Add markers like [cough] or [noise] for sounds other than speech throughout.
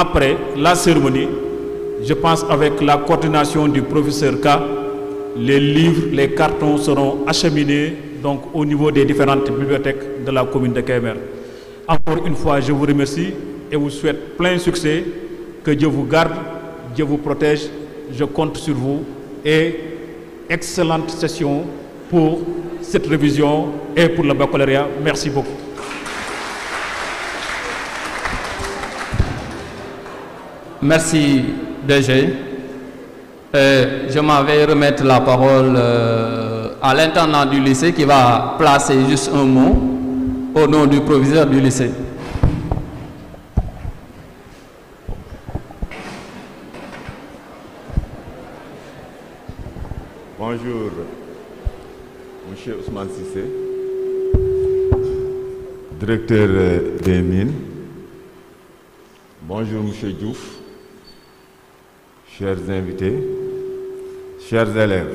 après la cérémonie, je pense avec la coordination du professeur K, les livres, les cartons seront acheminés donc, au niveau des différentes bibliothèques de la commune de KMR. Encore une fois, je vous remercie et vous souhaite plein succès. Que Dieu vous garde, Dieu vous protège. Je compte sur vous et excellente session pour cette révision et pour le baccalauréat. Merci beaucoup. Merci DG. Euh, je m'en vais remettre la parole euh, à l'intendant du lycée qui va placer juste un mot au nom du proviseur du lycée. Bonjour, Monsieur Ousmane Sissé, directeur euh, des mines. Bonjour, Monsieur Diouf chers invités, chers élèves,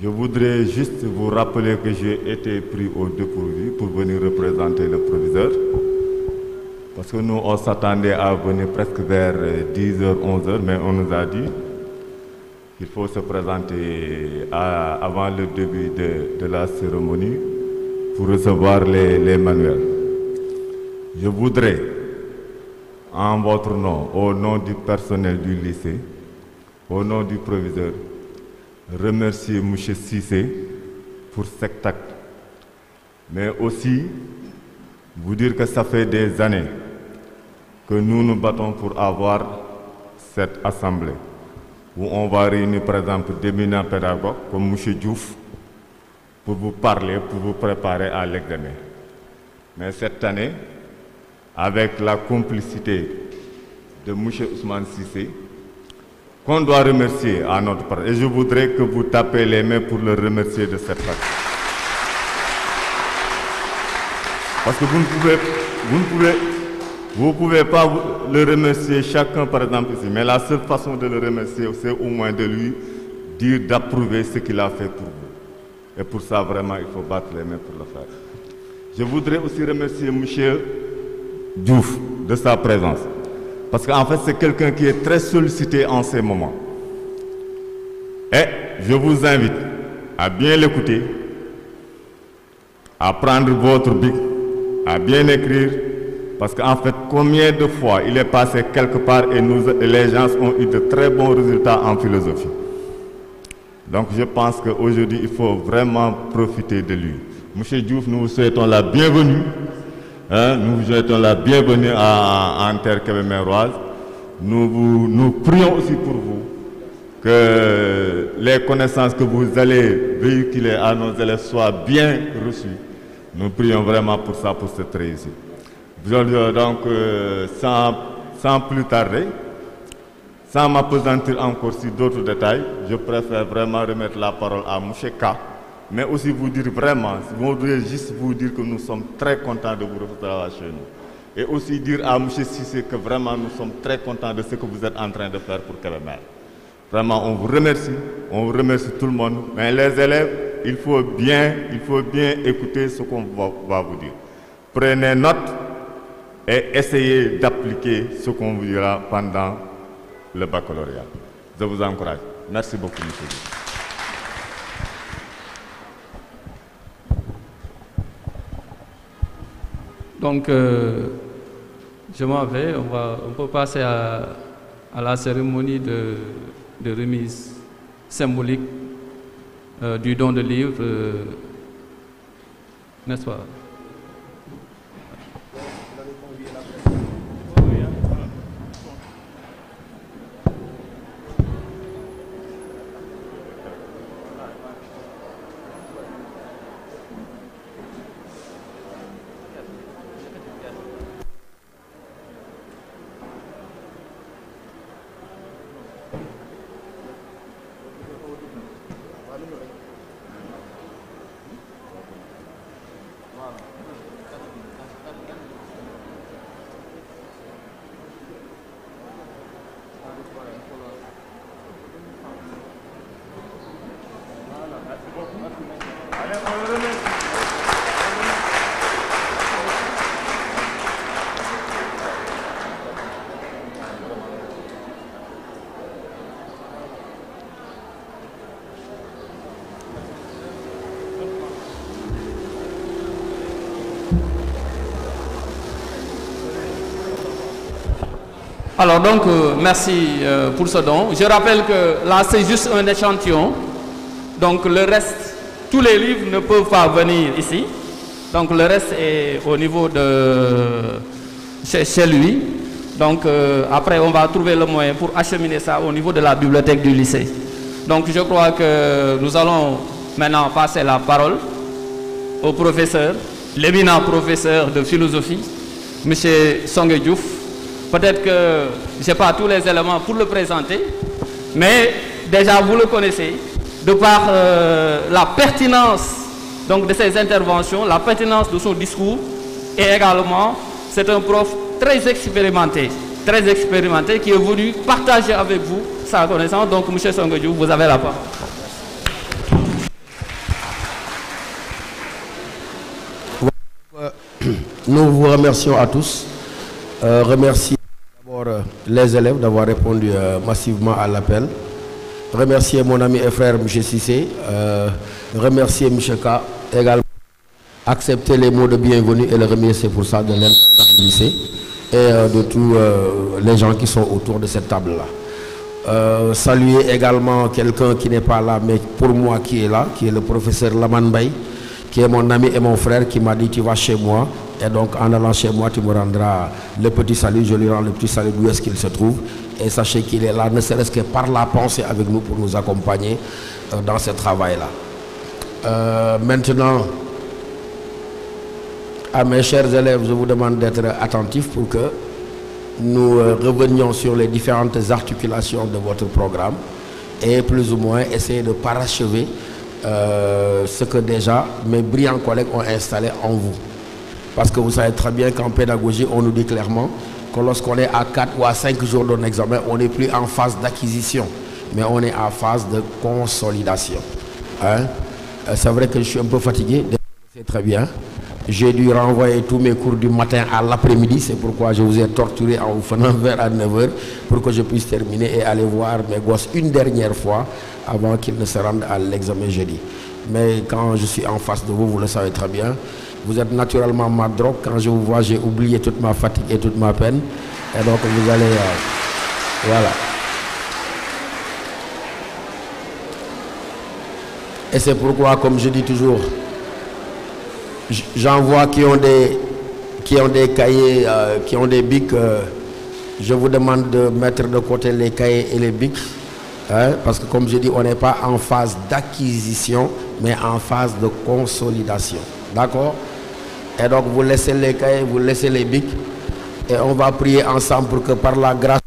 je voudrais juste vous rappeler que j'ai été pris au dépourvu pour venir représenter le proviseur. Parce que nous, on s'attendait à venir presque vers 10h, 11h, mais on nous a dit qu'il faut se présenter avant le début de, la cérémonie pour recevoir les, les manuels. Je voudrais en votre nom, au nom du personnel du lycée, au nom du proviseur, remercier M. Sissé pour cet acte. Mais aussi, vous dire que ça fait des années que nous nous battons pour avoir cette assemblée où on va réunir par exemple des d'éminents pédagogues comme M. Diouf pour vous parler, pour vous préparer à l'examen. Mais cette année, avec la complicité de M. Ousmane Sissé, qu'on doit remercier à notre part. Et je voudrais que vous tapez les mains pour le remercier de cette façon. Parce que vous ne pouvez, vous ne pouvez, vous pouvez pas le remercier chacun par exemple ici, mais la seule façon de le remercier, c'est au moins de lui dire d'approuver ce qu'il a fait pour vous. Et pour ça, vraiment, il faut battre les mains pour le faire. Je voudrais aussi remercier M. Diouf de sa présence. Parce qu'en fait, c'est quelqu'un qui est très sollicité en ces moments. Et je vous invite à bien l'écouter, à prendre votre bic, à bien écrire, parce qu'en fait, combien de fois il est passé quelque part et, nous, et les gens ont eu de très bons résultats en philosophie. Donc je pense qu'aujourd'hui, il faut vraiment profiter de lui. Monsieur Diouf, nous vous souhaitons la bienvenue. Hein? nous vous souhaitons la bienvenue à, en terre québécoise. Nous, nous prions aussi pour vous que les connaissances que vous allez véhiculer à nos élèves soient bien reçues. Nous prions vraiment pour ça, pour cette réussite. Donc, euh, sans, sans plus tarder, sans m'apesantir encore sur d'autres détails, je préfère vraiment remettre la parole à M. K mais aussi vous dire vraiment, je voudrais juste vous dire que nous sommes très contents de vous retrouver chez nous. Et aussi dire à M. Sissé que vraiment nous sommes très contents de ce que vous êtes en train de faire pour Kébémer. Vraiment, on vous remercie, on vous remercie tout le monde. Mais les élèves, il faut bien, écouter ce qu'on va, vous dire. Prenez note et essayez d'appliquer ce qu'on vous dira pendant le baccalauréat. Je vous encourage. Merci beaucoup, monsieur. Donc, euh, je m'en vais. On, va, on peut passer à, la cérémonie de, remise symbolique euh, du don de livres, euh, n'est-ce pas Alors donc, euh, merci euh, pour ce don. Je rappelle que là, c'est juste un échantillon. Donc le reste, tous les livres ne peuvent pas venir ici. Donc le reste est au niveau de chez, lui. Donc euh, après, on va trouver le moyen pour acheminer ça au niveau de la bibliothèque du lycée. Donc je crois que nous allons maintenant passer la parole au professeur, l'éminent professeur de philosophie, M. Songue Peut-être que, je n'ai pas, tous les éléments pour le présenter, mais déjà vous le connaissez, de par euh, la pertinence donc, de ses interventions, la pertinence de son discours, et également, c'est un prof très expérimenté, très expérimenté, qui est venu partager avec vous sa connaissance. Donc, M. Songojou, vous avez la parole. Nous vous remercions à tous. Euh, euh, les élèves d'avoir répondu euh, massivement à l'appel. Remercier mon ami et frère M. Sissé, euh, remercier M. K également, accepter les mots de bienvenue et le remercier pour ça de l'intendant lycée et de tous les gens qui sont autour de cette table-là. saluer également quelqu'un qui n'est pas là, mais pour moi qui est là, qui est le professeur Laman Bay, qui est mon ami et mon frère, qui m'a dit tu vas chez moi, et donc, en allant chez moi, tu me rendras le petit salut, je lui rends le petit salut d'où est-ce qu'il se trouve. Et sachez qu'il est là, ne serait-ce que par la pensée avec nous pour nous accompagner euh, dans ce travail-là. Euh, maintenant, à mes chers élèves, je vous demande d'être attentifs pour que nous euh, revenions sur les différentes articulations de votre programme et plus ou moins essayer de parachever ce que déjà mes brillants collègues ont installé en vous. Parce que vous savez très bien qu'en pédagogie, on nous dit clairement que lorsqu'on est à 4 ou à 5 jours d'un examen, on n'est plus en phase d'acquisition, mais on est en phase de consolidation. Hein? Euh, c'est vrai que je suis un peu fatigué, c'est très bien. J'ai dû renvoyer tous mes cours du matin à l'après-midi, c'est pourquoi je vous ai torturé en vous faisant [laughs] vers à 9h pour que je puisse terminer et aller voir mes gosses une dernière fois avant qu'ils ne se rendent à l'examen jeudi. Mais quand je suis en face de vous, vous le savez très bien, vous êtes naturellement ma drogue. Quand je vous vois, j'ai oublié toute ma fatigue et toute ma peine. Et donc, vous allez. Euh, voilà. Et c'est pourquoi, comme je dis toujours, j'en vois qui ont des, qui ont des cahiers, euh, qui ont des bics. Euh, je vous demande de mettre de côté les cahiers et les bics. Hein, parce que, comme je dis, on n'est pas en phase d'acquisition, mais en phase de consolidation. D'accord et donc vous laissez les cahiers, vous laissez les bics. Et on va prier ensemble pour que par la grâce,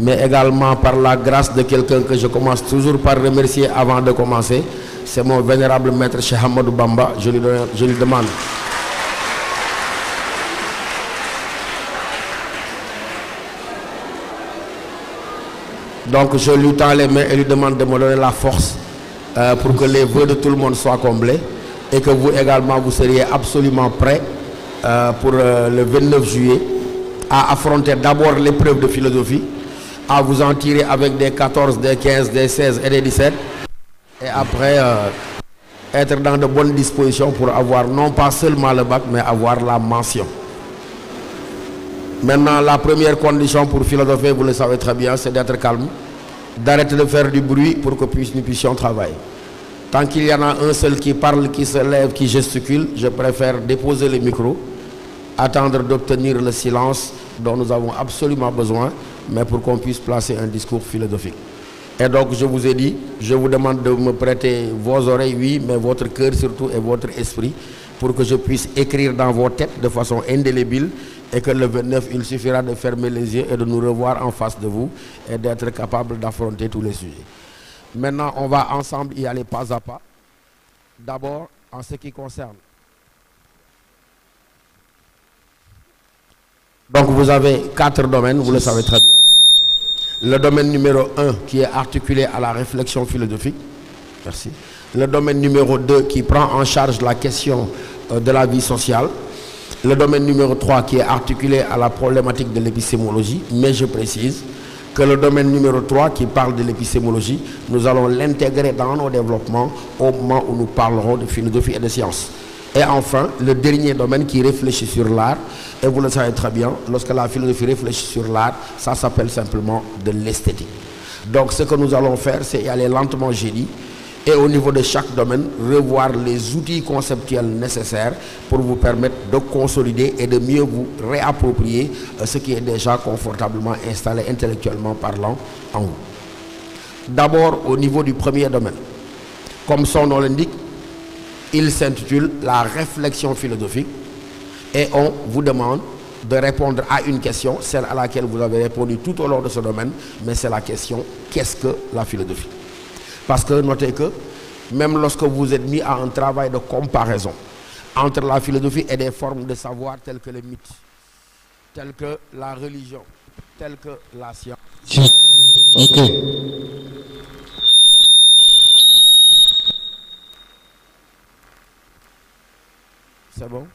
mais également par la grâce de quelqu'un que je commence toujours par remercier avant de commencer, c'est mon vénérable maître Cheikh Hamadou Bamba. Je lui, demande. Donc je lui tends les mains et lui demande de me donner la force euh, pour que les voeux de tout le monde soient comblés et que vous également, vous seriez absolument prêt euh, pour euh, le 29 juillet à affronter d'abord l'épreuve de philosophie, à vous en tirer avec des 14, des 15, des 16 et des 17, et après euh, être dans de bonnes dispositions pour avoir non pas seulement le bac, mais avoir la mention. Maintenant, la première condition pour philosopher, vous le savez très bien, c'est d'être calme, d'arrêter de faire du bruit pour que nous puissions travailler. Tant qu'il y en a un seul qui parle, qui se lève, qui gesticule, je préfère déposer le micro, attendre d'obtenir le silence dont nous avons absolument besoin, mais pour qu'on puisse placer un discours philosophique. Et donc, je vous ai dit, je vous demande de me prêter vos oreilles, oui, mais votre cœur surtout et votre esprit, pour que je puisse écrire dans vos têtes de façon indélébile et que le 29, il suffira de fermer les yeux et de nous revoir en face de vous et d'être capable d'affronter tous les sujets. Maintenant, on va ensemble y aller pas à pas. D'abord, en ce qui concerne. Donc, vous avez quatre domaines, vous le savez très bien. Le domaine numéro un qui est articulé à la réflexion philosophique. Merci. Le domaine numéro deux qui prend en charge la question euh, de la vie sociale. Le domaine numéro trois qui est articulé à la problématique de l'épistémologie, mais je précise, que le domaine numéro 3 qui parle de l'épistémologie, nous allons l'intégrer dans nos développements au moment où nous parlerons de philosophie et de sciences. Et enfin, le dernier domaine qui réfléchit sur l'art, et vous le savez très bien, lorsque la philosophie réfléchit sur l'art, ça s'appelle simplement de l'esthétique. Donc ce que nous allons faire, c'est y aller lentement, j'ai dit, et au niveau de chaque domaine, revoir les outils conceptuels nécessaires pour vous permettre de consolider et de mieux vous réapproprier euh, ce qui est déjà confortablement installé intellectuellement parlant en vous. D'abord au niveau du premier domaine. Comme son nom l'indique, il s'intitule La réflexion philosophique et on vous demande de répondre à une question, celle à laquelle vous avez répondu tout au long de ce domaine, mais c'est la question qu'est-ce que la philosophie parce que notez que même lorsque vous êtes mis à un travail de comparaison entre la philosophie et des formes de savoir telles que les mythes, telles que la religion, telles que la science. C'est bon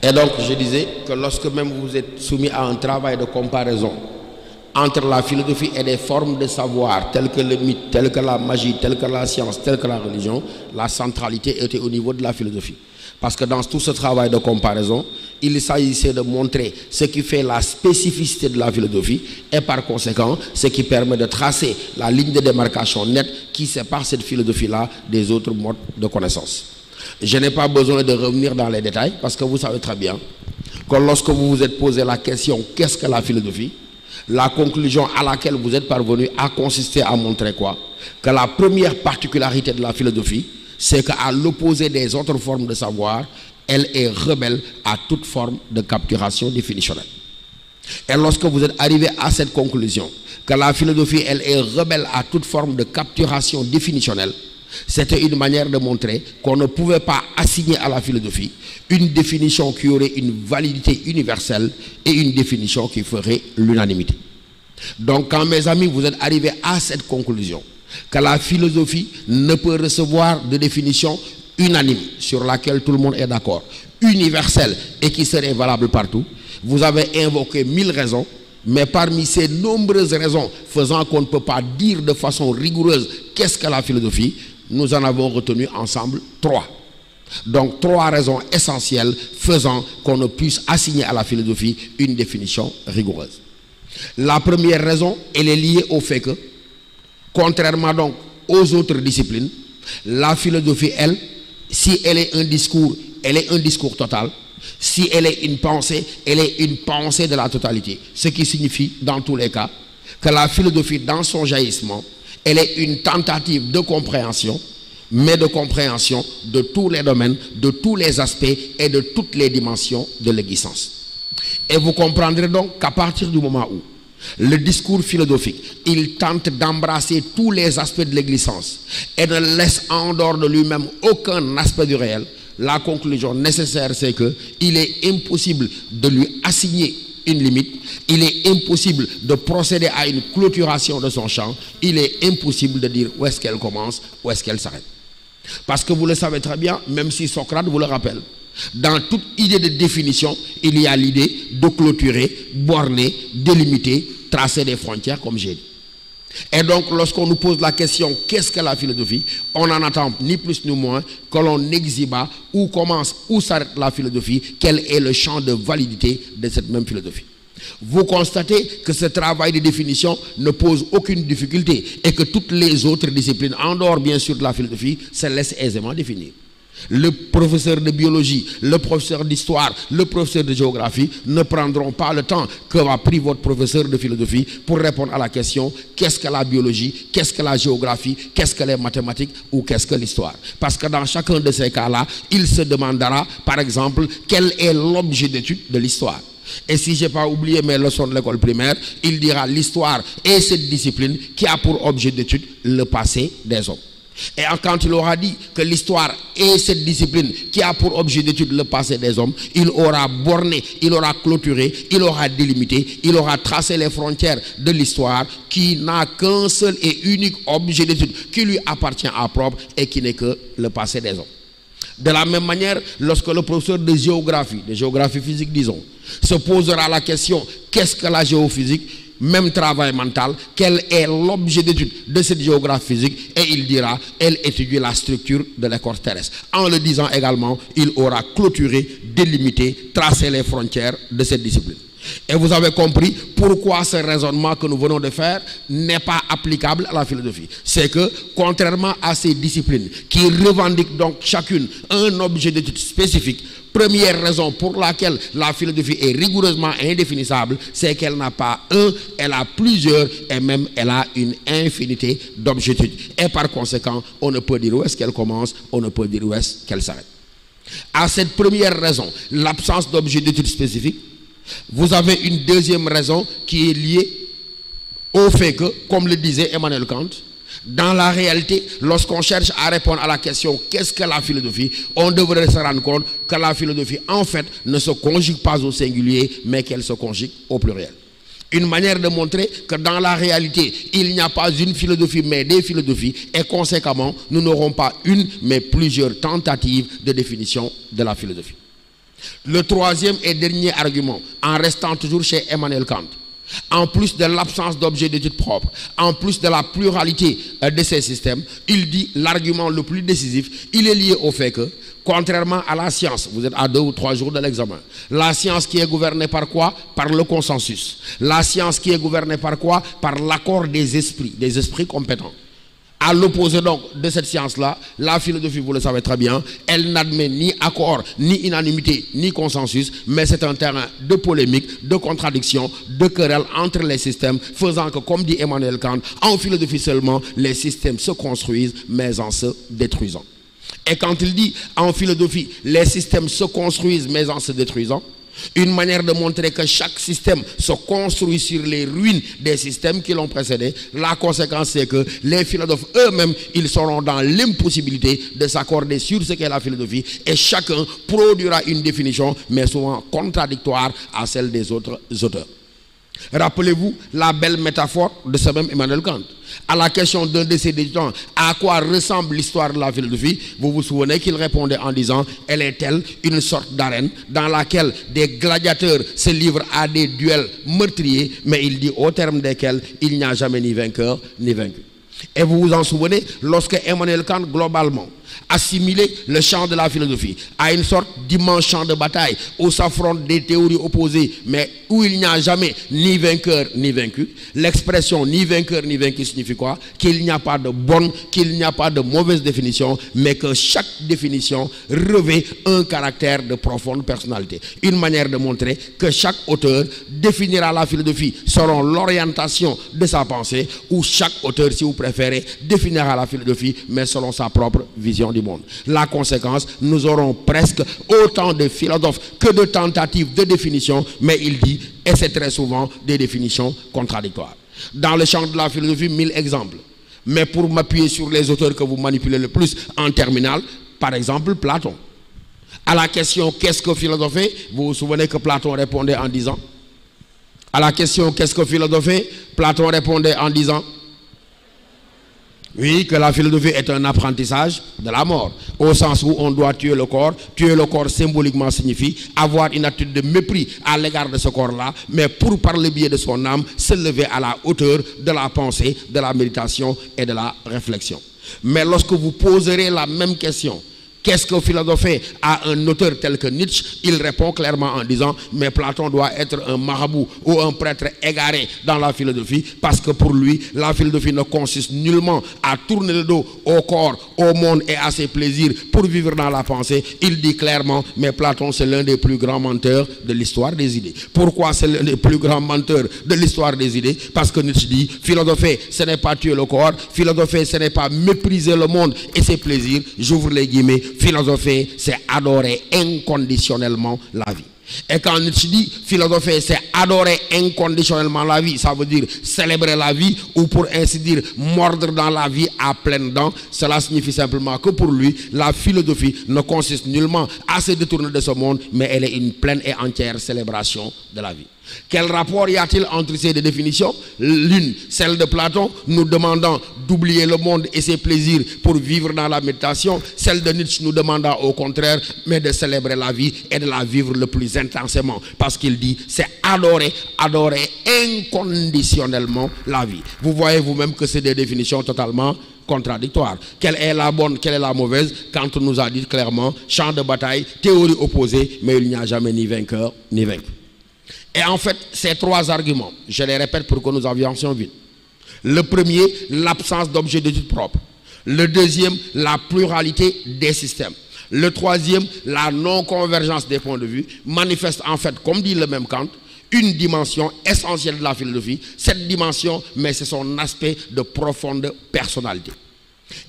Et donc, je disais que lorsque même vous êtes soumis à un travail de comparaison entre la philosophie et des formes de savoir, telles que le mythe, telles que la magie, telles que la science, telles que la religion, la centralité était au niveau de la philosophie. Parce que dans tout ce travail de comparaison, il s'agissait de montrer ce qui fait la spécificité de la philosophie et par conséquent, ce qui permet de tracer la ligne de démarcation nette qui sépare cette philosophie-là des autres modes de connaissance. Je n'ai pas besoin de revenir dans les détails parce que vous savez très bien que lorsque vous vous êtes posé la question qu'est-ce que la philosophie, la conclusion à laquelle vous êtes parvenu a consisté à montrer quoi Que la première particularité de la philosophie, c'est qu'à l'opposé des autres formes de savoir, elle est rebelle à toute forme de capturation définitionnelle. Et lorsque vous êtes arrivé à cette conclusion, que la philosophie, elle est rebelle à toute forme de capturation définitionnelle, c'était une manière de montrer qu'on ne pouvait pas assigner à la philosophie une définition qui aurait une validité universelle et une définition qui ferait l'unanimité. Donc quand mes amis, vous êtes arrivés à cette conclusion, que la philosophie ne peut recevoir de définition unanime sur laquelle tout le monde est d'accord, universelle et qui serait valable partout, vous avez invoqué mille raisons mais parmi ces nombreuses raisons faisant qu'on ne peut pas dire de façon rigoureuse qu'est-ce que la philosophie, nous en avons retenu ensemble trois. Donc trois raisons essentielles faisant qu'on ne puisse assigner à la philosophie une définition rigoureuse. La première raison, elle est liée au fait que, contrairement donc aux autres disciplines, la philosophie, elle, si elle est un discours, elle est un discours total. Si elle est une pensée, elle est une pensée de la totalité. Ce qui signifie, dans tous les cas, que la philosophie, dans son jaillissement, elle est une tentative de compréhension, mais de compréhension de tous les domaines, de tous les aspects et de toutes les dimensions de l'existence. Et vous comprendrez donc qu'à partir du moment où le discours philosophique, il tente d'embrasser tous les aspects de l'existence et ne laisse en dehors de lui-même aucun aspect du réel, la conclusion nécessaire, c'est que il est impossible de lui assigner limite, il est impossible de procéder à une clôturation de son champ, il est impossible de dire où est-ce qu'elle commence, où est-ce qu'elle s'arrête. Parce que vous le savez très bien, même si Socrate vous le rappelle, dans toute idée de définition, il y a l'idée de clôturer, borner, délimiter, tracer des frontières, comme j'ai dit. Et donc, lorsqu'on nous pose la question, qu'est-ce que la philosophie On n'en attend ni plus ni moins que l'on exhiba où commence, où s'arrête la philosophie, quel est le champ de validité de cette même philosophie. Vous constatez que ce travail de définition ne pose aucune difficulté et que toutes les autres disciplines, en dehors bien sûr de la philosophie, se laissent aisément définir. Le professeur de biologie, le professeur d'histoire, le professeur de géographie ne prendront pas le temps que va pris votre professeur de philosophie pour répondre à la question qu'est-ce que la biologie, qu'est-ce que la géographie, qu'est-ce que les mathématiques ou qu'est-ce que l'histoire. Parce que dans chacun de ces cas-là, il se demandera, par exemple, quel est l'objet d'étude de l'histoire. Et si je n'ai pas oublié mes leçons de l'école primaire, il dira l'histoire est cette discipline qui a pour objet d'étude le passé des hommes. Et quand il aura dit que l'histoire est cette discipline qui a pour objet d'étude le passé des hommes, il aura borné, il aura clôturé, il aura délimité, il aura tracé les frontières de l'histoire qui n'a qu'un seul et unique objet d'étude qui lui appartient à propre et qui n'est que le passé des hommes. De la même manière, lorsque le professeur de géographie, de géographie physique disons, se posera la question qu'est-ce que la géophysique même travail mental, quel est l'objet d'étude de cette géographie physique et il dira, elle étudie la structure de l'écorce terrestre. En le disant également, il aura clôturé, délimité, tracé les frontières de cette discipline. Et vous avez compris pourquoi ce raisonnement que nous venons de faire n'est pas applicable à la philosophie. C'est que, contrairement à ces disciplines qui revendiquent donc chacune un objet d'étude spécifique, Première raison pour laquelle la philosophie est rigoureusement indéfinissable, c'est qu'elle n'a pas un, elle a plusieurs et même elle a une infinité d'objets Et par conséquent, on ne peut dire où est-ce qu'elle commence, on ne peut dire où est-ce qu'elle s'arrête. À cette première raison, l'absence d'objet d'étude spécifique, vous avez une deuxième raison qui est liée au fait que, comme le disait Emmanuel Kant, dans la réalité, lorsqu'on cherche à répondre à la question qu'est-ce que la philosophie, on devrait se rendre compte que la philosophie, en fait, ne se conjugue pas au singulier, mais qu'elle se conjugue au pluriel. Une manière de montrer que dans la réalité, il n'y a pas une philosophie, mais des philosophies, et conséquemment, nous n'aurons pas une, mais plusieurs tentatives de définition de la philosophie. Le troisième et dernier argument, en restant toujours chez Emmanuel Kant, en plus de l'absence d'objet d'étude propre, en plus de la pluralité euh, de ces systèmes, il dit l'argument le plus décisif, il est lié au fait que, contrairement à la science, vous êtes à deux ou trois jours de l'examen, la science qui est gouvernée par quoi Par le consensus. La science qui est gouvernée par quoi Par l'accord des esprits, des esprits compétents à l'opposé donc de cette science-là, la philosophie, vous le savez très bien, elle n'admet ni accord, ni unanimité, ni consensus, mais c'est un terrain de polémique, de contradiction, de querelle entre les systèmes, faisant que, comme dit Emmanuel Kant, en philosophie seulement, les systèmes se construisent, mais en se détruisant. Et quand il dit en philosophie, les systèmes se construisent, mais en se détruisant, une manière de montrer que chaque système se construit sur les ruines des systèmes qui l'ont précédé. La conséquence, c'est que les philosophes eux-mêmes, ils seront dans l'impossibilité de s'accorder sur ce qu'est la philosophie et chacun produira une définition, mais souvent contradictoire à celle des autres auteurs. Rappelez-vous la belle métaphore de ce même Emmanuel Kant. À la question d'un de ses débutants à quoi ressemble l'histoire de la ville de philosophie Vous vous souvenez qu'il répondait en disant Elle est-elle une sorte d'arène dans laquelle des gladiateurs se livrent à des duels meurtriers, mais il dit au terme desquels il n'y a jamais ni vainqueur ni vaincu. Et vous vous en souvenez, lorsque Emmanuel Kant, globalement, assimilait le champ de la philosophie à une sorte d'immense champ de bataille où s'affrontent des théories opposées, mais où il n'y a jamais ni vainqueur ni vaincu. L'expression ni vainqueur ni vaincu signifie quoi Qu'il n'y a pas de bonne, qu'il n'y a pas de mauvaise définition, mais que chaque définition revêt un caractère de profonde personnalité. Une manière de montrer que chaque auteur définira la philosophie selon l'orientation de sa pensée, où chaque auteur, si vous préférez, préféré à la philosophie, mais selon sa propre vision du monde. La conséquence, nous aurons presque autant de philosophes que de tentatives de définition, mais il dit, et c'est très souvent des définitions contradictoires. Dans le champ de la philosophie, mille exemples. Mais pour m'appuyer sur les auteurs que vous manipulez le plus en terminale, par exemple Platon. À la question qu'est-ce que philosopher Vous vous souvenez que Platon répondait en disant. À la question qu'est-ce que philosopher Platon répondait en disant oui, que la philosophie est un apprentissage de la mort, au sens où on doit tuer le corps. Tuer le corps symboliquement signifie avoir une attitude de mépris à l'égard de ce corps-là, mais pour par le biais de son âme, se lever à la hauteur de la pensée, de la méditation et de la réflexion. Mais lorsque vous poserez la même question Qu'est-ce que philosophe a un auteur tel que Nietzsche Il répond clairement en disant Mais Platon doit être un marabout ou un prêtre égaré dans la philosophie, parce que pour lui, la philosophie ne consiste nullement à tourner le dos au corps, au monde et à ses plaisirs pour vivre dans la pensée. Il dit clairement Mais Platon, c'est l'un des plus grands menteurs de l'histoire des idées. Pourquoi c'est l'un des plus grands menteurs de l'histoire des idées Parce que Nietzsche dit Philosophe, ce n'est pas tuer le corps, philosophie ce n'est pas mépriser le monde et ses plaisirs. J'ouvre les guillemets philosopher, c'est adorer inconditionnellement la vie. Et quand tu dit « philosopher, c'est adorer inconditionnellement la vie. Ça veut dire célébrer la vie ou pour ainsi dire mordre dans la vie à pleines dents. Cela signifie simplement que pour lui, la philosophie ne consiste nullement à se détourner de ce monde, mais elle est une pleine et entière célébration de la vie. Quel rapport y a-t-il entre ces deux définitions L'une, celle de Platon, nous demandant d'oublier le monde et ses plaisirs pour vivre dans la méditation. Celle de Nietzsche nous demandant au contraire, mais de célébrer la vie et de la vivre le plus intensément. Parce qu'il dit, c'est adorer, adorer inconditionnellement la vie. Vous voyez vous-même que c'est des définitions totalement contradictoires. Quelle est la bonne, quelle est la mauvaise Quand on nous a dit clairement, champ de bataille, théorie opposée, mais il n'y a jamais ni vainqueur ni vaincu. Et en fait, ces trois arguments, je les répète pour que nous avions avancions vite. Le premier, l'absence d'objet d'études propre. Le deuxième, la pluralité des systèmes. Le troisième, la non-convergence des points de vue, manifeste en fait, comme dit le même Kant, une dimension essentielle de la philosophie. Cette dimension, mais c'est son aspect de profonde personnalité.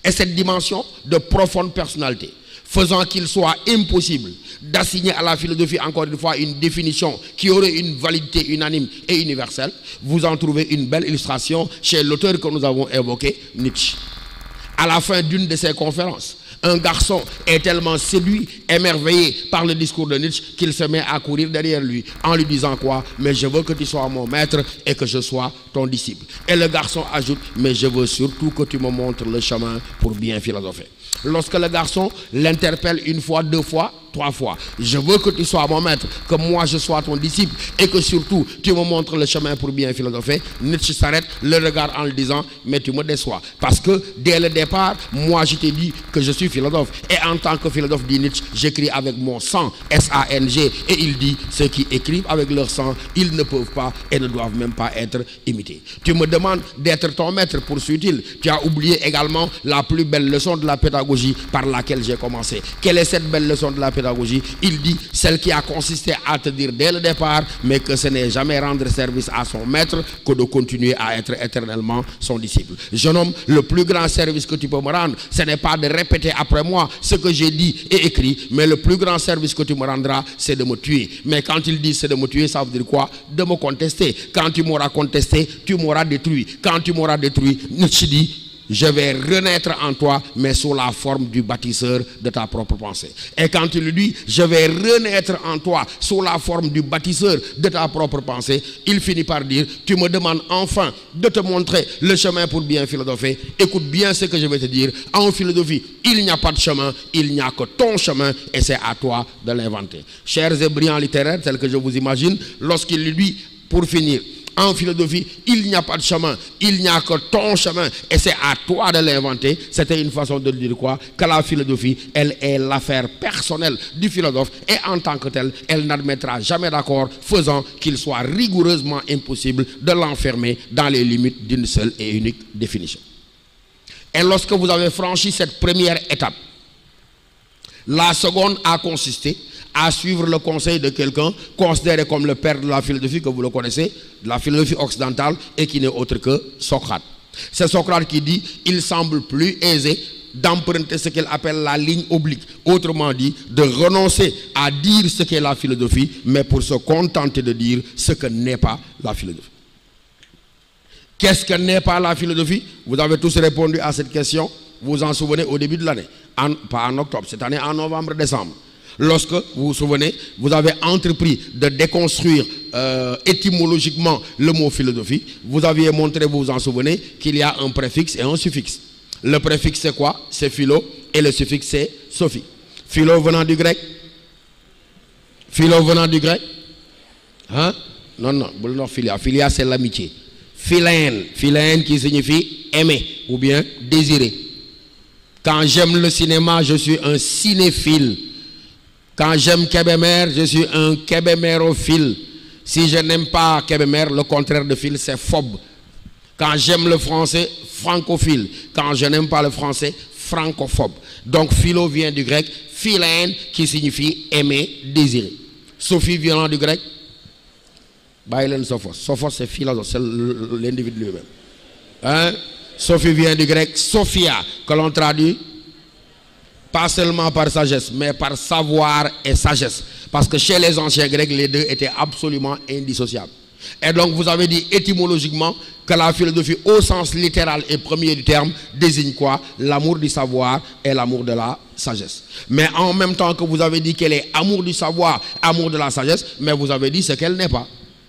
Et cette dimension de profonde personnalité, faisant qu'il soit impossible d'assigner à la philosophie, encore une fois, une définition qui aurait une validité unanime et universelle, vous en trouvez une belle illustration chez l'auteur que nous avons évoqué, Nietzsche. À la fin d'une de ses conférences, un garçon est tellement séduit, émerveillé par le discours de Nietzsche qu'il se met à courir derrière lui en lui disant quoi Mais je veux que tu sois mon maître et que je sois ton disciple. Et le garçon ajoute Mais je veux surtout que tu me montres le chemin pour bien philosopher. Lorsque le garçon l'interpelle une fois, deux fois, trois fois. Je veux que tu sois mon maître, que moi je sois ton disciple et que surtout tu me montres le chemin pour bien philosopher. Nietzsche s'arrête, le regarde en le disant, mais tu me déçois. Parce que dès le départ, moi je t'ai dit que je suis philosophe. Et en tant que philosophe, dit Nietzsche, j'écris avec mon sang, S-A-N-G. Et il dit, ceux qui écrivent avec leur sang, ils ne peuvent pas et ne doivent même pas être imités. Tu me demandes d'être ton maître, poursuit-il. Tu as oublié également la plus belle leçon de la pédagogie par laquelle j'ai commencé. Quelle est cette belle leçon de la pédagogie il dit celle qui a consisté à te dire dès le départ, mais que ce n'est jamais rendre service à son maître que de continuer à être éternellement son disciple. Jeune homme, le plus grand service que tu peux me rendre, ce n'est pas de répéter après moi ce que j'ai dit et écrit, mais le plus grand service que tu me rendras, c'est de me tuer. Mais quand il dit c'est de me tuer, ça veut dire quoi De me contester. Quand tu m'auras contesté, tu m'auras détruit. Quand tu m'auras détruit, ne dis je vais renaître en toi, mais sous la forme du bâtisseur de ta propre pensée. Et quand il dit, je vais renaître en toi, sous la forme du bâtisseur de ta propre pensée, il finit par dire, tu me demandes enfin de te montrer le chemin pour bien philosopher. Écoute bien ce que je vais te dire. En philosophie, il n'y a pas de chemin, il n'y a que ton chemin, et c'est à toi de l'inventer. Chers et brillants littéraires, tels que je vous imagine, lorsqu'il lui dit, pour finir, en philosophie, il n'y a pas de chemin, il n'y a que ton chemin. Et c'est à toi de l'inventer. C'était une façon de dire quoi Que la philosophie, elle est l'affaire personnelle du philosophe et en tant que telle, elle n'admettra jamais d'accord, faisant qu'il soit rigoureusement impossible de l'enfermer dans les limites d'une seule et unique définition. Et lorsque vous avez franchi cette première étape, la seconde a consisté à suivre le conseil de quelqu'un considéré comme le père de la philosophie que vous le connaissez, de la philosophie occidentale et qui n'est autre que Socrate. C'est Socrate qui dit il semble plus aisé d'emprunter ce qu'elle appelle la ligne oblique, autrement dit, de renoncer à dire ce qu'est la philosophie, mais pour se contenter de dire ce que n'est pas la philosophie. Qu'est-ce que n'est pas la philosophie Vous avez tous répondu à cette question, vous vous en souvenez au début de l'année, pas en octobre, cette année en novembre-décembre. Lorsque, vous vous souvenez, vous avez entrepris de déconstruire euh, étymologiquement le mot philosophie, vous aviez montré, vous vous en souvenez, qu'il y a un préfixe et un suffixe. Le préfixe, c'est quoi C'est philo, et le suffixe, c'est sophie. Philo venant du grec Philo venant du grec Hein Non, non, non, philia. Philia, c'est l'amitié. Philène, philène qui signifie aimer ou bien désirer. Quand j'aime le cinéma, je suis un cinéphile. Quand j'aime Kébémer, je suis un Kébémérophile. Si je n'aime pas Kébémer, le contraire de fil, c'est phobe. Quand j'aime le français, francophile. Quand je n'aime pas le français, francophobe. Donc philo vient du grec philène qui signifie aimer, désirer. Sophie vient du grec Bailen Sophos. Sophos c'est philosophe, c'est l'individu lui-même. Hein? Sophie vient du grec Sophia que l'on traduit pas seulement par sagesse, mais par savoir et sagesse. Parce que chez les anciens grecs, les deux étaient absolument indissociables. Et donc vous avez dit étymologiquement que la philosophie au sens littéral et premier du terme désigne quoi L'amour du savoir et l'amour de la sagesse. Mais en même temps que vous avez dit qu'elle est amour du savoir, amour de la sagesse, mais vous avez dit ce qu'elle n'est pas.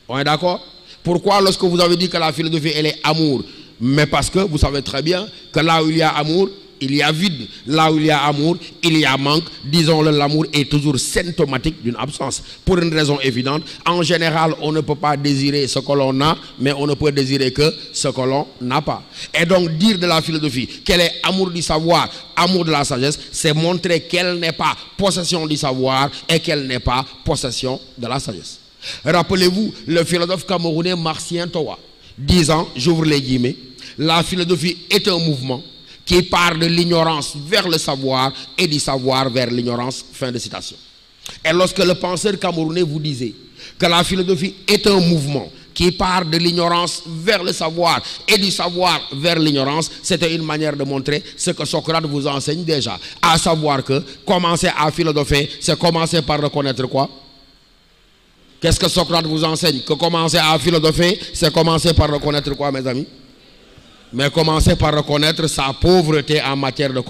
On est d'accord Pourquoi lorsque vous avez dit que la philosophie elle est amour Mais parce que vous savez très bien que là où il y a amour, il y a vide. Là où il y a amour, il y a manque. Disons-le, l'amour est toujours symptomatique d'une absence. Pour une raison évidente, en général, on ne peut pas désirer ce que l'on a, mais on ne peut désirer que ce que l'on n'a pas. Et donc, dire de la philosophie qu'elle est amour du savoir, amour de la sagesse, c'est montrer qu'elle n'est pas possession du savoir et qu'elle n'est pas possession de la sagesse. Rappelez-vous, le philosophe camerounais Marcien Towa, disant, j'ouvre les guillemets, la philosophie est un mouvement qui part de l'ignorance vers le savoir et du savoir vers l'ignorance. Fin de citation. Et lorsque le penseur camerounais vous disait que la philosophie est un mouvement qui part de l'ignorance vers le savoir et du savoir vers l'ignorance, c'était une manière de montrer ce que Socrate vous enseigne déjà, à savoir que commencer à philosopher, c'est commencer par reconnaître quoi Qu'est-ce que Socrate vous enseigne Que commencer à philosopher, c'est commencer par reconnaître quoi, mes amis mais commencez par reconnaître sa pauvreté en matière de,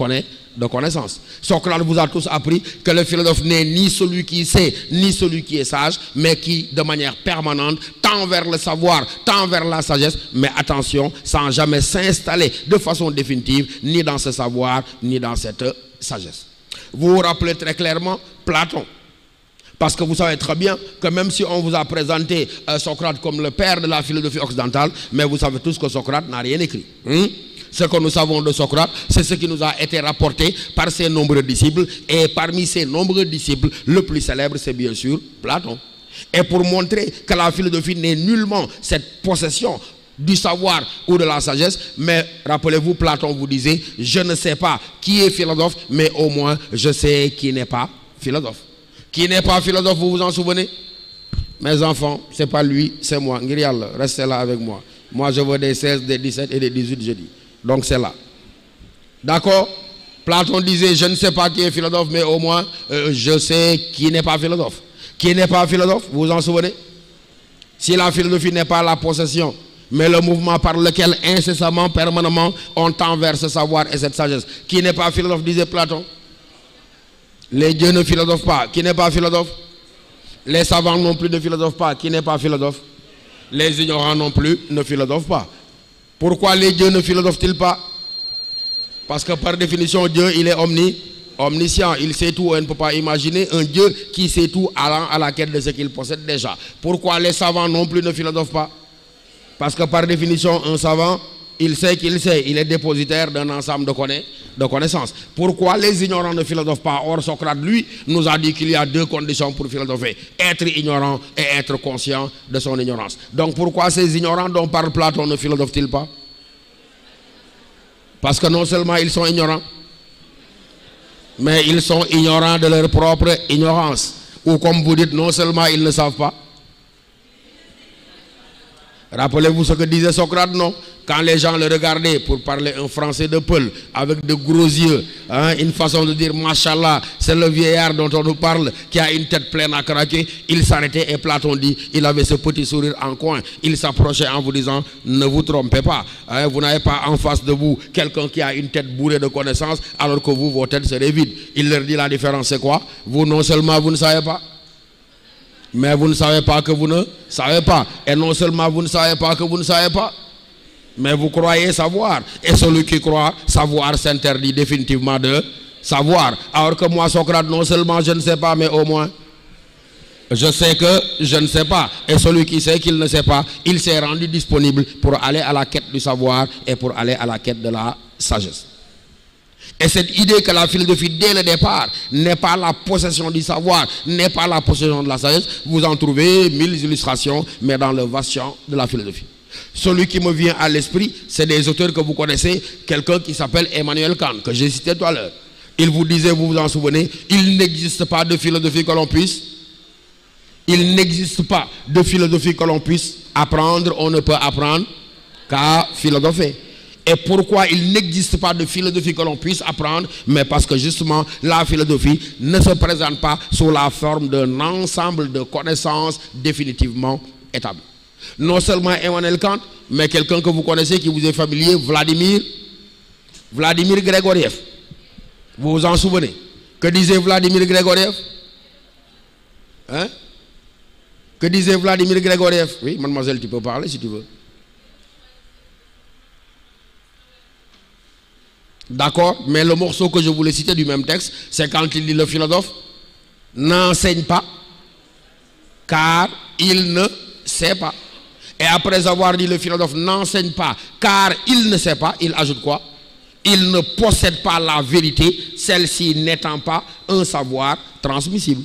de connaissance. Socrate vous a tous appris que le philosophe n'est ni celui qui sait, ni celui qui est sage, mais qui, de manière permanente, tend vers le savoir, tend vers la sagesse, mais attention, sans jamais s'installer de façon définitive, ni dans ce savoir, ni dans cette sagesse. Vous vous rappelez très clairement Platon. Parce que vous savez très bien que même si on vous a présenté euh, Socrate comme le père de la philosophie occidentale, mais vous savez tous que Socrate n'a rien écrit. Hein? Ce que nous savons de Socrate, c'est ce qui nous a été rapporté par ses nombreux disciples. Et parmi ses nombreux disciples, le plus célèbre, c'est bien sûr Platon. Et pour montrer que la philosophie n'est nullement cette possession du savoir ou de la sagesse. Mais rappelez-vous, Platon vous disait, je ne sais pas qui est philosophe, mais au moins je sais qui n'est pas philosophe. Qui n'est pas philosophe, vous vous en souvenez Mes enfants, c'est pas lui, c'est moi. Grial, restez là avec moi. Moi, je veux des 16, des 17 et des 18 jeudi. Donc, c'est là. D'accord Platon disait, je ne sais pas qui est philosophe, mais au moins, euh, je sais qui n'est pas philosophe. Qui n'est pas philosophe, vous vous en souvenez Si la philosophie n'est pas la possession, mais le mouvement par lequel incessamment, permanemment, on tend vers ce savoir et cette sagesse. Qui n'est pas philosophe, disait Platon les dieux ne philosophent pas. Qui n'est pas philosophe Les savants non plus ne philosophent pas. Qui n'est pas philosophe Les ignorants non plus ne philosophent pas. Pourquoi les dieux ne philosophent-ils pas Parce que par définition, Dieu, il est omniscient. Il sait tout. On ne peut pas imaginer un Dieu qui sait tout allant à la quête de ce qu'il possède déjà. Pourquoi les savants non plus ne philosophent pas Parce que par définition, un savant il sait qu'il sait, il est dépositaire d'un ensemble de, connaissances. Pourquoi les ignorants ne philosophent pas Or, Socrate, lui, nous a dit qu'il y a deux conditions pour philosopher. Être ignorant et être conscient de son ignorance. Donc pourquoi ces ignorants dont parle Platon ne philosophent-ils pas Parce que non seulement ils sont ignorants, mais ils sont ignorants de leur propre ignorance. Ou comme vous dites, non seulement ils ne savent pas, Rappelez-vous ce que disait Socrate, non Quand les gens le regardaient, pour parler un français de Paul, avec de gros yeux, hein, une façon de dire, Machallah, c'est le vieillard dont on nous parle, qui a une tête pleine à craquer, il s'arrêtait et Platon dit, il avait ce petit sourire en coin, il s'approchait en vous disant, ne vous trompez pas, hein, vous n'avez pas en face de vous quelqu'un qui a une tête bourrée de connaissances, alors que vous, vos têtes seraient vides. Il leur dit, la différence c'est quoi Vous, non seulement vous ne savez pas, mais vous ne savez pas que vous ne savez pas. Et non seulement vous ne savez pas que vous ne savez pas, mais vous croyez savoir. Et celui qui croit savoir s'interdit définitivement de savoir. Alors que moi, Socrate, non seulement je ne sais pas, mais au moins, je sais que je ne sais pas. Et celui qui sait qu'il ne sait pas, il s'est rendu disponible pour aller à la quête du savoir et pour aller à la quête de la sagesse. Et cette idée que la philosophie, dès le départ, n'est pas la possession du savoir, n'est pas la possession de la sagesse, vous en trouvez mille illustrations, mais dans le vaste de la philosophie. Celui qui me vient à l'esprit, c'est des auteurs que vous connaissez, quelqu'un qui s'appelle Emmanuel Kant, que j'ai cité tout à l'heure. Il vous disait, vous vous en souvenez, il n'existe pas de philosophie que l'on puisse. Il n'existe pas de philosophie que l'on puisse apprendre. On ne peut apprendre qu'à philosopher et pourquoi il n'existe pas de philosophie que l'on puisse apprendre, mais parce que justement la philosophie ne se présente pas sous la forme d'un ensemble de connaissances définitivement établies. Non seulement Emmanuel Kant, mais quelqu'un que vous connaissez qui vous est familier, Vladimir, Vladimir Grégoriev. Vous vous en souvenez Que disait Vladimir Grégoriev Hein Que disait Vladimir Grégoriev Oui, mademoiselle, tu peux parler si tu veux. D'accord Mais le morceau que je voulais citer du même texte, c'est quand il dit le philosophe n'enseigne pas, car il ne sait pas. Et après avoir dit le philosophe n'enseigne pas, car il ne sait pas, il ajoute quoi Il ne possède pas la vérité, celle-ci n'étant pas un savoir transmissible.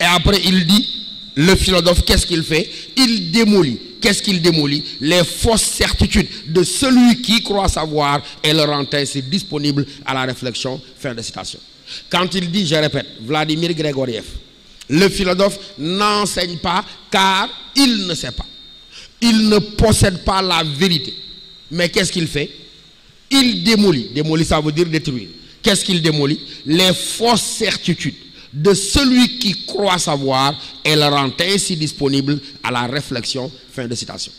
Et après, il dit le philosophe, qu'est-ce qu'il fait Il démolit. Qu'est-ce qu'il démolit Les fausses certitudes de celui qui croit savoir et le rend ainsi disponible à la réflexion. Fin de citation. Quand il dit, je répète, Vladimir Grégoriev, le philosophe n'enseigne pas car il ne sait pas. Il ne possède pas la vérité. Mais qu'est-ce qu'il fait Il démolit. Démolit, ça veut dire détruire. Qu'est-ce qu'il démolit Les fausses certitudes de celui qui croit savoir elle le rend ainsi disponible à la réflexion. Fin de citation.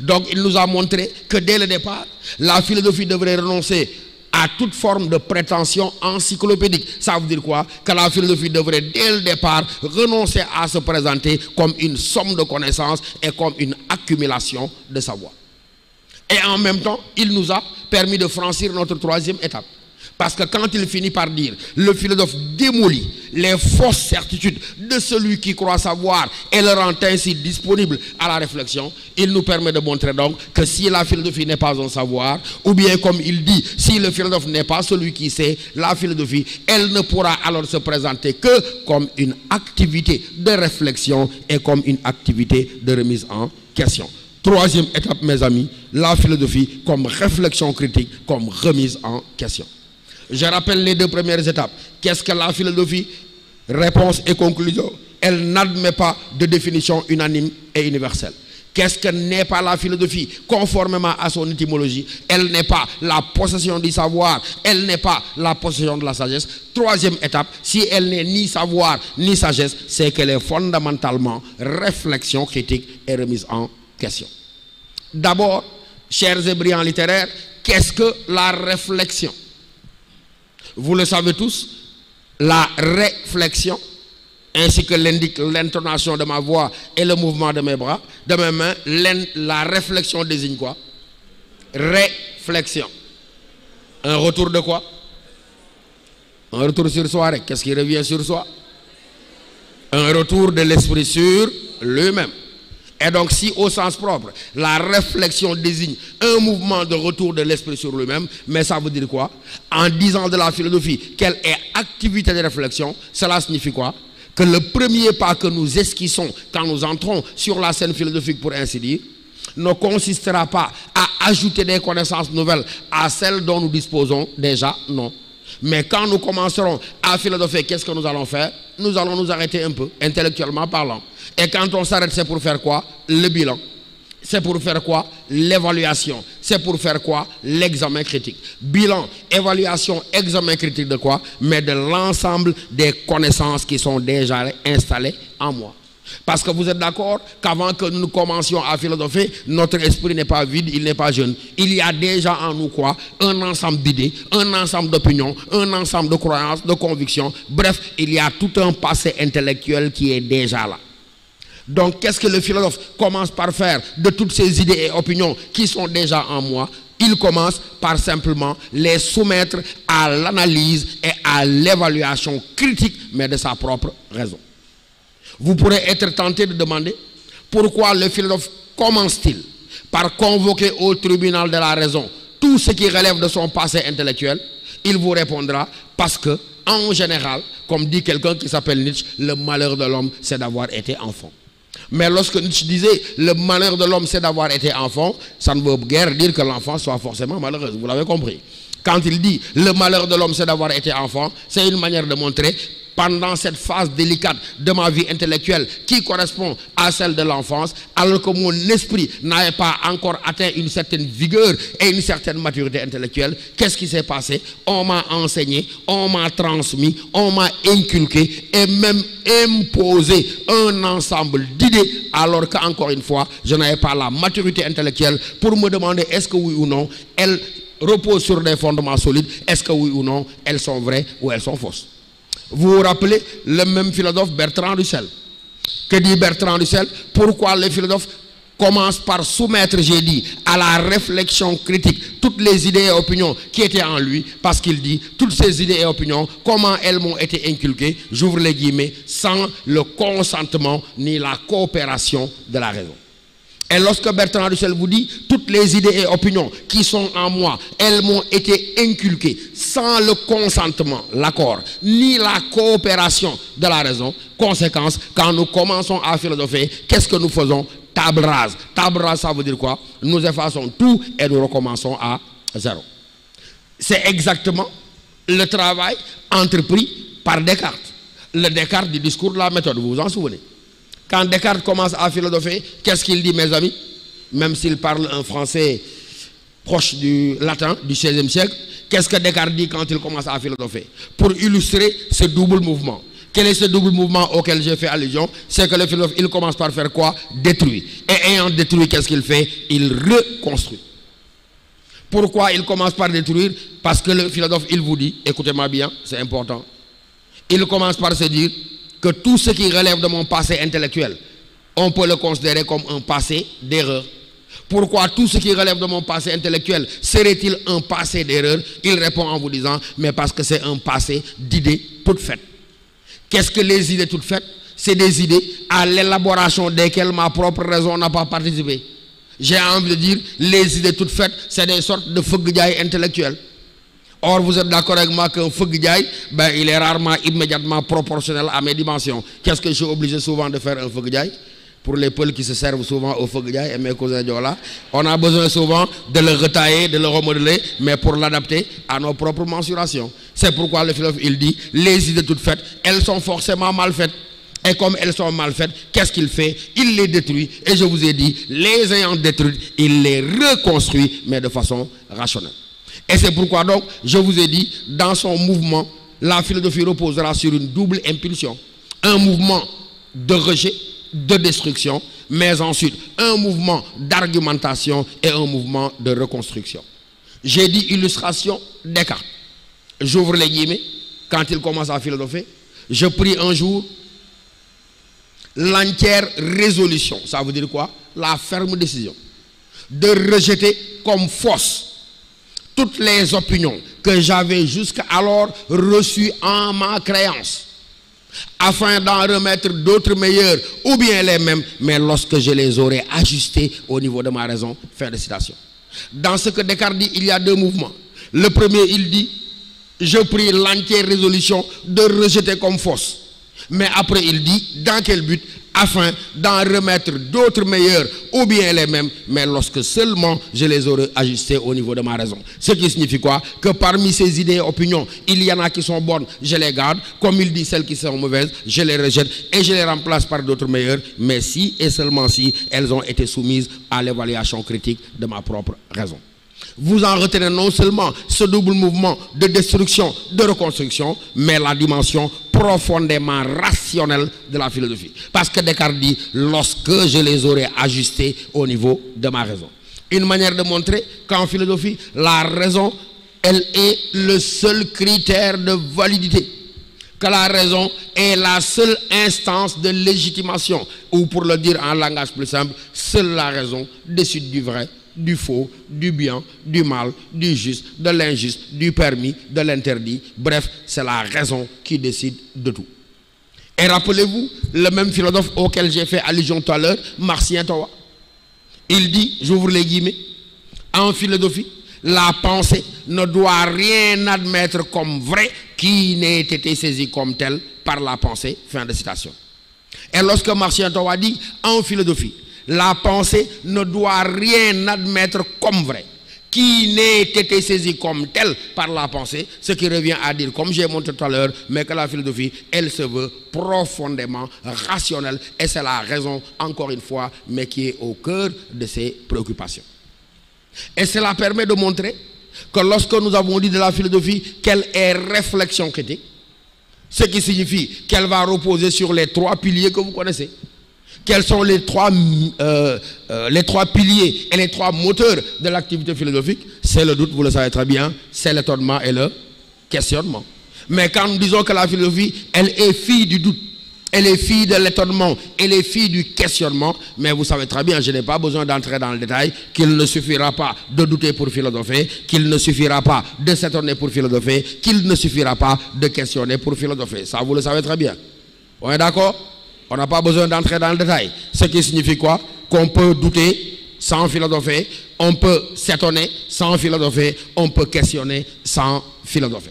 Donc il nous a montré que dès le départ, la philosophie devrait renoncer à toute forme de prétention encyclopédique. Ça veut dire quoi Que la philosophie devrait dès le départ renoncer à se présenter comme une somme de connaissances et comme une accumulation de savoir. Et en même temps, il nous a permis de franchir notre troisième étape. Parce que quand il finit par dire, le philosophe démolit les fausses certitudes de celui qui croit savoir et le rend ainsi disponible à la réflexion, il nous permet de montrer donc que si la philosophie n'est pas un savoir, ou bien comme il dit, si le philosophe n'est pas celui qui sait la philosophie, elle ne pourra alors se présenter que comme une activité de réflexion et comme une activité de remise en question. Troisième étape, mes amis, la philosophie comme réflexion critique, comme remise en question. Je rappelle les deux premières étapes. Qu'est-ce que la philosophie Réponse et conclusion. Elle n'admet pas de définition unanime et universelle. Qu'est-ce que n'est pas la philosophie Conformément à son étymologie, elle n'est pas la possession du savoir, elle n'est pas la possession de la sagesse. Troisième étape, si elle n'est ni savoir ni sagesse, c'est qu'elle est fondamentalement réflexion critique et remise en question. D'abord, chers et littéraires, qu'est-ce que la réflexion vous le savez tous, la réflexion, ainsi que l'indique l'intonation de ma voix et le mouvement de mes bras, de mes mains, la réflexion désigne quoi Réflexion. Un retour de quoi Un retour sur soi, qu'est-ce qui revient sur soi Un retour de l'esprit sur lui-même. Et donc si au sens propre, la réflexion désigne un mouvement de retour de l'esprit sur lui-même, mais ça veut dire quoi En disant de la philosophie quelle est activité de réflexion, cela signifie quoi Que le premier pas que nous esquissons quand nous entrons sur la scène philosophique, pour ainsi dire, ne consistera pas à ajouter des connaissances nouvelles à celles dont nous disposons déjà, non. Mais quand nous commencerons à philosopher, qu'est-ce que nous allons faire Nous allons nous arrêter un peu, intellectuellement parlant. Et quand on s'arrête, c'est pour faire quoi Le bilan. C'est pour faire quoi L'évaluation. C'est pour faire quoi L'examen critique. Bilan, évaluation, examen critique de quoi Mais de l'ensemble des connaissances qui sont déjà installées en moi. Parce que vous êtes d'accord qu'avant que nous commencions à philosopher, notre esprit n'est pas vide, il n'est pas jeune. Il y a déjà en nous quoi Un ensemble d'idées, un ensemble d'opinions, un ensemble de croyances, de convictions. Bref, il y a tout un passé intellectuel qui est déjà là. Donc, qu'est-ce que le philosophe commence par faire de toutes ces idées et opinions qui sont déjà en moi Il commence par simplement les soumettre à l'analyse et à l'évaluation critique, mais de sa propre raison. Vous pourrez être tenté de demander pourquoi le philosophe commence-t-il par convoquer au tribunal de la raison tout ce qui relève de son passé intellectuel Il vous répondra parce que, en général, comme dit quelqu'un qui s'appelle Nietzsche, le malheur de l'homme, c'est d'avoir été enfant. Mais lorsque Nietzsche disait le malheur de l'homme, c'est d'avoir été enfant, ça ne veut guère dire que l'enfant soit forcément malheureux. Vous l'avez compris. Quand il dit le malheur de l'homme, c'est d'avoir été enfant, c'est une manière de montrer pendant cette phase délicate de ma vie intellectuelle qui correspond à celle de l'enfance, alors que mon esprit n'avait pas encore atteint une certaine vigueur et une certaine maturité intellectuelle, qu'est-ce qui s'est passé On m'a enseigné, on m'a transmis, on m'a inculqué et même imposé un ensemble d'idées, alors qu'encore une fois, je n'avais pas la maturité intellectuelle pour me demander est-ce que oui ou non, elles repose sur des fondements solides, est-ce que oui ou non, elles sont vraies ou elles sont fausses. Vous vous rappelez le même philosophe Bertrand Russell. Que dit Bertrand Russell Pourquoi les philosophes commencent par soumettre, j'ai dit, à la réflexion critique toutes les idées et opinions qui étaient en lui, parce qu'il dit, toutes ces idées et opinions, comment elles m'ont été inculquées, j'ouvre les guillemets, sans le consentement ni la coopération de la raison. Et lorsque Bertrand Russell vous dit, toutes les idées et opinions qui sont en moi, elles m'ont été inculquées sans le consentement, l'accord, ni la coopération de la raison. Conséquence, quand nous commençons à philosopher, qu'est-ce que nous faisons Table rase. Table rase, ça veut dire quoi Nous effaçons tout et nous recommençons à zéro. C'est exactement le travail entrepris par Descartes. Le Descartes du discours de la méthode, vous vous en souvenez quand Descartes commence à philosopher, qu'est-ce qu'il dit, mes amis Même s'il parle un français proche du latin du XVIe siècle, qu'est-ce que Descartes dit quand il commence à philosopher Pour illustrer ce double mouvement. Quel est ce double mouvement auquel j'ai fait allusion C'est que le philosophe, il commence par faire quoi Détruire. Et ayant détruit, qu'est-ce qu'il fait Il reconstruit. Pourquoi il commence par détruire Parce que le philosophe, il vous dit, écoutez-moi bien, c'est important. Il commence par se dire, que tout ce qui relève de mon passé intellectuel, on peut le considérer comme un passé d'erreur. Pourquoi tout ce qui relève de mon passé intellectuel serait-il un passé d'erreur Il répond en vous disant, mais parce que c'est un passé d'idées toutes faites. Qu'est-ce que les idées toutes faites C'est des idées à l'élaboration desquelles ma propre raison n'a pas participé. J'ai envie de dire, les idées toutes faites, c'est des sortes de fougues intellectuels. Or, vous êtes d'accord avec moi qu'un feu ben, il est rarement immédiatement proportionnel à mes dimensions. Qu'est-ce que je suis obligé souvent de faire un feu Pour les peuples qui se servent souvent au feu et mes cousins là, on a besoin souvent de le retailler, de le remodeler, mais pour l'adapter à nos propres mensurations. C'est pourquoi le philosophe, il dit, les idées toutes faites, elles sont forcément mal faites. Et comme elles sont mal faites, qu'est-ce qu'il fait Il les détruit. Et je vous ai dit, les ayant détruites, il les reconstruit, mais de façon rationnelle. Et c'est pourquoi donc, je vous ai dit, dans son mouvement, la philosophie reposera sur une double impulsion. Un mouvement de rejet, de destruction, mais ensuite un mouvement d'argumentation et un mouvement de reconstruction. J'ai dit illustration des cas J'ouvre les guillemets quand il commence à philosopher. Je prie un jour l'entière résolution. Ça veut dire quoi La ferme décision de rejeter comme fausse toutes les opinions que j'avais jusqu'alors reçues en ma créance, afin d'en remettre d'autres meilleures ou bien les mêmes, mais lorsque je les aurais ajustées au niveau de ma raison. Fin de citation. Dans ce que Descartes dit, il y a deux mouvements. Le premier, il dit, je prie l'entière résolution de rejeter comme fausse. Mais après, il dit, dans quel but afin d'en remettre d'autres meilleurs ou bien les mêmes, mais lorsque seulement je les aurai ajustés au niveau de ma raison. Ce qui signifie quoi Que parmi ces idées et opinions, il y en a qui sont bonnes, je les garde, comme il dit celles qui sont mauvaises, je les rejette et je les remplace par d'autres meilleures, mais si et seulement si elles ont été soumises à l'évaluation critique de ma propre raison. Vous en retenez non seulement ce double mouvement de destruction, de reconstruction, mais la dimension profondément rationnelle de la philosophie. Parce que Descartes dit, lorsque je les aurai ajustés au niveau de ma raison. Une manière de montrer qu'en philosophie, la raison, elle est le seul critère de validité. Que la raison est la seule instance de légitimation. Ou pour le dire en langage plus simple, seule la raison décide du vrai du faux, du bien, du mal, du juste, de l'injuste, du permis, de l'interdit. Bref, c'est la raison qui décide de tout. Et rappelez-vous, le même philosophe auquel j'ai fait allusion tout à l'heure, Marcien Towa, il dit, j'ouvre les guillemets, en philosophie, la pensée ne doit rien admettre comme vrai qui n'ait été saisi comme tel par la pensée. Fin de citation. Et lorsque Marcien Towa dit, en philosophie, la pensée ne doit rien admettre comme vrai qui n'ait été saisi comme tel par la pensée, ce qui revient à dire, comme j'ai montré tout à l'heure, mais que la philosophie, elle se veut profondément rationnelle, et c'est la raison, encore une fois, mais qui est au cœur de ses préoccupations. Et cela permet de montrer que lorsque nous avons dit de la philosophie qu'elle est réflexion critique, ce qui signifie qu'elle va reposer sur les trois piliers que vous connaissez, quels sont les trois, euh, euh, les trois piliers et les trois moteurs de l'activité philosophique C'est le doute, vous le savez très bien, c'est l'étonnement et le questionnement. Mais quand nous disons que la philosophie, elle est fille du doute, elle est fille de l'étonnement, elle est fille du questionnement, mais vous savez très bien, je n'ai pas besoin d'entrer dans le détail, qu'il ne suffira pas de douter pour philosopher, qu'il ne suffira pas de s'étonner pour philosopher, qu'il ne suffira pas de questionner pour philosopher. Ça, vous le savez très bien. On est d'accord on n'a pas besoin d'entrer dans le détail. Ce qui signifie quoi Qu'on peut douter sans philosopher, on peut s'étonner sans philosopher, on peut questionner sans philosopher.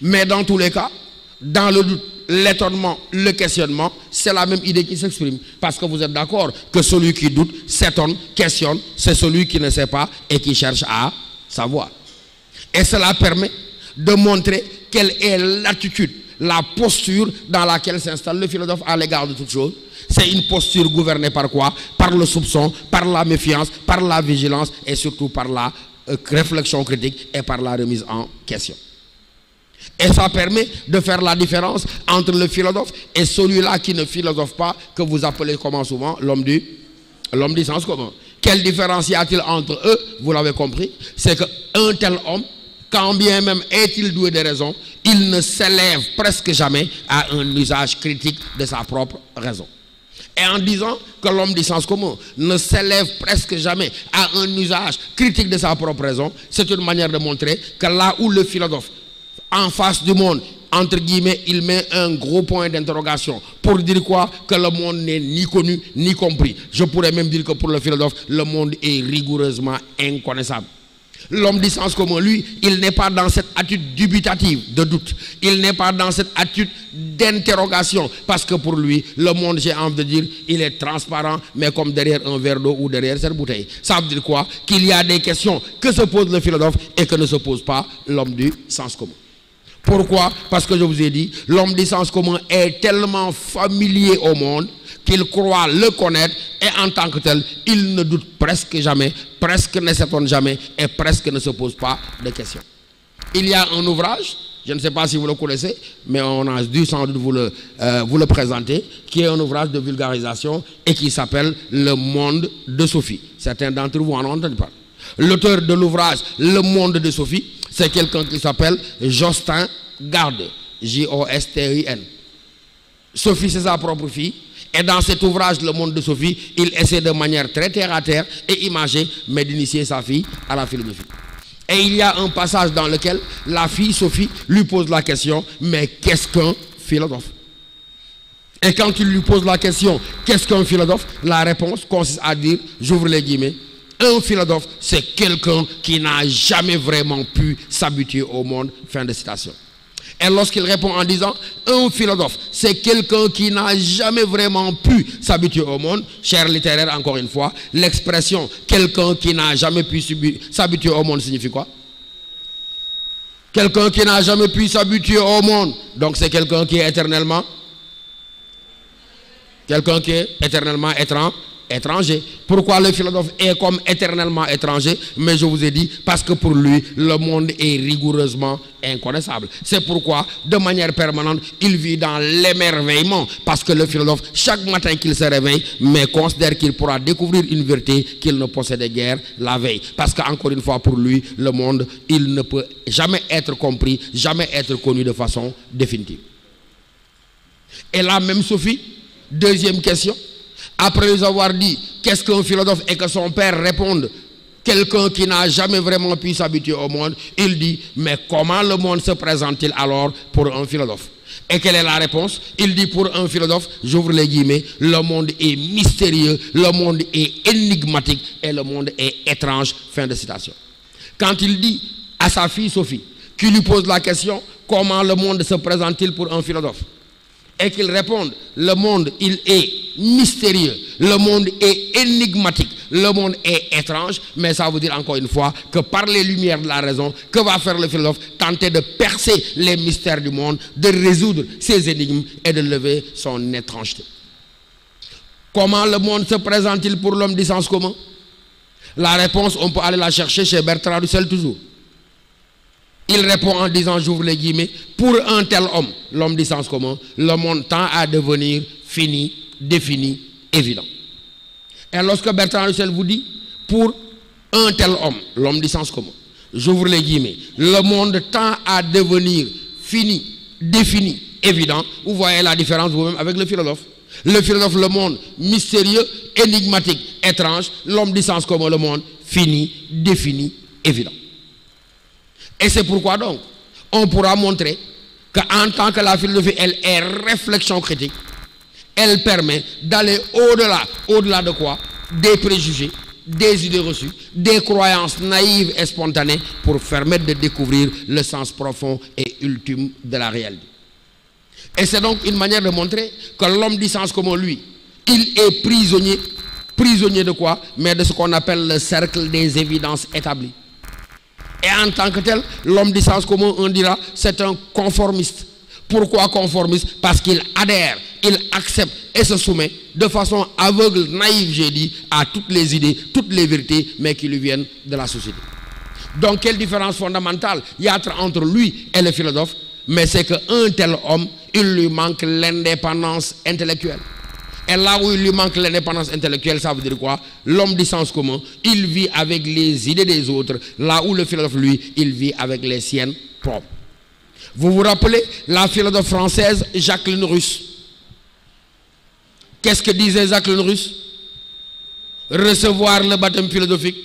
Mais dans tous les cas, dans le doute, l'étonnement, le questionnement, c'est la même idée qui s'exprime. Parce que vous êtes d'accord que celui qui doute, s'étonne, questionne, c'est celui qui ne sait pas et qui cherche à savoir. Et cela permet de montrer quelle est l'attitude la posture dans laquelle s'installe le philosophe à l'égard de toute chose. C'est une posture gouvernée par quoi Par le soupçon, par la méfiance, par la vigilance et surtout par la euh, réflexion critique et par la remise en question. Et ça permet de faire la différence entre le philosophe et celui-là qui ne philosophe pas, que vous appelez comment souvent l'homme du, l'homme du sens commun. Quelle différence y a-t-il entre eux Vous l'avez compris. C'est qu'un tel homme quand bien même est-il doué de raison, il ne s'élève presque jamais à un usage critique de sa propre raison. Et en disant que l'homme du sens commun ne s'élève presque jamais à un usage critique de sa propre raison, c'est une manière de montrer que là où le philosophe, en face du monde, entre guillemets, il met un gros point d'interrogation pour dire quoi Que le monde n'est ni connu ni compris. Je pourrais même dire que pour le philosophe, le monde est rigoureusement inconnaissable. L'homme du sens commun, lui, il n'est pas dans cette attitude dubitative, de doute. Il n'est pas dans cette attitude d'interrogation. Parce que pour lui, le monde, j'ai envie de dire, il est transparent, mais comme derrière un verre d'eau ou derrière cette bouteille. Ça veut dire quoi Qu'il y a des questions que se pose le philosophe et que ne se pose pas l'homme du sens commun. Pourquoi Parce que je vous ai dit, l'homme du sens commun est tellement familier au monde qu'il croit le connaître et en tant que tel, il ne doute presque jamais, presque ne s'étonne jamais et presque ne se pose pas de questions. Il y a un ouvrage, je ne sais pas si vous le connaissez, mais on a dû sans doute vous le, euh, vous le présenter, qui est un ouvrage de vulgarisation et qui s'appelle Le monde de Sophie. Certains d'entre vous en ont entendu parler. L'auteur de l'ouvrage Le monde de Sophie, c'est quelqu'un qui s'appelle Justin Garde, J-O-S-T-I-N. Sophie, c'est sa propre fille. Et dans cet ouvrage, Le Monde de Sophie, il essaie de manière très terre à terre et imagée, mais d'initier sa fille à la philosophie. Et il y a un passage dans lequel la fille Sophie lui pose la question, mais qu'est-ce qu'un philosophe Et quand il lui pose la question, qu'est-ce qu'un philosophe La réponse consiste à dire, j'ouvre les guillemets, un philosophe, c'est quelqu'un qui n'a jamais vraiment pu s'habituer au monde. Fin de citation. Et lorsqu'il répond en disant un philosophe, c'est quelqu'un qui n'a jamais vraiment pu s'habituer au monde, cher littéraire encore une fois, l'expression quelqu'un qui n'a jamais pu s'habituer au monde signifie quoi Quelqu'un qui n'a jamais pu s'habituer au monde, donc c'est quelqu'un qui est éternellement quelqu'un qui est éternellement étrange étranger. Pourquoi le philosophe est comme éternellement étranger Mais je vous ai dit, parce que pour lui, le monde est rigoureusement inconnaissable. C'est pourquoi, de manière permanente, il vit dans l'émerveillement. Parce que le philosophe, chaque matin qu'il se réveille, mais considère qu'il pourra découvrir une vérité qu'il ne possédait guère la veille. Parce qu'encore une fois, pour lui, le monde, il ne peut jamais être compris, jamais être connu de façon définitive. Et là même Sophie, deuxième question. Après les avoir dit qu'est-ce qu'un philosophe et que son père répondent, quelqu'un qui n'a jamais vraiment pu s'habituer au monde, il dit, mais comment le monde se présente-t-il alors pour un philosophe Et quelle est la réponse Il dit pour un philosophe, j'ouvre les guillemets, le monde est mystérieux, le monde est énigmatique et le monde est étrange. Fin de citation. Quand il dit à sa fille Sophie, qui lui pose la question, comment le monde se présente-t-il pour un philosophe et qu'ils répondent, le monde, il est mystérieux, le monde est énigmatique, le monde est étrange, mais ça veut dire encore une fois que par les lumières de la raison, que va faire le philosophe Tenter de percer les mystères du monde, de résoudre ses énigmes et de lever son étrangeté. Comment le monde se présente-t-il pour l'homme du sens commun La réponse, on peut aller la chercher chez Bertrand Russell toujours. Il répond en disant, j'ouvre les guillemets, pour un tel homme, l'homme du sens commun, le monde tend à devenir fini, défini, évident. Et lorsque Bertrand Russell vous dit, pour un tel homme, l'homme du sens commun, j'ouvre les guillemets, le monde tend à devenir fini, défini, évident, vous voyez la différence vous-même avec le philosophe. Le philosophe, le monde mystérieux, énigmatique, étrange, l'homme du sens commun, le monde fini, défini, évident. Et c'est pourquoi donc, on pourra montrer qu'en tant que la philosophie, elle est réflexion critique, elle permet d'aller au-delà. Au-delà de quoi Des préjugés, des idées reçues, des croyances naïves et spontanées pour permettre de découvrir le sens profond et ultime de la réalité. Et c'est donc une manière de montrer que l'homme du sens comme lui, il est prisonnier. Prisonnier de quoi Mais de ce qu'on appelle le cercle des évidences établies. Et en tant que tel, l'homme du sens commun, on dira, c'est un conformiste. Pourquoi conformiste Parce qu'il adhère, il accepte et se soumet de façon aveugle, naïve, j'ai dit, à toutes les idées, toutes les vérités, mais qui lui viennent de la société. Donc, quelle différence fondamentale il y a entre lui et le philosophe Mais c'est qu'un tel homme, il lui manque l'indépendance intellectuelle. Et là où il lui manque l'indépendance intellectuelle, ça veut dire quoi L'homme du sens commun, il vit avec les idées des autres, là où le philosophe, lui, il vit avec les siennes propres. Vous vous rappelez la philosophe française Jacqueline Russe Qu'est-ce que disait Jacqueline Russe Recevoir le baptême philosophique.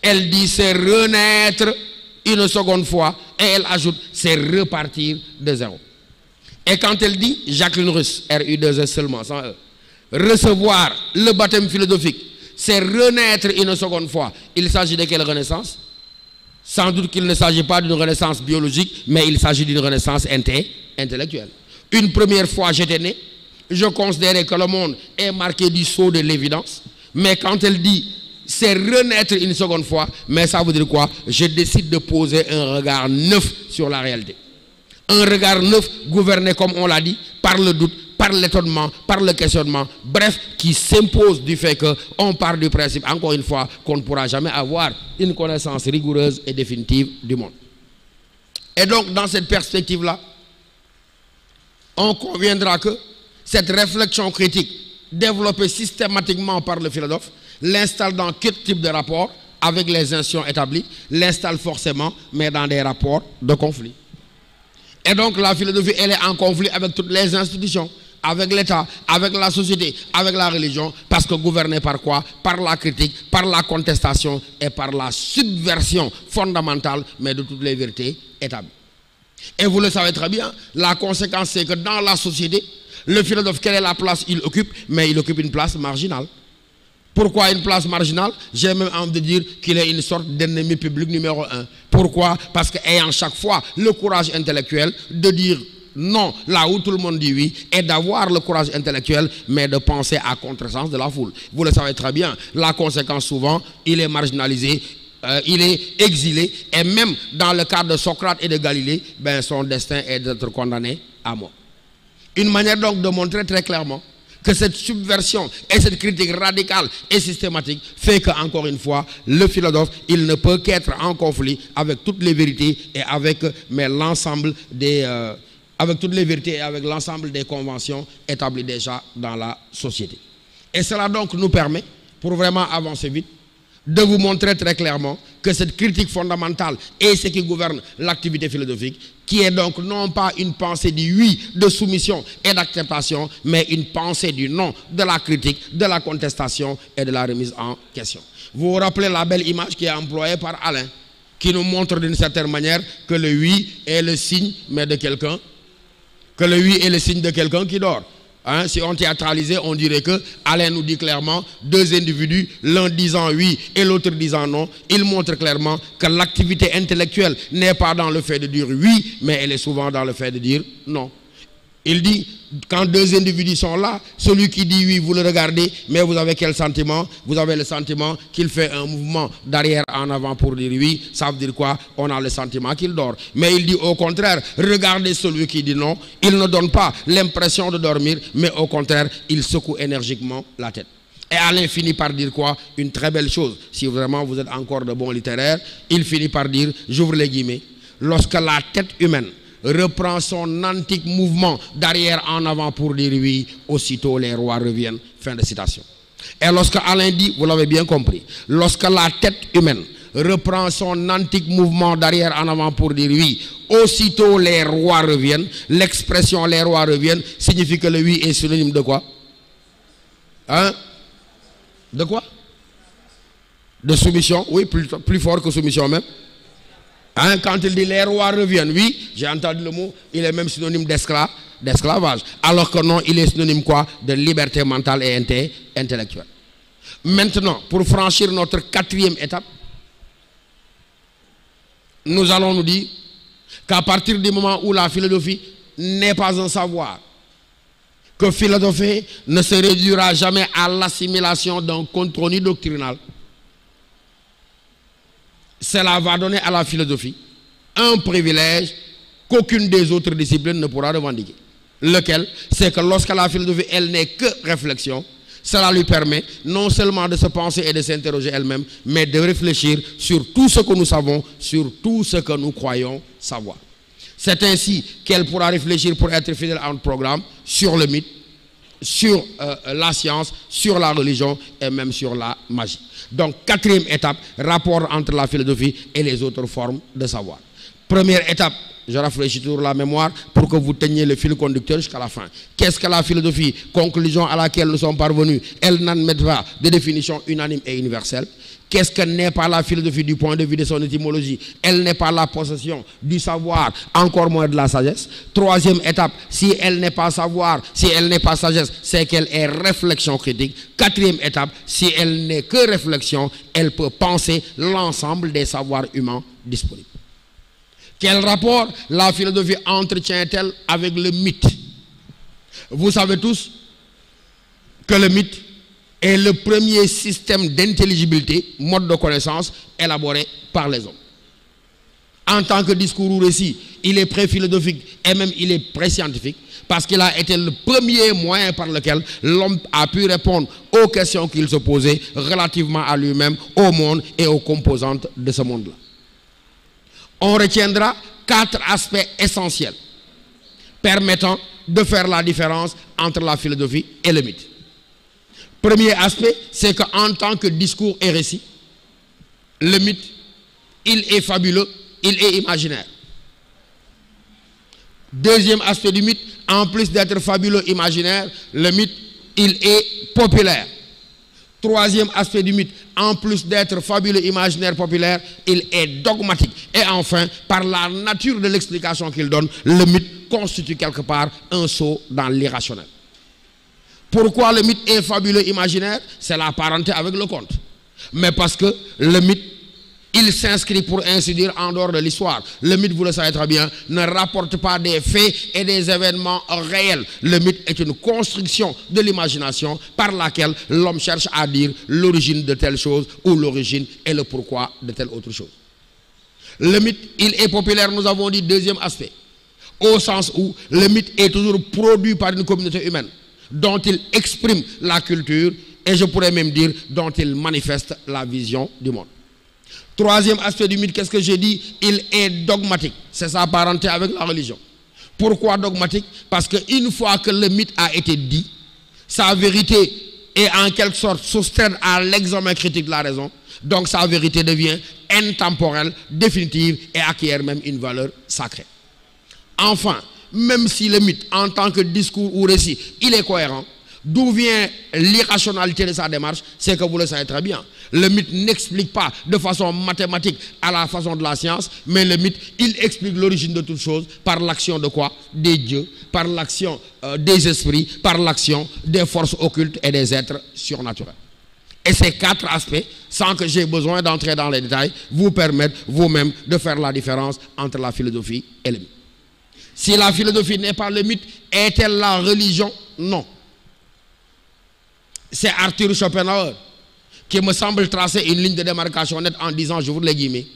Elle dit c'est renaître une seconde fois et elle ajoute c'est repartir de zéro. Et quand elle dit Jacqueline Russe, RU2S seulement, sans E, recevoir le baptême philosophique, c'est renaître une seconde fois. Il s'agit de quelle renaissance Sans doute qu'il ne s'agit pas d'une renaissance biologique, mais il s'agit d'une renaissance intellectuelle. Une première fois, j'étais né. Je considérais que le monde est marqué du saut de l'évidence. Mais quand elle dit c'est renaître une seconde fois, mais ça veut dire quoi Je décide de poser un regard neuf sur la réalité un regard neuf gouverné, comme on l'a dit, par le doute, par l'étonnement, par le questionnement, bref, qui s'impose du fait qu'on part du principe, encore une fois, qu'on ne pourra jamais avoir une connaissance rigoureuse et définitive du monde. Et donc, dans cette perspective-là, on conviendra que cette réflexion critique, développée systématiquement par le philosophe, l'installe dans quel type de rapport avec les institutions établies, l'installe forcément, mais dans des rapports de conflit. Et donc la philosophie, elle est en conflit avec toutes les institutions, avec l'État, avec la société, avec la religion, parce que gouvernée par quoi Par la critique, par la contestation et par la subversion fondamentale, mais de toutes les vérités établies. Et vous le savez très bien, la conséquence c'est que dans la société, le philosophe, quelle est la place il occupe Mais il occupe une place marginale. Pourquoi une place marginale J'ai même envie de dire qu'il est une sorte d'ennemi public numéro un. Pourquoi Parce qu'ayant chaque fois le courage intellectuel de dire non là où tout le monde dit oui et d'avoir le courage intellectuel mais de penser à contresens de la foule. Vous le savez très bien, la conséquence souvent, il est marginalisé, euh, il est exilé et même dans le cas de Socrate et de Galilée, ben, son destin est d'être condamné à mort. Une manière donc de montrer très clairement que cette subversion et cette critique radicale et systématique fait que, encore une fois, le philosophe, il ne peut qu'être en conflit avec toutes les vérités et avec l'ensemble des... Euh, avec toutes les vérités et avec l'ensemble des conventions établies déjà dans la société. Et cela donc nous permet, pour vraiment avancer vite, de vous montrer très clairement que cette critique fondamentale est ce qui gouverne l'activité philosophique, qui est donc non pas une pensée du oui, de soumission et d'acceptation, mais une pensée du non, de la critique, de la contestation et de la remise en question. Vous vous rappelez la belle image qui est employée par Alain, qui nous montre d'une certaine manière que le oui est le signe, de quelqu'un, que le oui est le signe de quelqu'un qui dort. Hein, si on théâtralisait, on dirait que Alain nous dit clairement deux individus, l'un disant oui et l'autre disant non. Il montre clairement que l'activité intellectuelle n'est pas dans le fait de dire oui, mais elle est souvent dans le fait de dire non. Il dit, quand deux individus sont là, celui qui dit oui, vous le regardez, mais vous avez quel sentiment Vous avez le sentiment qu'il fait un mouvement d'arrière en avant pour dire oui. Ça veut dire quoi On a le sentiment qu'il dort. Mais il dit au contraire, regardez celui qui dit non. Il ne donne pas l'impression de dormir, mais au contraire, il secoue énergiquement la tête. Et Alain finit par dire quoi Une très belle chose. Si vraiment vous êtes encore de bons littéraires, il finit par dire, j'ouvre les guillemets, lorsque la tête humaine reprend son antique mouvement d'arrière en avant pour dire oui, aussitôt les rois reviennent. Fin de citation. Et lorsque Alain dit, vous l'avez bien compris, lorsque la tête humaine reprend son antique mouvement d'arrière en avant pour dire oui, aussitôt les rois reviennent, l'expression les rois reviennent signifie que le oui est synonyme de quoi Hein De quoi De soumission Oui, plus, plus fort que soumission même. Hein, quand il dit les rois reviennent, oui, j'ai entendu le mot, il est même synonyme d'esclavage. Alors que non, il est synonyme quoi De liberté mentale et intellectuelle. Maintenant, pour franchir notre quatrième étape, nous allons nous dire qu'à partir du moment où la philosophie n'est pas un savoir, que philosophie ne se réduira jamais à l'assimilation d'un contenu doctrinal, cela va donner à la philosophie un privilège qu'aucune des autres disciplines ne pourra revendiquer. Lequel C'est que lorsque la philosophie, elle n'est que réflexion, cela lui permet non seulement de se penser et de s'interroger elle-même, mais de réfléchir sur tout ce que nous savons, sur tout ce que nous croyons savoir. C'est ainsi qu'elle pourra réfléchir pour être fidèle à un programme sur le mythe, sur euh, la science, sur la religion et même sur la magie. Donc, quatrième étape, rapport entre la philosophie et les autres formes de savoir. Première étape, je rafraîchis toujours la mémoire pour que vous teniez le fil conducteur jusqu'à la fin. Qu'est-ce que la philosophie Conclusion à laquelle nous sommes parvenus. Elle n'admet pas de définition unanime et universelles. Qu'est-ce que n'est pas la philosophie du point de vue de son étymologie Elle n'est pas la possession du savoir, encore moins de la sagesse. Troisième étape, si elle n'est pas savoir, si elle n'est pas sagesse, c'est qu'elle est réflexion critique. Quatrième étape, si elle n'est que réflexion, elle peut penser l'ensemble des savoirs humains disponibles. Quel rapport la philosophie entretient-elle avec le mythe Vous savez tous que le mythe est le premier système d'intelligibilité, mode de connaissance, élaboré par les hommes. En tant que discours ou récit, il est pré-philosophique et même il est pré-scientifique parce qu'il a été le premier moyen par lequel l'homme a pu répondre aux questions qu'il se posait relativement à lui-même, au monde et aux composantes de ce monde-là. On retiendra quatre aspects essentiels permettant de faire la différence entre la philosophie et le mythe. Premier aspect, c'est qu'en tant que discours et récit, le mythe, il est fabuleux, il est imaginaire. Deuxième aspect du mythe, en plus d'être fabuleux, imaginaire, le mythe, il est populaire. Troisième aspect du mythe, en plus d'être fabuleux, imaginaire, populaire, il est dogmatique. Et enfin, par la nature de l'explication qu'il donne, le mythe constitue quelque part un saut dans l'irrationnel. Pourquoi le mythe est fabuleux imaginaire C'est la parenté avec le conte. Mais parce que le mythe, il s'inscrit pour ainsi dire en dehors de l'histoire. Le mythe, vous le savez très bien, ne rapporte pas des faits et des événements réels. Le mythe est une construction de l'imagination par laquelle l'homme cherche à dire l'origine de telle chose ou l'origine et le pourquoi de telle autre chose. Le mythe, il est populaire, nous avons dit deuxième aspect, au sens où le mythe est toujours produit par une communauté humaine dont il exprime la culture et je pourrais même dire dont il manifeste la vision du monde. Troisième aspect du mythe, qu'est-ce que j'ai dit Il est dogmatique. C'est sa parenté avec la religion. Pourquoi dogmatique Parce qu'une fois que le mythe a été dit, sa vérité est en quelque sorte soustraite à l'examen critique de la raison. Donc sa vérité devient intemporelle, définitive et acquiert même une valeur sacrée. Enfin, même si le mythe, en tant que discours ou récit, il est cohérent, d'où vient l'irrationalité de sa démarche, c'est que vous le savez très bien. Le mythe n'explique pas de façon mathématique à la façon de la science, mais le mythe, il explique l'origine de toute chose par l'action de quoi Des dieux, par l'action euh, des esprits, par l'action des forces occultes et des êtres surnaturels. Et ces quatre aspects, sans que j'ai besoin d'entrer dans les détails, vous permettent vous-même de faire la différence entre la philosophie et le mythe. Si la philosophie n'est pas le mythe, est-elle la religion Non. C'est Arthur Schopenhauer qui me semble tracer une ligne de démarcation nette en disant, je vous le guillemets,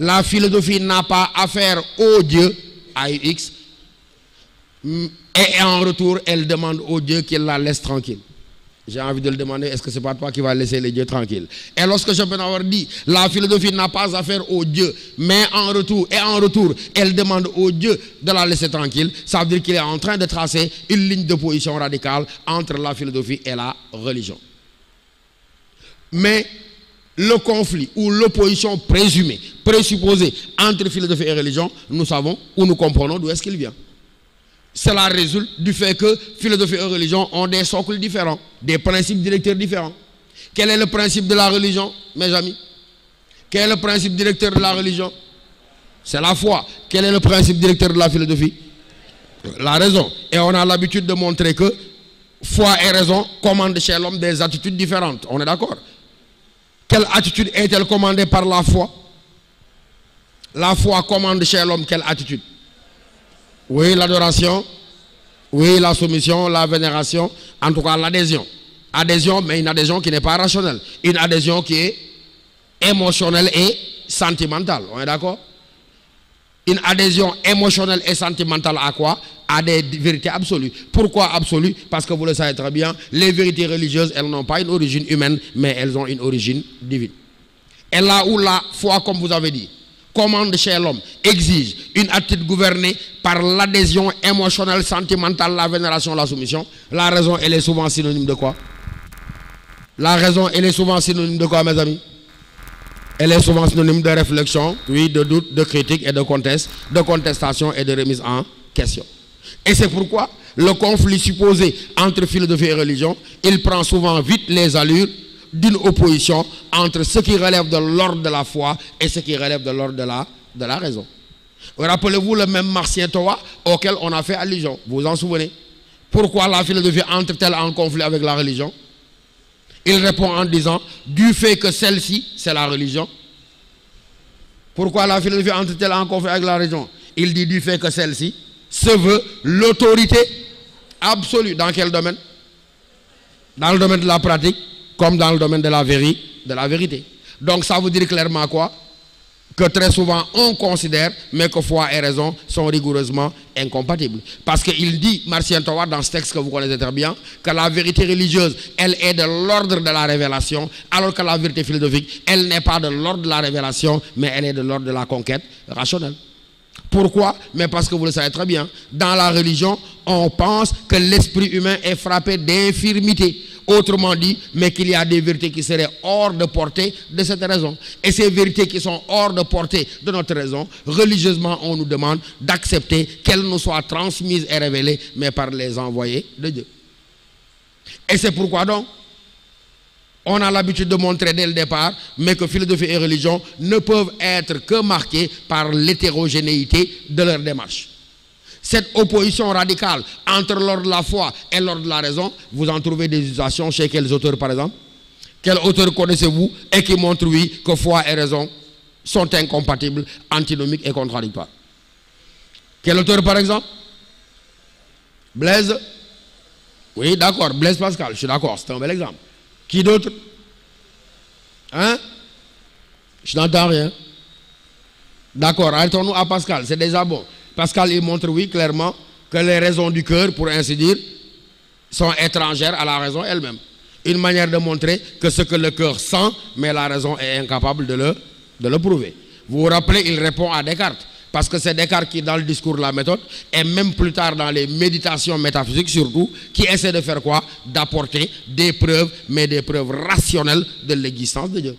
la philosophie n'a pas affaire au Dieu, AUX, et en retour, elle demande au Dieu qu'il la laisse tranquille. J'ai envie de le demander, est-ce que c'est n'est pas toi qui vas laisser les dieux tranquilles Et lorsque avoir dit, la philosophie n'a pas affaire aux dieux, mais en retour, et en retour, elle demande aux dieux de la laisser tranquille, ça veut dire qu'il est en train de tracer une ligne de position radicale entre la philosophie et la religion. Mais le conflit ou l'opposition présumée, présupposée entre philosophie et religion, nous savons ou nous comprenons d'où est-ce qu'il vient. Cela résulte du fait que philosophie et religion ont des socles différents, des principes directeurs différents. Quel est le principe de la religion, mes amis Quel est le principe directeur de la religion C'est la foi. Quel est le principe directeur de la philosophie La raison. Et on a l'habitude de montrer que foi et raison commandent chez l'homme des attitudes différentes. On est d'accord Quelle attitude est-elle commandée par la foi La foi commande chez l'homme quelle attitude oui, l'adoration. Oui, la soumission, la vénération. En tout cas, l'adhésion. Adhésion, mais une adhésion qui n'est pas rationnelle. Une adhésion qui est émotionnelle et sentimentale. On est d'accord Une adhésion émotionnelle et sentimentale à quoi à des vérités absolues. Pourquoi absolues Parce que vous le savez très bien, les vérités religieuses, elles n'ont pas une origine humaine, mais elles ont une origine divine. Et là où la foi, comme vous avez dit, commande chez l'homme, exige une attitude gouvernée par l'adhésion émotionnelle, sentimentale, la vénération, la soumission. La raison, elle est souvent synonyme de quoi La raison, elle est souvent synonyme de quoi, mes amis Elle est souvent synonyme de réflexion, oui, de doute, de critique et de conteste, de contestation et de remise en question. Et c'est pourquoi le conflit supposé entre philosophie et religion, il prend souvent vite les allures d'une opposition entre ce qui relève de l'ordre de la foi et ce qui relève de l'ordre de la, de la raison. Rappelez-vous le même Martien Toa auquel on a fait allusion. Vous vous en souvenez Pourquoi la philosophie entre-t-elle en conflit avec la religion Il répond en disant, du fait que celle-ci, c'est la religion. Pourquoi la philosophie entre-t-elle en conflit avec la religion Il dit du fait que celle-ci se veut l'autorité absolue. Dans quel domaine Dans le domaine de la pratique comme dans le domaine de la, vérité, de la vérité. Donc ça veut dire clairement quoi Que très souvent on considère, mais que foi et raison sont rigoureusement incompatibles. Parce qu'il dit, Martien dans ce texte que vous connaissez très bien, que la vérité religieuse, elle est de l'ordre de la révélation, alors que la vérité philosophique, elle n'est pas de l'ordre de la révélation, mais elle est de l'ordre de la conquête rationnelle. Pourquoi Mais parce que vous le savez très bien, dans la religion, on pense que l'esprit humain est frappé d'infirmité autrement dit, mais qu'il y a des vérités qui seraient hors de portée de cette raison. Et ces vérités qui sont hors de portée de notre raison, religieusement, on nous demande d'accepter qu'elles nous soient transmises et révélées, mais par les envoyés de Dieu. Et c'est pourquoi donc, on a l'habitude de montrer dès le départ, mais que philosophie et religion ne peuvent être que marquées par l'hétérogénéité de leur démarche. Cette opposition radicale entre l'ordre de la foi et l'ordre de la raison, vous en trouvez des usations chez quels auteurs par exemple Quel auteur connaissez-vous et qui montre, oui, que foi et raison sont incompatibles, antinomiques et contradictoires Quel auteur par exemple Blaise Oui, d'accord, Blaise Pascal, je suis d'accord, c'est un bel exemple. Qui d'autre Hein Je n'entends rien. D'accord, arrêtons-nous à Pascal, c'est déjà bon. Pascal il montre, oui, clairement, que les raisons du cœur, pour ainsi dire, sont étrangères à la raison elle-même. Une manière de montrer que ce que le cœur sent, mais la raison est incapable de le, de le prouver. Vous vous rappelez, il répond à Descartes. Parce que c'est Descartes qui, dans le discours de la méthode, et même plus tard dans les méditations métaphysiques surtout, qui essaie de faire quoi D'apporter des preuves, mais des preuves rationnelles de l'existence de Dieu.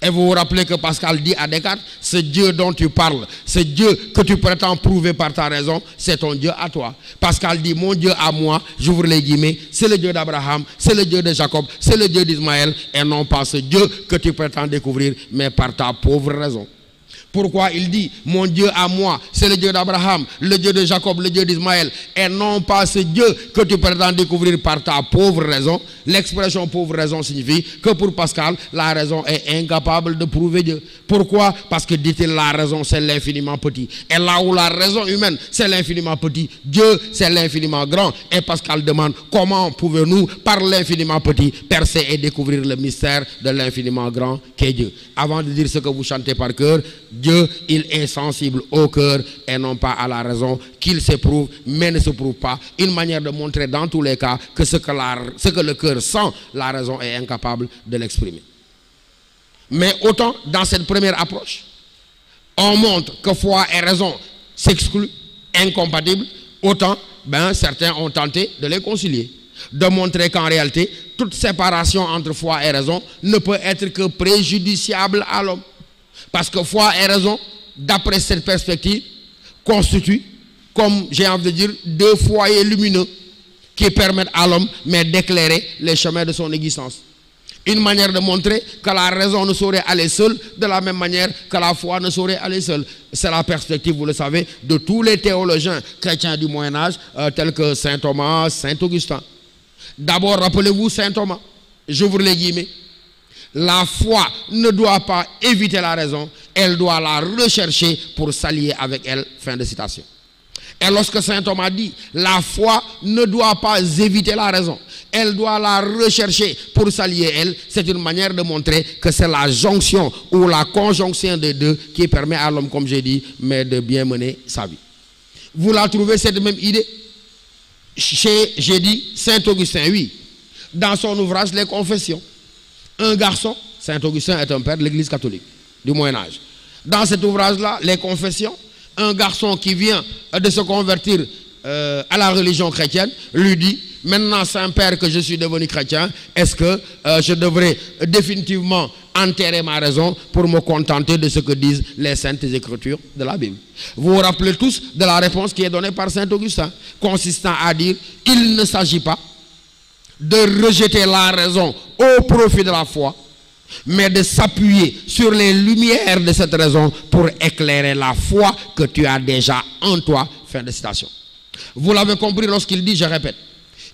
Et vous vous rappelez que Pascal dit à Descartes, ce Dieu dont tu parles, ce Dieu que tu prétends prouver par ta raison, c'est ton Dieu à toi. Pascal dit, mon Dieu à moi, j'ouvre les guillemets, c'est le Dieu d'Abraham, c'est le Dieu de Jacob, c'est le Dieu d'Ismaël, et non pas ce Dieu que tu prétends découvrir, mais par ta pauvre raison. Pourquoi il dit, mon Dieu à moi, c'est le Dieu d'Abraham, le Dieu de Jacob, le Dieu d'Ismaël, et non pas ce Dieu que tu prétends découvrir par ta pauvre raison. L'expression pauvre raison signifie que pour Pascal, la raison est incapable de prouver Dieu. Pourquoi Parce que, dit-il, la raison, c'est l'infiniment petit. Et là où la raison humaine, c'est l'infiniment petit, Dieu, c'est l'infiniment grand. Et Pascal demande, comment pouvons-nous, par l'infiniment petit, percer et découvrir le mystère de l'infiniment grand qu'est Dieu Avant de dire ce que vous chantez par cœur, Dieu, il est sensible au cœur et non pas à la raison, qu'il s'éprouve mais ne se prouve pas. Une manière de montrer dans tous les cas que ce que, ce que le cœur sent, la raison est incapable de l'exprimer. Mais autant dans cette première approche, on montre que foi et raison s'excluent, incompatibles, autant ben, certains ont tenté de les concilier de montrer qu'en réalité, toute séparation entre foi et raison ne peut être que préjudiciable à l'homme. Parce que foi et raison, d'après cette perspective, constituent, comme j'ai envie de dire, deux foyers lumineux qui permettent à l'homme d'éclairer les chemins de son existence. Une manière de montrer que la raison ne saurait aller seule, de la même manière que la foi ne saurait aller seule. C'est la perspective, vous le savez, de tous les théologiens chrétiens du Moyen Âge, euh, tels que Saint Thomas, Saint Augustin. D'abord, rappelez-vous Saint Thomas, j'ouvre les guillemets, la foi ne doit pas éviter la raison, elle doit la rechercher pour s'allier avec elle. Fin de citation. Et lorsque saint Thomas dit, la foi ne doit pas éviter la raison, elle doit la rechercher pour s'allier elle, c'est une manière de montrer que c'est la jonction ou la conjonction des deux qui permet à l'homme, comme j'ai dit, mais de bien mener sa vie. Vous la trouvez cette même idée chez, j'ai dit, Saint Augustin, oui, dans son ouvrage Les Confessions un garçon, Saint Augustin est un père de l'Église catholique du Moyen Âge. Dans cet ouvrage-là, Les Confessions, un garçon qui vient de se convertir euh, à la religion chrétienne lui dit, maintenant Saint-Père que je suis devenu chrétien, est-ce que euh, je devrais définitivement enterrer ma raison pour me contenter de ce que disent les saintes écritures de la Bible Vous vous rappelez tous de la réponse qui est donnée par Saint Augustin, consistant à dire, il ne s'agit pas de rejeter la raison au profit de la foi, mais de s'appuyer sur les lumières de cette raison pour éclairer la foi que tu as déjà en toi. Fin de citation. Vous l'avez compris lorsqu'il dit, je répète,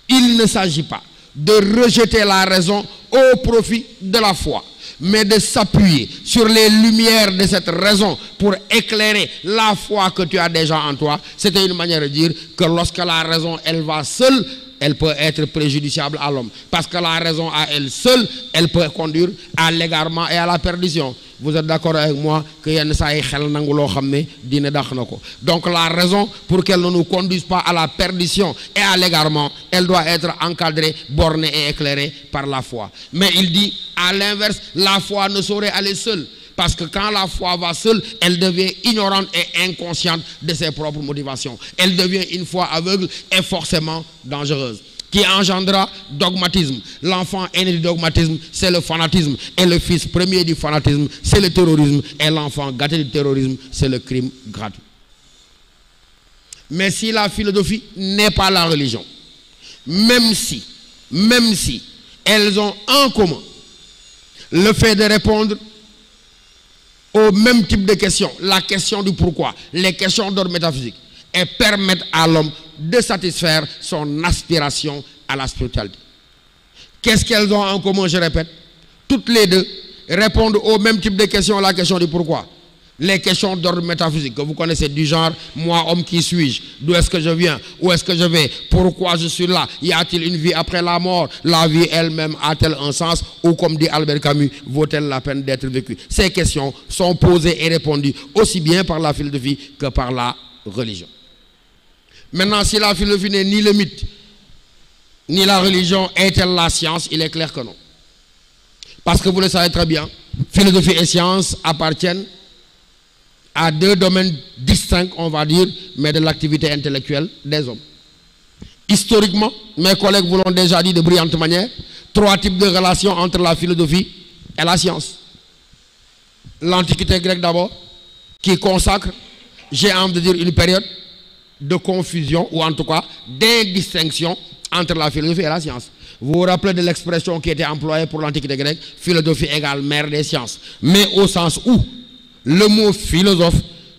il ne s'agit pas de rejeter la raison au profit de la foi, mais de s'appuyer sur les lumières de cette raison pour éclairer la foi que tu as déjà en toi. C'était une manière de dire que lorsque la raison, elle va seule, elle peut être préjudiciable à l'homme. Parce que la raison à elle seule, elle peut conduire à l'égarement et à la perdition. Vous êtes d'accord avec moi que Donc la raison pour qu'elle ne nous conduise pas à la perdition et à l'égarement, elle doit être encadrée, bornée et éclairée par la foi. Mais il dit, à l'inverse, la foi ne saurait aller seule. Parce que quand la foi va seule, elle devient ignorante et inconsciente de ses propres motivations. Elle devient une foi aveugle et forcément dangereuse qui engendra dogmatisme. L'enfant aîné du dogmatisme, c'est le fanatisme. Et le fils premier du fanatisme, c'est le terrorisme. Et l'enfant gâté du terrorisme, c'est le crime gratuit. Mais si la philosophie n'est pas la religion, même si, même si, elles ont en commun le fait de répondre au même type de questions, la question du pourquoi, les questions d'ordre métaphysique, et permettent à l'homme de satisfaire son aspiration à la spiritualité. Qu'est-ce qu'elles ont en commun, je répète Toutes les deux répondent au même type de questions, la question du pourquoi. Les questions d'ordre métaphysique que vous connaissez du genre, moi homme qui suis-je, d'où est-ce que je viens, où est-ce que je vais, pourquoi je suis là, y a-t-il une vie après la mort, la vie elle-même a-t-elle un sens, ou comme dit Albert Camus, vaut-elle la peine d'être vécue Ces questions sont posées et répondues aussi bien par la philosophie que par la religion. Maintenant, si la philosophie n'est ni le mythe, ni la religion, est-elle la science Il est clair que non. Parce que vous le savez très bien, philosophie et science appartiennent à deux domaines distincts, on va dire, mais de l'activité intellectuelle des hommes. Historiquement, mes collègues vous l'ont déjà dit de brillante manière, trois types de relations entre la philosophie et la science. L'Antiquité grecque d'abord, qui consacre, j'ai envie de dire, une période de confusion, ou en tout cas d'indistinction entre la philosophie et la science. Vous vous rappelez de l'expression qui était employée pour l'Antiquité grecque, philosophie égale mère des sciences, mais au sens où le mot philosophe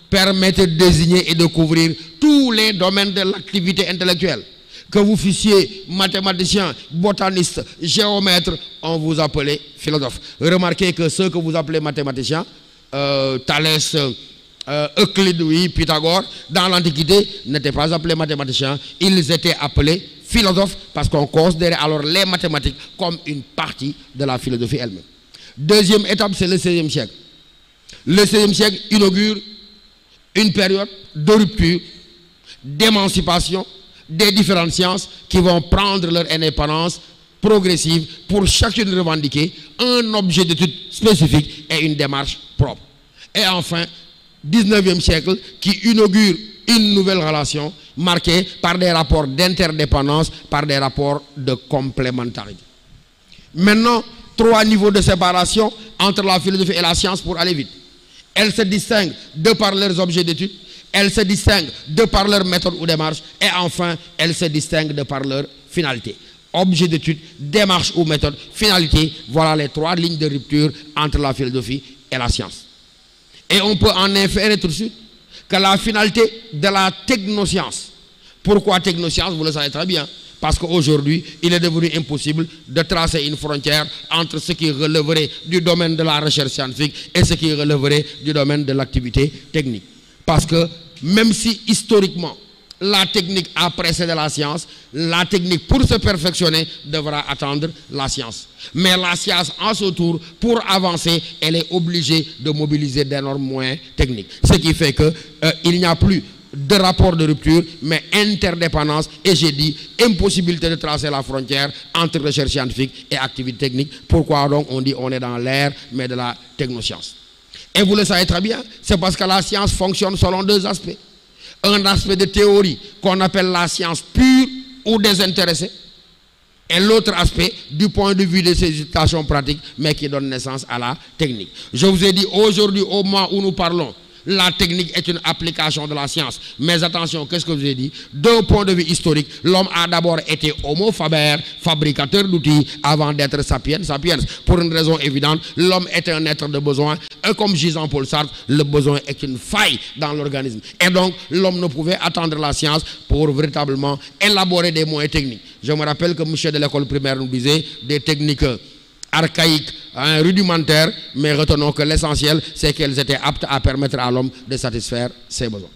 permet de désigner et de couvrir tous les domaines de l'activité intellectuelle. Que vous fussiez mathématicien, botaniste, géomètre, on vous appelait philosophe. Remarquez que ceux que vous appelez mathématiciens, euh, Thalès, euh, Euclide, oui, Pythagore, dans l'Antiquité, n'étaient pas appelés mathématiciens, ils étaient appelés philosophes parce qu'on considérait alors les mathématiques comme une partie de la philosophie elle-même. Deuxième étape, c'est le 16e siècle. Le 16e siècle inaugure une période de rupture, d'émancipation des différentes sciences qui vont prendre leur indépendance progressive pour chacune revendiquer un objet d'étude spécifique et une démarche propre. Et enfin, 19e siècle qui inaugure une nouvelle relation marquée par des rapports d'interdépendance, par des rapports de complémentarité. Maintenant, trois niveaux de séparation entre la philosophie et la science pour aller vite. Elles se distinguent de par leurs objets d'étude, elles se distinguent de par leurs méthodes ou démarches, et enfin, elles se distinguent de par leur finalité. Objet d'étude, démarche ou méthode, finalité, voilà les trois lignes de rupture entre la philosophie et la science. Et on peut en inférer tout de suite que la finalité de la technoscience, pourquoi technoscience, vous le savez très bien, parce qu'aujourd'hui, il est devenu impossible de tracer une frontière entre ce qui relèverait du domaine de la recherche scientifique et ce qui relèverait du domaine de l'activité technique. Parce que même si historiquement, la technique a précédé la science, la technique pour se perfectionner devra attendre la science. Mais la science, en ce tour, pour avancer, elle est obligée de mobiliser d'énormes moyens techniques. Ce qui fait qu'il euh, n'y a plus de rapport de rupture, mais interdépendance. Et j'ai dit impossibilité de tracer la frontière entre recherche scientifique et activité technique. Pourquoi donc on dit on est dans l'ère, mais de la technoscience Et vous le savez très bien, c'est parce que la science fonctionne selon deux aspects. Un aspect de théorie qu'on appelle la science pure ou désintéressée. Et l'autre aspect du point de vue de ces pratiques, mais qui donne naissance à la technique. Je vous ai dit aujourd'hui, au moment où nous parlons, la technique est une application de la science. Mais attention, qu'est-ce que je vous ai dit Deux point de vue historique, l'homme a d'abord été homo faber, fabricateur d'outils, avant d'être sapiens, sapiens. Pour une raison évidente, l'homme est un être de besoin. Et comme Gisant Paul Sartre, le besoin est une faille dans l'organisme. Et donc, l'homme ne pouvait attendre la science pour véritablement élaborer des moyens techniques. Je me rappelle que M. de l'école primaire nous disait des techniques archaïques, rudimentaire, rudimentaires, mais retenons que l'essentiel, c'est qu'elles étaient aptes à permettre à l'homme de satisfaire ses besoins.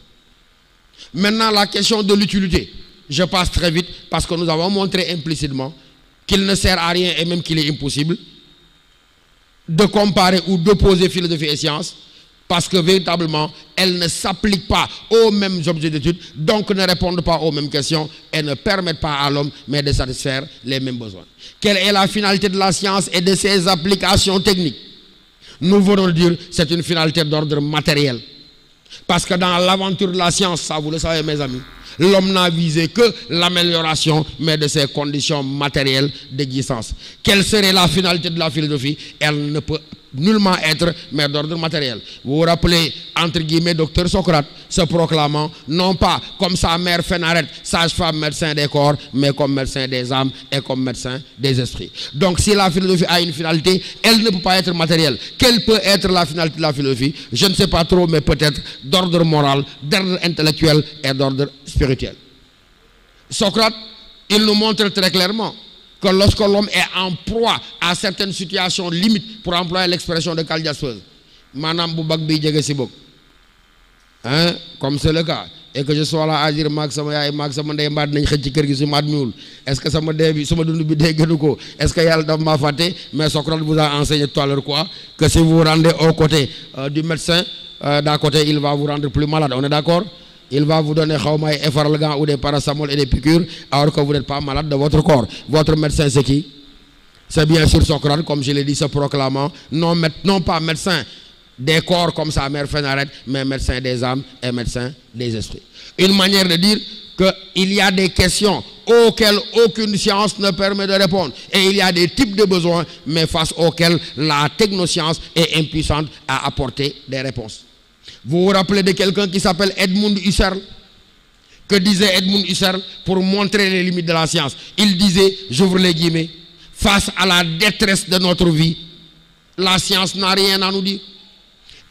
Maintenant, la question de l'utilité. Je passe très vite parce que nous avons montré implicitement qu'il ne sert à rien et même qu'il est impossible de comparer ou d'opposer philosophie et science parce que véritablement, elles ne s'appliquent pas aux mêmes objets d'études, donc ne répondent pas aux mêmes questions et ne permettent pas à l'homme mais de satisfaire les mêmes besoins. Quelle est la finalité de la science et de ses applications techniques Nous voulons dire c'est une finalité d'ordre matériel. Parce que dans l'aventure de la science, ça vous le savez mes amis, L'homme n'a visé que l'amélioration, mais de ses conditions matérielles d'existence. Quelle serait la finalité de la philosophie Elle ne peut nullement être, mais d'ordre matériel. Vous vous rappelez, entre guillemets, docteur Socrate se proclamant, non pas comme sa mère Fénarette, sage-femme, médecin des corps, mais comme médecin des âmes et comme médecin des esprits. Donc si la philosophie a une finalité, elle ne peut pas être matérielle. Quelle peut être la finalité de la philosophie Je ne sais pas trop, mais peut-être d'ordre moral, d'ordre intellectuel et d'ordre spirituelle. Socrate, il nous montre très clairement que lorsque l'homme est en proie à certaines situations limites, pour employer l'expression de Kaldiaspeuse, Manam Boubak Hein? Comme c'est le cas. et que je sois là à dire Max sama yaay maag sama ndey est-ce que ça me bi est-ce que ça me ma mais Socrate vous a enseigné tout à l'heure quoi que si vous vous rendez aux côtés euh, du médecin euh, d'un côté il va vous rendre plus malade on est d'accord il va vous donner Khaouma et ou des Parasamol et des piqûres alors que vous n'êtes pas malade de votre corps. Votre médecin, c'est qui C'est bien sûr Socrate, comme je l'ai dit, se proclamant non, pas médecin des corps comme sa mère Fenaret, mais médecin des âmes et médecin des esprits. Une manière de dire qu'il y a des questions auxquelles aucune science ne permet de répondre. Et il y a des types de besoins, mais face auxquels la technoscience est impuissante à apporter des réponses. Vous vous rappelez de quelqu'un qui s'appelle Edmund Husserl Que disait Edmund Husserl pour montrer les limites de la science Il disait, j'ouvre les guillemets, face à la détresse de notre vie, la science n'a rien à nous dire.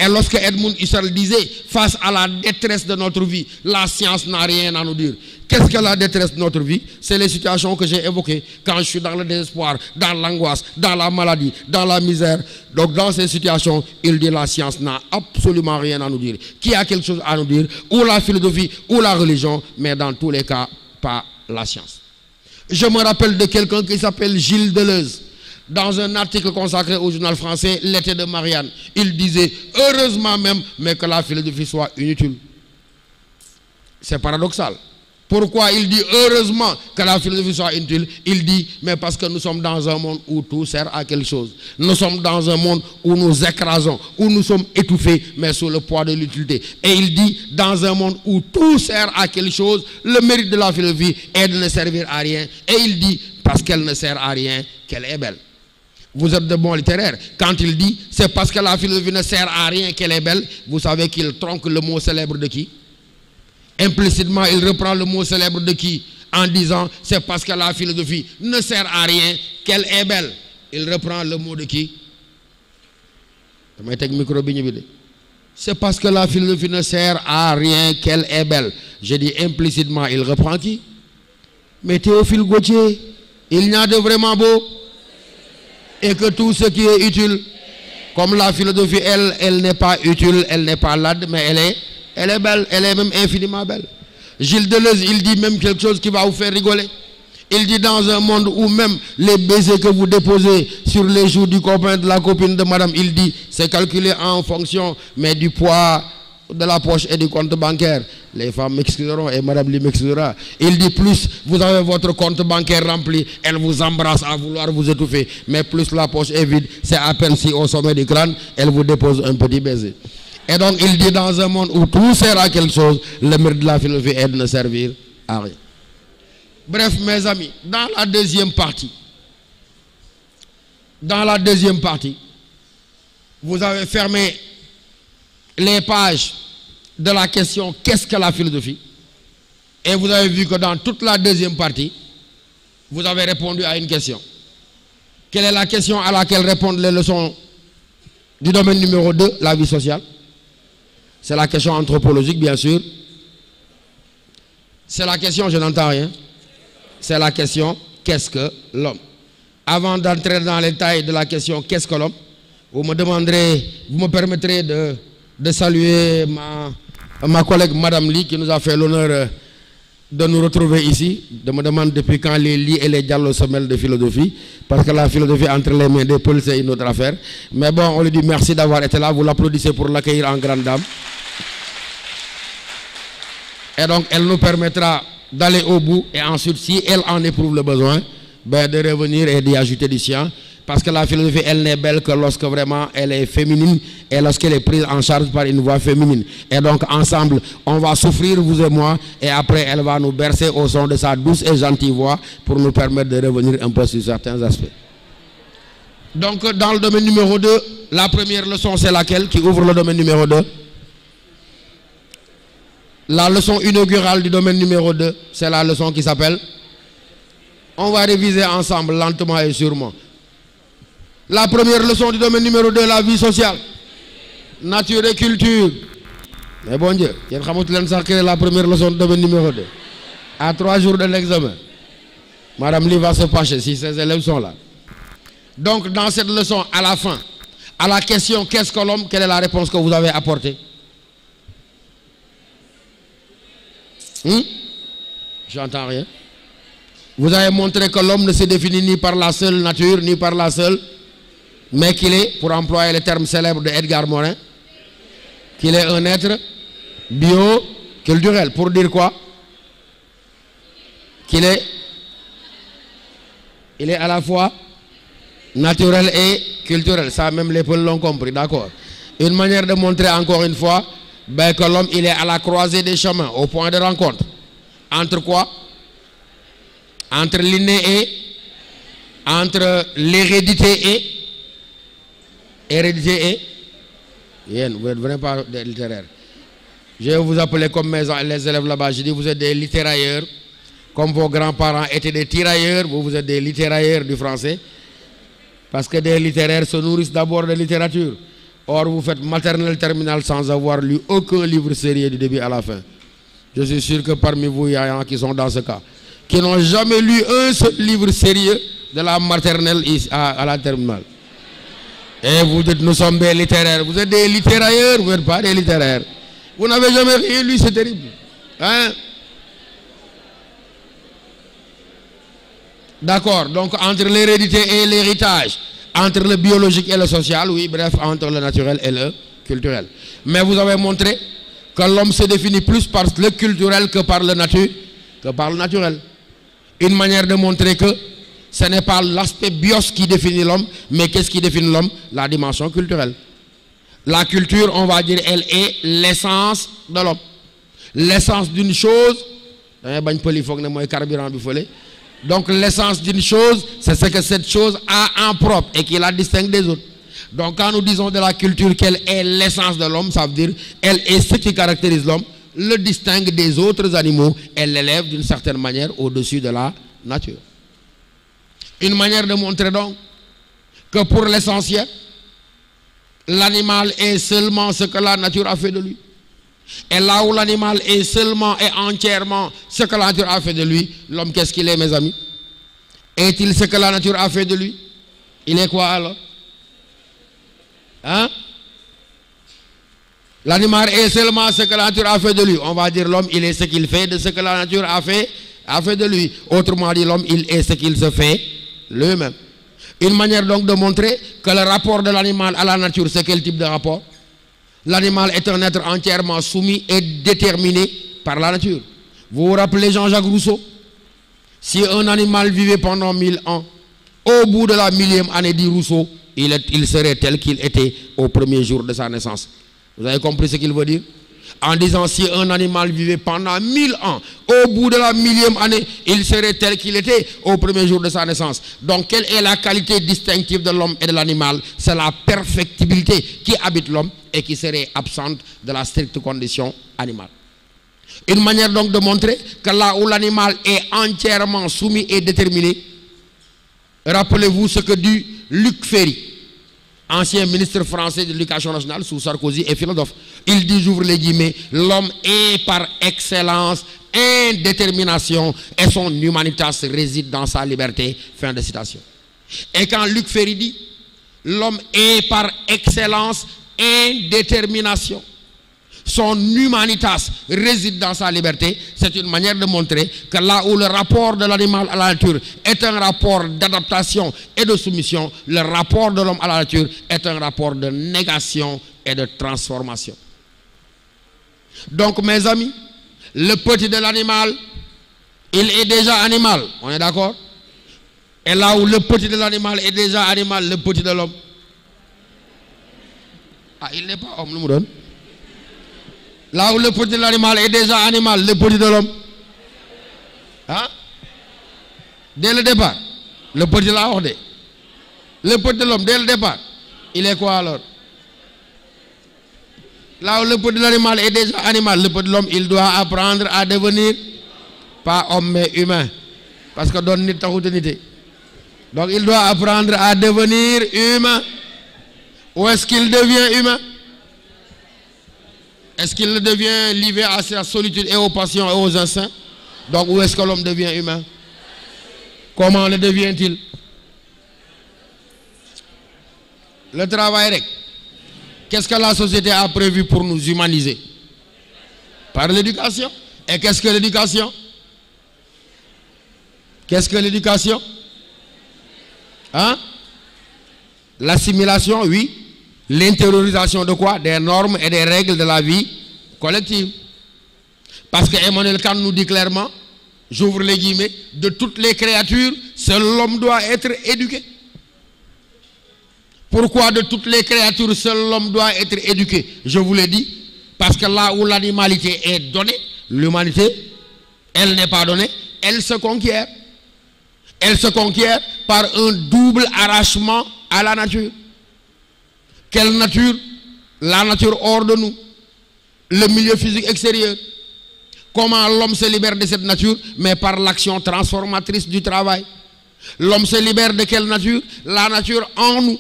Et lorsque Edmund Husserl disait, face à la détresse de notre vie, la science n'a rien à nous dire. Qu'est-ce que la détresse de notre vie C'est les situations que j'ai évoquées. Quand je suis dans le désespoir, dans l'angoisse, dans la maladie, dans la misère. Donc dans ces situations, il dit la science n'a absolument rien à nous dire. Qui a quelque chose à nous dire Ou la philosophie, ou la religion, mais dans tous les cas, pas la science. Je me rappelle de quelqu'un qui s'appelle Gilles Deleuze dans un article consacré au journal français, L'été de Marianne. Il disait, heureusement même, mais que la philosophie soit inutile. C'est paradoxal. Pourquoi il dit heureusement que la philosophie soit inutile Il dit, mais parce que nous sommes dans un monde où tout sert à quelque chose. Nous sommes dans un monde où nous écrasons, où nous sommes étouffés, mais sous le poids de l'utilité. Et il dit, dans un monde où tout sert à quelque chose, le mérite de la philosophie est de ne servir à rien. Et il dit, parce qu'elle ne sert à rien, qu'elle est belle. Vous êtes de bons littéraires. Quand il dit c'est parce que la philosophie ne sert à rien qu'elle est belle, vous savez qu'il tronque le mot célèbre de qui Implicitement, il reprend le mot célèbre de qui En disant c'est parce que la philosophie ne sert à rien qu'elle est belle. Il reprend le mot de qui C'est parce que la philosophie ne sert à rien qu'elle est belle. Je dis implicitement, il reprend qui Mais Théophile Gauthier, il n'y a de vraiment beau et que tout ce qui est utile, comme la philosophie, elle, elle n'est pas utile, elle n'est pas lade, mais elle est, elle est belle, elle est même infiniment belle. Gilles Deleuze, il dit même quelque chose qui va vous faire rigoler. Il dit dans un monde où même les baisers que vous déposez sur les joues du copain, de la copine de madame, il dit, c'est calculé en fonction, mais du poids de la poche et du compte bancaire. Les femmes m'excuseront et madame lui m'excusera. Il dit plus vous avez votre compte bancaire rempli, elle vous embrasse à vouloir vous étouffer. Mais plus la poche est vide, c'est à peine si au sommet du crâne, elle vous dépose un petit baiser. Et donc il dit dans un monde où tout sert à quelque chose, le mur de la philosophie est de ne servir à rien. Bref, mes amis, dans la deuxième partie, dans la deuxième partie, vous avez fermé les pages de la question qu'est-ce que la philosophie Et vous avez vu que dans toute la deuxième partie, vous avez répondu à une question. Quelle est la question à laquelle répondent les leçons du domaine numéro 2, la vie sociale C'est la question anthropologique, bien sûr. C'est la question, je n'entends rien. C'est la question, qu'est-ce que l'homme Avant d'entrer dans les détails de la question, qu'est-ce que l'homme Vous me demanderez, vous me permettrez de de saluer ma, collègue Madame Lee qui nous a fait l'honneur euh, de nous retrouver ici. de me demander depuis quand les lits et les dialogues se mêlent de philosophie, parce que la philosophie entre les mains des policiers c'est une autre affaire. Mais bon, on lui dit merci d'avoir été là. Vous l'applaudissez pour l'accueillir en grande dame. Et donc, elle nous permettra d'aller au bout et ensuite, si elle en éprouve le besoin, ben, de revenir et d'y ajouter du sien. Parce que la philosophie, elle n'est belle que lorsque vraiment elle est féminine et lorsqu'elle est prise en charge par une voix féminine. Et donc, ensemble, on va souffrir, vous et moi, et après, elle va nous bercer au son de sa douce et gentille voix pour nous permettre de revenir un peu sur certains aspects. Donc, dans le domaine numéro 2, la première leçon, c'est laquelle qui ouvre le domaine numéro 2 La leçon inaugurale du domaine numéro 2, c'est la leçon qui s'appelle On va réviser ensemble, lentement et sûrement. La première leçon du domaine numéro 2, la vie sociale. Nature et culture. Mais bon Dieu, la première leçon du domaine numéro 2 À trois jours de l'examen, Madame Lee va se pencher si ses élèves sont là. Donc, dans cette leçon, à la fin, à la question qu'est-ce que l'homme, quelle est la réponse que vous avez apportée Je hmm? J'entends rien. Vous avez montré que l'homme ne se définit ni par la seule nature, ni par la seule mais qu'il est, pour employer le terme célèbre de Edgar Morin, qu'il est un être bio-culturel, Pour dire quoi Qu'il est, il est à la fois naturel et culturel. Ça, même les peuples l'ont compris, d'accord Une manière de montrer encore une fois ben, que l'homme, il est à la croisée des chemins, au point de rencontre. Entre quoi Entre l'inné et entre l'hérédité et Hérédité et vous n'êtes pas des littéraires. Je vais vous appeler comme mes, les élèves là-bas. Je dis, vous êtes des littérailleurs. Comme vos grands-parents étaient des tirailleurs, vous, vous êtes des littérailleurs du français. Parce que des littéraires se nourrissent d'abord de littérature. Or, vous faites maternelle terminale sans avoir lu aucun livre sérieux du début à la fin. Je suis sûr que parmi vous, il y en a qui sont dans ce cas. Qui n'ont jamais lu un seul livre sérieux de la maternelle à la terminale. Et eh, vous dites, nous sommes des littéraires. Vous êtes des littéraires, vous n'êtes pas des littéraires. Vous n'avez jamais rien lui c'est terrible. Hein? D'accord, donc entre l'hérédité et l'héritage, entre le biologique et le social, oui, bref, entre le naturel et le culturel. Mais vous avez montré que l'homme se définit plus par le culturel que par le, nature, que par le naturel. Une manière de montrer que ce n'est pas l'aspect bios qui définit l'homme, mais qu'est-ce qui définit l'homme La dimension culturelle. La culture, on va dire, elle est l'essence de l'homme. L'essence d'une chose, donc l'essence d'une chose, c'est ce que cette chose a en propre et qui la distingue des autres. Donc quand nous disons de la culture qu'elle est l'essence de l'homme, ça veut dire qu'elle est ce qui caractérise l'homme, le distingue des autres animaux, elle l'élève d'une certaine manière au-dessus de la nature. Une manière de montrer donc que pour l'essentiel, l'animal est seulement ce que la nature a fait de lui. Et là où l'animal est seulement et entièrement ce que la nature a fait de lui, l'homme, qu'est-ce qu'il est, mes amis Est-il ce que la nature a fait de lui Il est quoi alors hein? L'animal est seulement ce que la nature a fait de lui. On va dire l'homme, il est ce qu'il fait de ce que la nature a fait, a fait de lui. Autrement dit, l'homme, il est ce qu'il se fait lui-même. Une manière donc de montrer que le rapport de l'animal à la nature, c'est quel type de rapport L'animal est un être entièrement soumis et déterminé par la nature. Vous vous rappelez Jean-Jacques Rousseau Si un animal vivait pendant mille ans, au bout de la millième année, dit Rousseau, il, il serait tel qu'il était au premier jour de sa naissance. Vous avez compris ce qu'il veut dire en disant si un animal vivait pendant mille ans, au bout de la millième année, il serait tel qu'il était au premier jour de sa naissance. Donc quelle est la qualité distinctive de l'homme et de l'animal C'est la perfectibilité qui habite l'homme et qui serait absente de la stricte condition animale. Une manière donc de montrer que là où l'animal est entièrement soumis et déterminé, rappelez-vous ce que dit Luc Ferry ancien ministre français de l'éducation nationale sous Sarkozy et philosophe. Il dit, j'ouvre les guillemets, l'homme est par excellence indétermination et son humanitas réside dans sa liberté. Fin de citation. Et quand Luc Ferry dit, l'homme est par excellence indétermination son humanitas réside dans sa liberté. C'est une manière de montrer que là où le rapport de l'animal à la nature est un rapport d'adaptation et de soumission, le rapport de l'homme à la nature est un rapport de négation et de transformation. Donc mes amis, le petit de l'animal, il est déjà animal, on est d'accord Et là où le petit de l'animal est déjà animal, le petit de l'homme. Ah, il n'est pas homme, nous donne. Là où le petit de l'animal est déjà animal, le petit de l'homme. Hein? Dès le départ, le petit de l'a Le petit de l'homme, dès le départ, il est quoi alors Là où le petit de l'animal est déjà animal, le petit de l'homme, il doit apprendre à devenir pas homme mais humain. Parce que donne Donc il doit apprendre à devenir humain. Où est-ce qu'il devient humain est-ce qu'il devient livré à sa solitude et aux passions et aux instincts Donc où est-ce que l'homme devient humain Comment le devient-il Le travail Qu'est-ce que la société a prévu pour nous humaniser Par l'éducation. Et qu'est-ce que l'éducation Qu'est-ce que l'éducation Hein L'assimilation, oui l'intériorisation de quoi Des normes et des règles de la vie collective. Parce que Emmanuel Kant nous dit clairement, j'ouvre les guillemets, de toutes les créatures, seul l'homme doit être éduqué. Pourquoi de toutes les créatures, seul l'homme doit être éduqué Je vous l'ai dit, parce que là où l'animalité est donnée, l'humanité, elle n'est pas donnée, elle se conquiert. Elle se conquiert par un double arrachement à la nature. Quelle nature La nature hors de nous, le milieu physique extérieur. Comment l'homme se libère de cette nature Mais par l'action transformatrice du travail. L'homme se libère de quelle nature La nature en nous,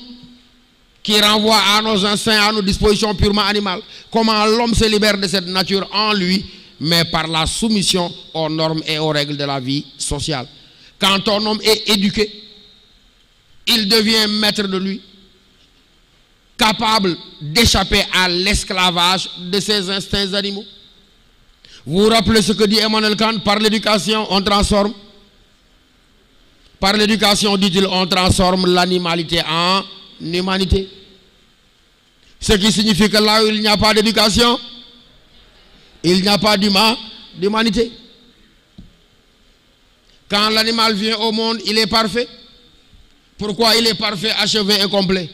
qui renvoie à nos instincts, à nos dispositions purement animales. Comment l'homme se libère de cette nature en lui Mais par la soumission aux normes et aux règles de la vie sociale. Quand un homme est éduqué, il devient maître de lui capable d'échapper à l'esclavage de ses instincts animaux. Vous vous rappelez ce que dit Emmanuel Kant Par l'éducation, on transforme. Par l'éducation, dit-il, on transforme l'animalité en humanité. Ce qui signifie que là où il n'y a pas d'éducation, il n'y a pas d'humanité. Quand l'animal vient au monde, il est parfait. Pourquoi il est parfait, achevé et complet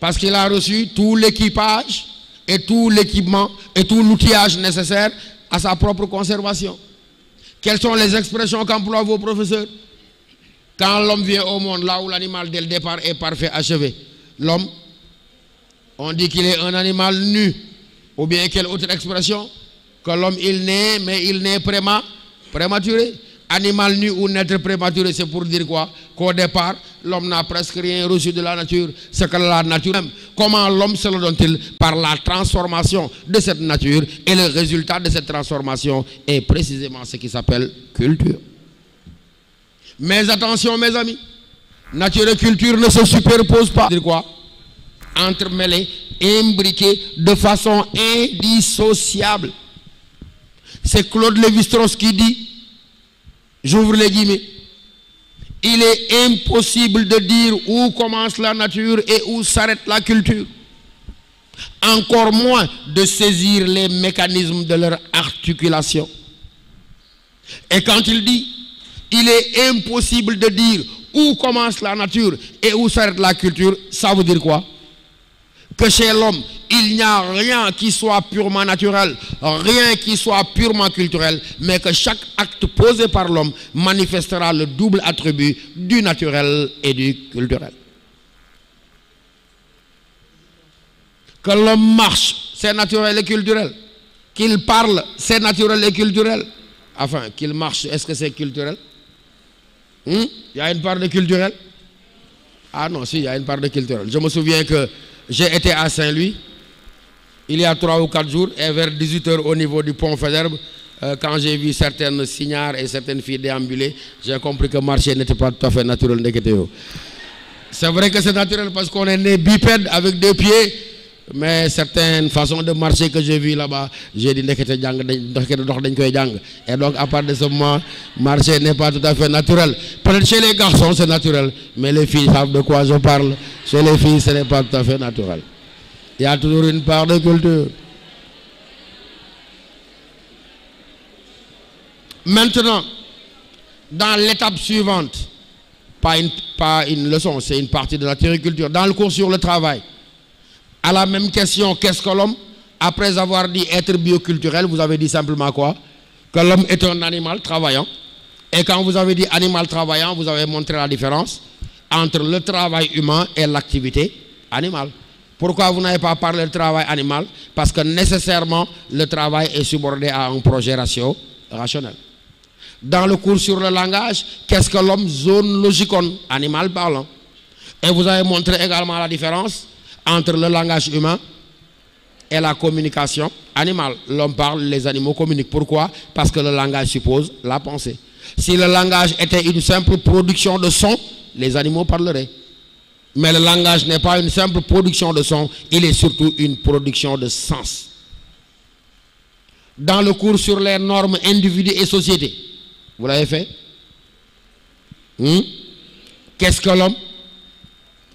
parce qu'il a reçu tout l'équipage et tout l'équipement et tout l'outillage nécessaire à sa propre conservation. Quelles sont les expressions qu'emploient vos professeurs Quand l'homme vient au monde, là où l'animal dès le départ est parfait, achevé, l'homme, on dit qu'il est un animal nu. Ou bien quelle autre expression Que l'homme, il naît, mais il naît prématuré animal nu ou naître prématuré, c'est pour dire quoi Qu'au départ, l'homme n'a presque rien reçu de la nature, c'est que la nature aime. Comment l'homme se le donne-t-il Par la transformation de cette nature. Et le résultat de cette transformation est précisément ce qui s'appelle culture. Mais attention, mes amis, nature et culture ne se superposent pas. Dire quoi Entremêlés, imbriqués, de façon indissociable. C'est Claude Lévi-Strauss qui dit J'ouvre les guillemets. Il est impossible de dire où commence la nature et où s'arrête la culture. Encore moins de saisir les mécanismes de leur articulation. Et quand il dit, il est impossible de dire où commence la nature et où s'arrête la culture, ça veut dire quoi que chez l'homme, il n'y a rien qui soit purement naturel, rien qui soit purement culturel, mais que chaque acte posé par l'homme manifestera le double attribut du naturel et du culturel. Que l'homme marche, c'est naturel et culturel. Qu'il parle, c'est naturel et culturel. Enfin, qu'il marche, est-ce que c'est culturel Il hum? y a une part de culturel Ah non, si, il y a une part de culturel. Je me souviens que j'ai été à Saint-Louis il y a trois ou quatre jours et vers 18h au niveau du pont Feserbe, euh, quand j'ai vu certaines signards et certaines filles déambuler, j'ai compris que marcher n'était pas tout à fait naturel. C'est vrai que c'est naturel parce qu'on est né bipède avec deux pieds mais certaines façons de marcher que j'ai vues là-bas j'ai dit que jang, et donc à part de ce moment marcher n'est pas tout à fait naturel chez les garçons c'est naturel mais les filles savent de quoi je parle chez les filles ce n'est pas tout à fait naturel il y a toujours une part de culture maintenant dans l'étape suivante pas une pas une leçon c'est une partie de la culture. dans le cours sur le travail à la même question, qu'est-ce que l'homme Après avoir dit être bioculturel, vous avez dit simplement quoi Que l'homme est un animal travaillant. Et quand vous avez dit animal travaillant, vous avez montré la différence entre le travail humain et l'activité animale. Pourquoi vous n'avez pas parlé de travail animal Parce que nécessairement, le travail est subordonné à un projet ratio, rationnel. Dans le cours sur le langage, qu'est-ce que l'homme zone logicon, animal parlant Et vous avez montré également la différence entre le langage humain et la communication animale. L'homme parle, les animaux communiquent. Pourquoi Parce que le langage suppose la pensée. Si le langage était une simple production de son, les animaux parleraient. Mais le langage n'est pas une simple production de son, il est surtout une production de sens. Dans le cours sur les normes individuelles et sociétés, vous l'avez fait hmm? Qu'est-ce que l'homme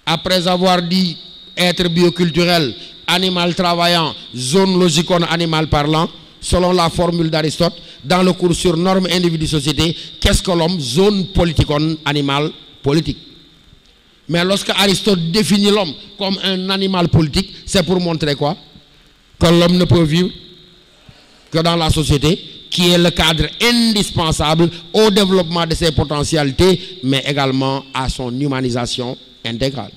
Après avoir dit être bioculturel, animal travaillant, zone logicone animal parlant, selon la formule d'Aristote, dans le cours sur normes individu-société, qu'est-ce que l'homme Zone politicone animal politique. Mais lorsque Aristote définit l'homme comme un animal politique, c'est pour montrer quoi Que l'homme ne peut vivre que dans la société, qui est le cadre indispensable au développement de ses potentialités, mais également à son humanisation intégrale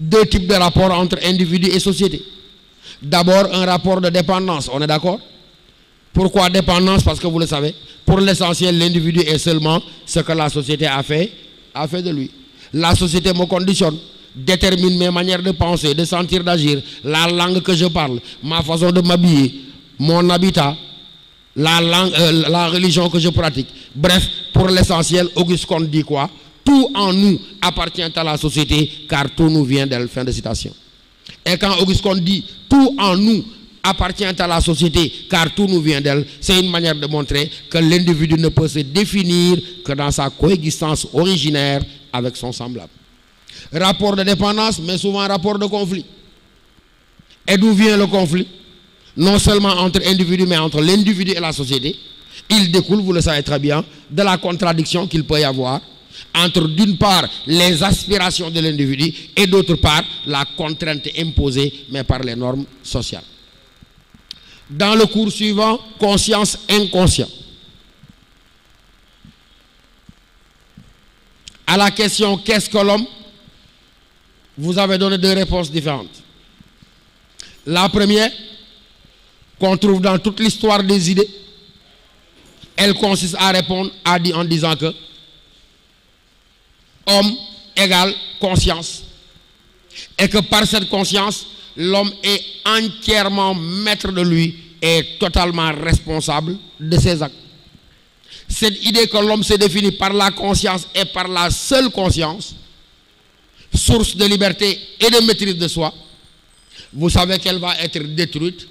deux types de rapports entre individus et société. D'abord, un rapport de dépendance, on est d'accord Pourquoi dépendance Parce que vous le savez, pour l'essentiel, l'individu est seulement ce que la société a fait, a fait de lui. La société me conditionne, détermine mes manières de penser, de sentir, d'agir, la langue que je parle, ma façon de m'habiller, mon habitat, la, euh, la religion que je pratique. Bref, pour l'essentiel, Auguste Comte dit quoi tout en nous appartient à la société, car tout nous vient d'elle. Fin de citation. Et quand Auguste dit tout en nous appartient à la société, car tout nous vient d'elle, c'est une manière de montrer que l'individu ne peut se définir que dans sa coexistence originaire avec son semblable. Rapport de dépendance, mais souvent rapport de conflit. Et d'où vient le conflit Non seulement entre individus, mais entre l'individu et la société. Il découle, vous le savez très bien, de la contradiction qu'il peut y avoir entre d'une part les aspirations de l'individu et d'autre part la contrainte imposée mais par les normes sociales. Dans le cours suivant, conscience inconscient. À la question qu'est-ce que l'homme Vous avez donné deux réponses différentes. La première, qu'on trouve dans toute l'histoire des idées, elle consiste à répondre en disant que homme égale conscience. Et que par cette conscience, l'homme est entièrement maître de lui et totalement responsable de ses actes. Cette idée que l'homme se définit par la conscience et par la seule conscience, source de liberté et de maîtrise de soi, vous savez qu'elle va être détruite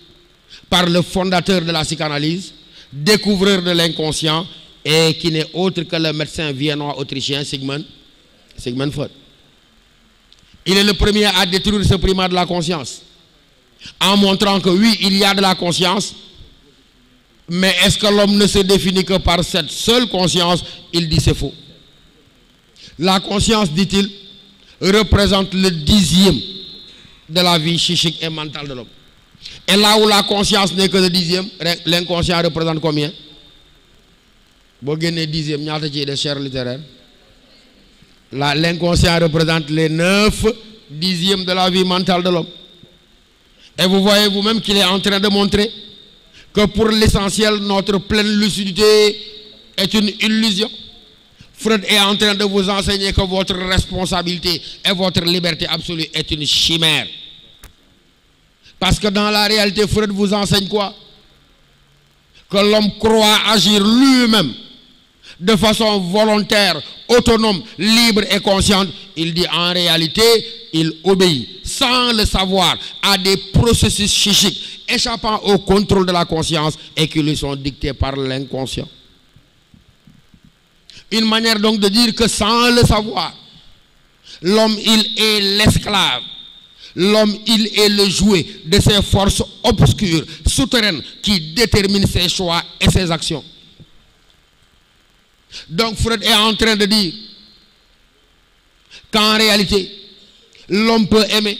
par le fondateur de la psychanalyse, découvreur de l'inconscient, et qui n'est autre que le médecin viennois autrichien Sigmund Sigmund Freud. Il est le premier à détruire ce primat de la conscience en montrant que oui, il y a de la conscience, mais est-ce que l'homme ne se définit que par cette seule conscience Il dit c'est faux. La conscience, dit-il, représente le dixième de la vie psychique et mentale de l'homme. Et là où la conscience n'est que le dixième, l'inconscient représente combien Vous dixième, il y a des littéraires. L'inconscient représente les neuf dixièmes de la vie mentale de l'homme. Et vous voyez vous-même qu'il est en train de montrer que pour l'essentiel, notre pleine lucidité est une illusion. Freud est en train de vous enseigner que votre responsabilité et votre liberté absolue est une chimère. Parce que dans la réalité, Freud vous enseigne quoi Que l'homme croit agir lui-même de façon volontaire, autonome, libre et consciente, il dit en réalité, il obéit, sans le savoir, à des processus psychiques échappant au contrôle de la conscience et qui lui sont dictés par l'inconscient. Une manière donc de dire que sans le savoir, l'homme, il est l'esclave L'homme, il est le jouet de ces forces obscures, souterraines, qui déterminent ses choix et ses actions. Donc Freud est en train de dire qu'en réalité, l'homme peut aimer,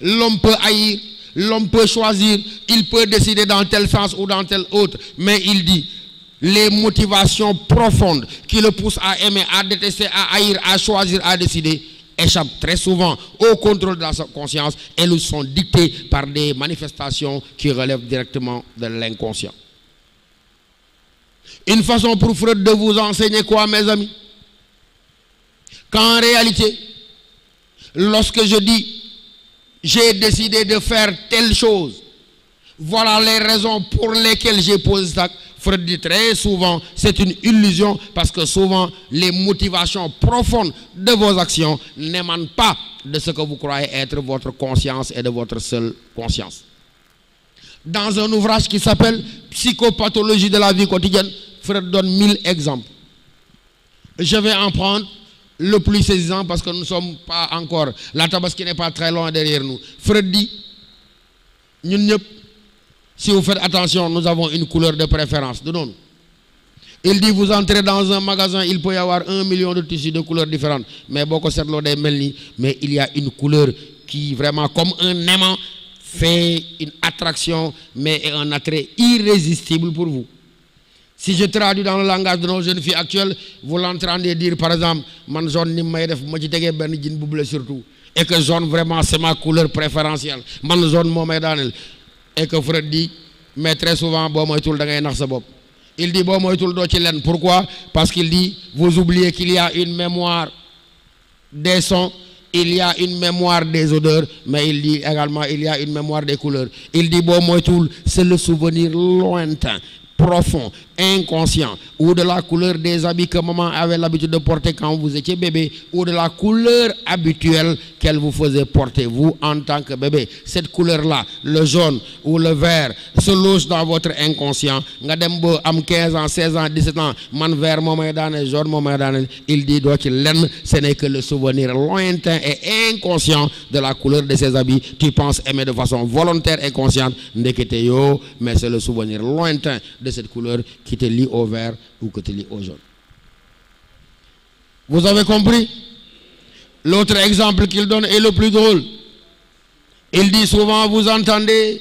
l'homme peut haïr, l'homme peut choisir, il peut décider dans tel sens ou dans tel autre, mais il dit les motivations profondes qui le poussent à aimer, à détester, à haïr, à choisir, à décider échappent très souvent au contrôle de la conscience et nous sont dictées par des manifestations qui relèvent directement de l'inconscient. Une façon pour Freud de vous enseigner quoi, mes amis Qu'en réalité, lorsque je dis j'ai décidé de faire telle chose, voilà les raisons pour lesquelles j'ai posé ça. Freud dit très souvent, c'est une illusion parce que souvent les motivations profondes de vos actions n'émanent pas de ce que vous croyez être votre conscience et de votre seule conscience. Dans un ouvrage qui s'appelle Psychopathologie de la vie quotidienne, Fred donne mille exemples. Je vais en prendre le plus saisissant parce que nous ne sommes pas encore. La qui n'est pas très loin derrière nous. Fred dit, si vous faites attention, nous avons une couleur de préférence. De Il dit, vous entrez dans un magasin, il peut y avoir un million de tissus de couleurs différentes. Mais beaucoup des mais il y a une couleur qui vraiment, comme un aimant, fait une attraction, mais un attrait irrésistible pour vous si je traduis dans le langage de nos jeunes filles actuelles vous l'entendez dire par exemple man zone ni may def ma ci préférentielle. »« ben jean bu surtout et que zone vraiment c'est ma couleur préférentielle man zone moo et que Freddy dit mais très souvent je moytul da ngay nax sa bop. il dit boo moytul do ci len pourquoi parce qu'il dit vous oubliez qu'il y a une mémoire des sons il y a une mémoire des odeurs mais il dit également il y a une mémoire des couleurs il dit c'est le souvenir lointain profond inconscient ou de la couleur des habits que maman avait l'habitude de porter quand vous étiez bébé ou de la couleur habituelle qu'elle vous faisait porter, vous en tant que bébé. Cette couleur-là, le jaune ou le vert, se loge dans votre inconscient. Ngadembo, am 15 ans, 16 ans, 17 ans, man vert, dane jaune, il dit, doit len ce n'est que le souvenir lointain et inconscient de la couleur de ses habits. Tu penses aimer de façon volontaire et consciente, mais c'est le souvenir lointain de cette couleur qui te lit au vert ou qui te lie au jaune. Vous avez compris L'autre exemple qu'il donne est le plus drôle. Il dit souvent, vous entendez,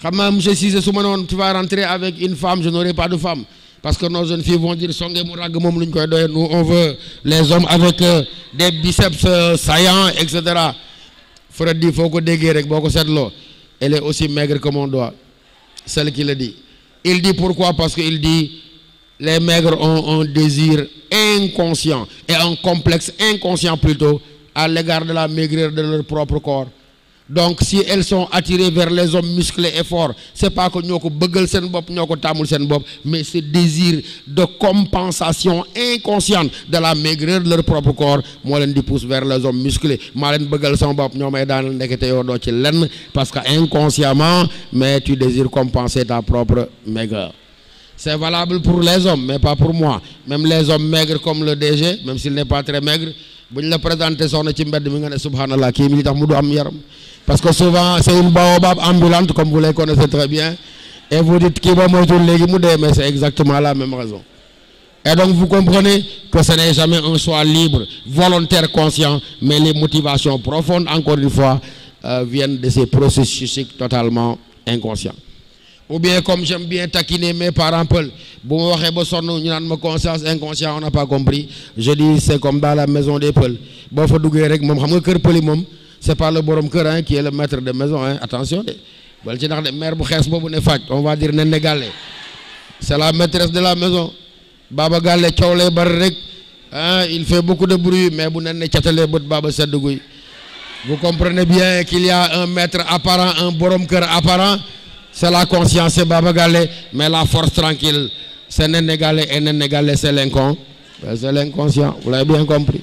tu vas rentrer avec une femme, je n'aurai pas de femme. Parce que nos jeunes filles vont dire, nous on veut les hommes avec euh, des biceps euh, saillants, etc. Fred faut que elle est aussi maigre que mon doigt. Celle qui le dit. Il dit pourquoi Parce qu'il dit les maigres ont un désir inconscient et un complexe inconscient plutôt à l'égard de la maigreur de leur propre corps donc si elles sont attirées vers les hommes musclés et forts c'est pas que nous avons bëggal de nous, mais ce désir de compensation inconsciente de la maigreur de leur propre corps moi je les pousse vers les hommes musclés Moi je bëggal sen bob parce qu'inconsciemment, mais tu désires compenser ta propre maigreur c'est valable pour les hommes mais pas pour moi même les hommes maigres comme le DG même s'il n'est pas très maigre présenter subhanallah parce que souvent, c'est une baobab ambulante, comme vous les connaissez très bien. Et vous dites qu'il va mais c'est exactement la même raison. Et donc, vous comprenez que ce n'est jamais un choix libre, volontaire, conscient, mais les motivations profondes, encore une fois, euh, viennent de ces processus totalement inconscients. Ou bien, comme j'aime bien taquiner mes parents, conscience inconscient, on n'a pas compris. Je dis, c'est comme dans la maison des peuls. Bon, faut c'est pas le borom hein, qui est le maître de maison hein. attention on va dire Nénégalais. c'est la maîtresse de la maison Baba Galé, Tchaoulé, hein, il fait beaucoup de bruit mais vous comprenez bien qu'il y a un maître apparent un borom apparent c'est la conscience c'est Baba Galé. mais la force tranquille c'est Nénégalais. et Nénégalais, c'est l'incon ben, c'est l'inconscient vous l'avez bien compris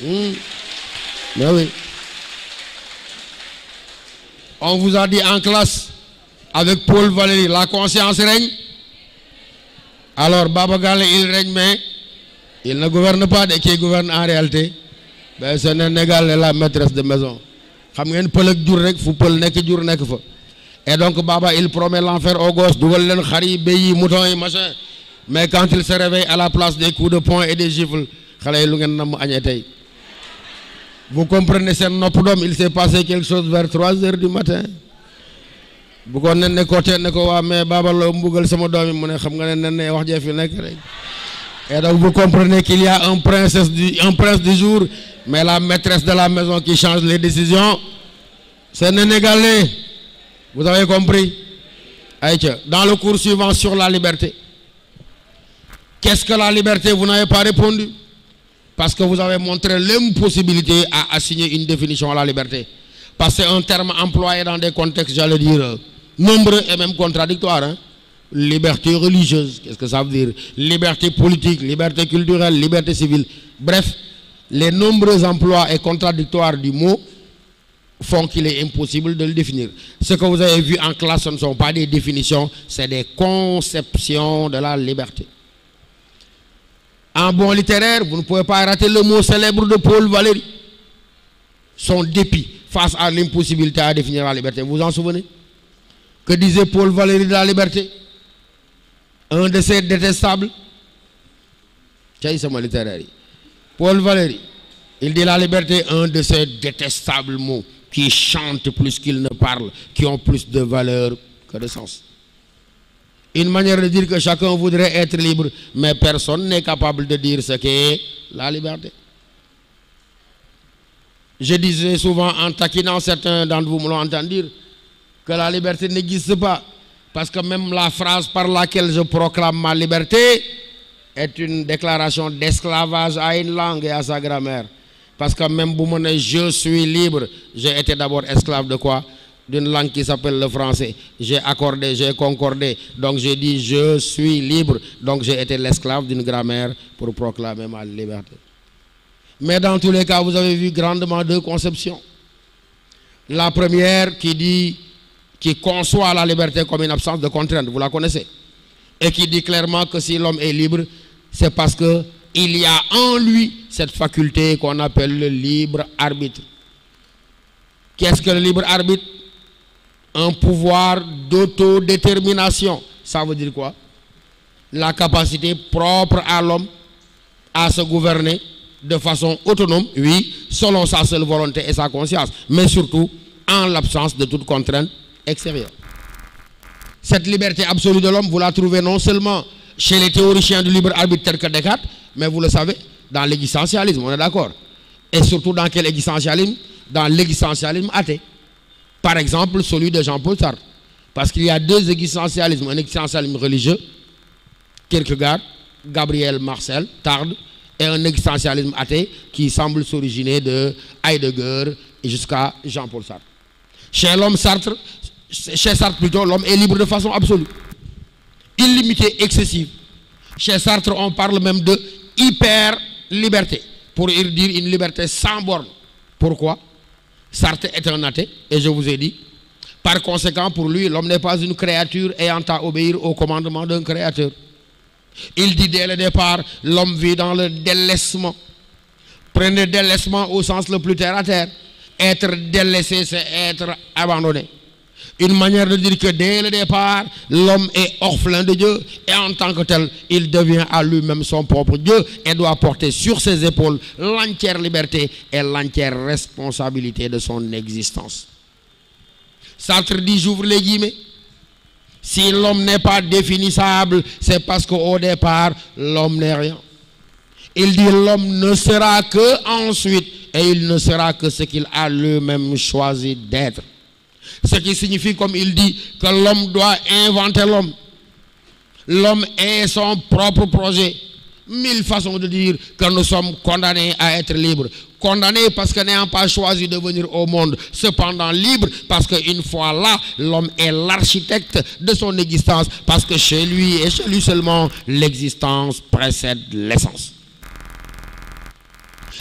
mais hmm. ben oui on vous a dit en classe avec Paul Valéry, la conscience règne. Alors Baba Gale, il règne, mais il ne gouverne pas de qui gouverne en réalité. C'est ben, ce la maîtresse de maison. Et donc Baba, il promet l'enfer aux gosses, Mais quand il se réveille à la place des coups de poing et des gifles, vous comprenez c'est un il s'est passé quelque chose vers 3 heures du matin mais et donc vous comprenez qu'il y a un princesse prince du jour mais la maîtresse de la maison qui change les décisions c'est Nénégalais vous avez compris dans le cours suivant sur la liberté qu'est-ce que la liberté vous n'avez pas répondu parce que vous avez montré l'impossibilité à assigner une définition à la liberté. Parce que c'est un terme employé dans des contextes, j'allais dire, nombreux et même contradictoires. Hein. Liberté religieuse, qu'est-ce que ça veut dire Liberté politique, liberté culturelle, liberté civile. Bref, les nombreux emplois et contradictoires du mot font qu'il est impossible de le définir. Ce que vous avez vu en classe, ce ne sont pas des définitions, c'est des conceptions de la liberté. En bon littéraire, vous ne pouvez pas rater le mot célèbre de Paul Valéry. Son dépit face à l'impossibilité à définir la liberté. Vous vous en souvenez Que disait Paul Valéry de la liberté Un de ces détestables littéraire. Paul Valéry, il dit la liberté, un de ces détestables mots qui chantent plus qu'ils ne parlent, qui ont plus de valeur que de sens. Une manière de dire que chacun voudrait être libre, mais personne n'est capable de dire ce qu'est la liberté. Je disais souvent en taquinant certains d'entre vous me l'ont entendu que la liberté n'existe pas. Parce que même la phrase par laquelle je proclame ma liberté est une déclaration d'esclavage à une langue et à sa grammaire. Parce que même si je suis libre, j'ai été d'abord esclave de quoi d'une langue qui s'appelle le français. J'ai accordé, j'ai concordé. Donc j'ai dit, je suis libre. Donc j'ai été l'esclave d'une grammaire pour proclamer ma liberté. Mais dans tous les cas, vous avez vu grandement deux conceptions. La première qui dit, qui conçoit la liberté comme une absence de contrainte, vous la connaissez. Et qui dit clairement que si l'homme est libre, c'est parce qu'il y a en lui cette faculté qu'on appelle le libre arbitre. Qu'est-ce que le libre arbitre un pouvoir d'autodétermination. Ça veut dire quoi La capacité propre à l'homme à se gouverner de façon autonome, oui, selon sa seule volonté et sa conscience, mais surtout en l'absence de toute contrainte extérieure. Cette liberté absolue de l'homme, vous la trouvez non seulement chez les théoriciens du libre arbitre que Descartes, mais vous le savez, dans l'existentialisme, on est d'accord. Et surtout dans quel existentialisme Dans l'existentialisme athée. Par exemple, celui de Jean-Paul Sartre. Parce qu'il y a deux existentialismes. Un existentialisme religieux, Kierkegaard, Gabriel Marcel, Tarde, et un existentialisme athée qui semble s'originer de Heidegger jusqu'à Jean-Paul Sartre. Chez l'homme Sartre, chez Sartre plutôt, l'homme est libre de façon absolue, illimitée, excessive. Chez Sartre, on parle même de hyper-liberté, pour dire une liberté sans borne. Pourquoi Sartre est un athée, et je vous ai dit. Par conséquent, pour lui, l'homme n'est pas une créature ayant à obéir au commandement d'un créateur. Il dit dès le départ, l'homme vit dans le délaissement. Prenez délaissement au sens le plus terre à terre. Être délaissé, c'est être abandonné. Une manière de dire que dès le départ, l'homme est orphelin de Dieu et en tant que tel, il devient à lui-même son propre Dieu et doit porter sur ses épaules l'entière liberté et l'entière responsabilité de son existence. Sartre dit, j'ouvre les guillemets, si l'homme n'est pas définissable, c'est parce qu'au départ, l'homme n'est rien. Il dit l'homme ne sera que ensuite et il ne sera que ce qu'il a lui-même choisi d'être. Ce qui signifie, comme il dit, que l'homme doit inventer l'homme. L'homme est son propre projet. Mille façons de dire que nous sommes condamnés à être libres. Condamnés parce que n'ayant pas choisi de venir au monde. Cependant libres parce qu'une fois là, l'homme est l'architecte de son existence. Parce que chez lui et chez lui seulement, l'existence précède l'essence.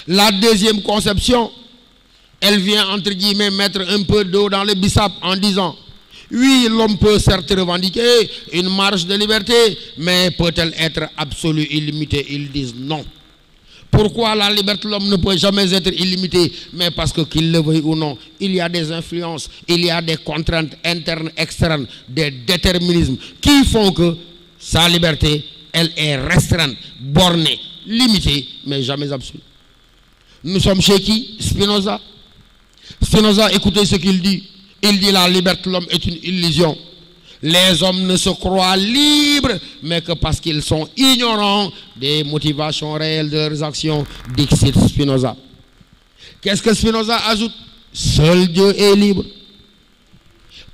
La deuxième conception, elle vient, entre guillemets, mettre un peu d'eau dans le bissap en disant oui, l'homme peut certes revendiquer une marge de liberté, mais peut-elle être absolue, illimitée Ils disent non. Pourquoi la liberté de l'homme ne peut jamais être illimitée Mais parce que qu'il le veuille ou non, il y a des influences, il y a des contraintes internes, externes, des déterminismes qui font que sa liberté, elle est restreinte, bornée, limitée, mais jamais absolue. Nous sommes chez qui Spinoza Spinoza, écoutez ce qu'il dit. Il dit la liberté de l'homme est une illusion. Les hommes ne se croient libres, mais que parce qu'ils sont ignorants des motivations réelles de leurs actions, dit Spinoza. Qu'est-ce que Spinoza ajoute Seul Dieu est libre.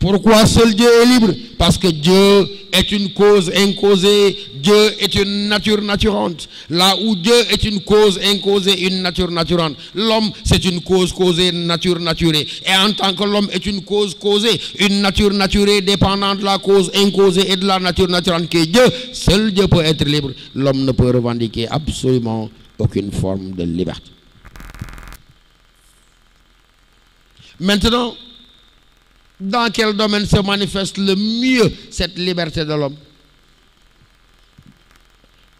Pourquoi seul Dieu est libre Parce que Dieu est une cause incausée, Dieu est une nature naturante. Là où Dieu est une cause incausée, une nature naturelle. L'homme, c'est une cause causée, une nature naturée. Et en tant que l'homme est une cause causée, une nature naturée dépendant de la cause incausée et de la nature naturante qui est Dieu, seul Dieu peut être libre. L'homme ne peut revendiquer absolument aucune forme de liberté. Maintenant, dans quel domaine se manifeste le mieux cette liberté de l'homme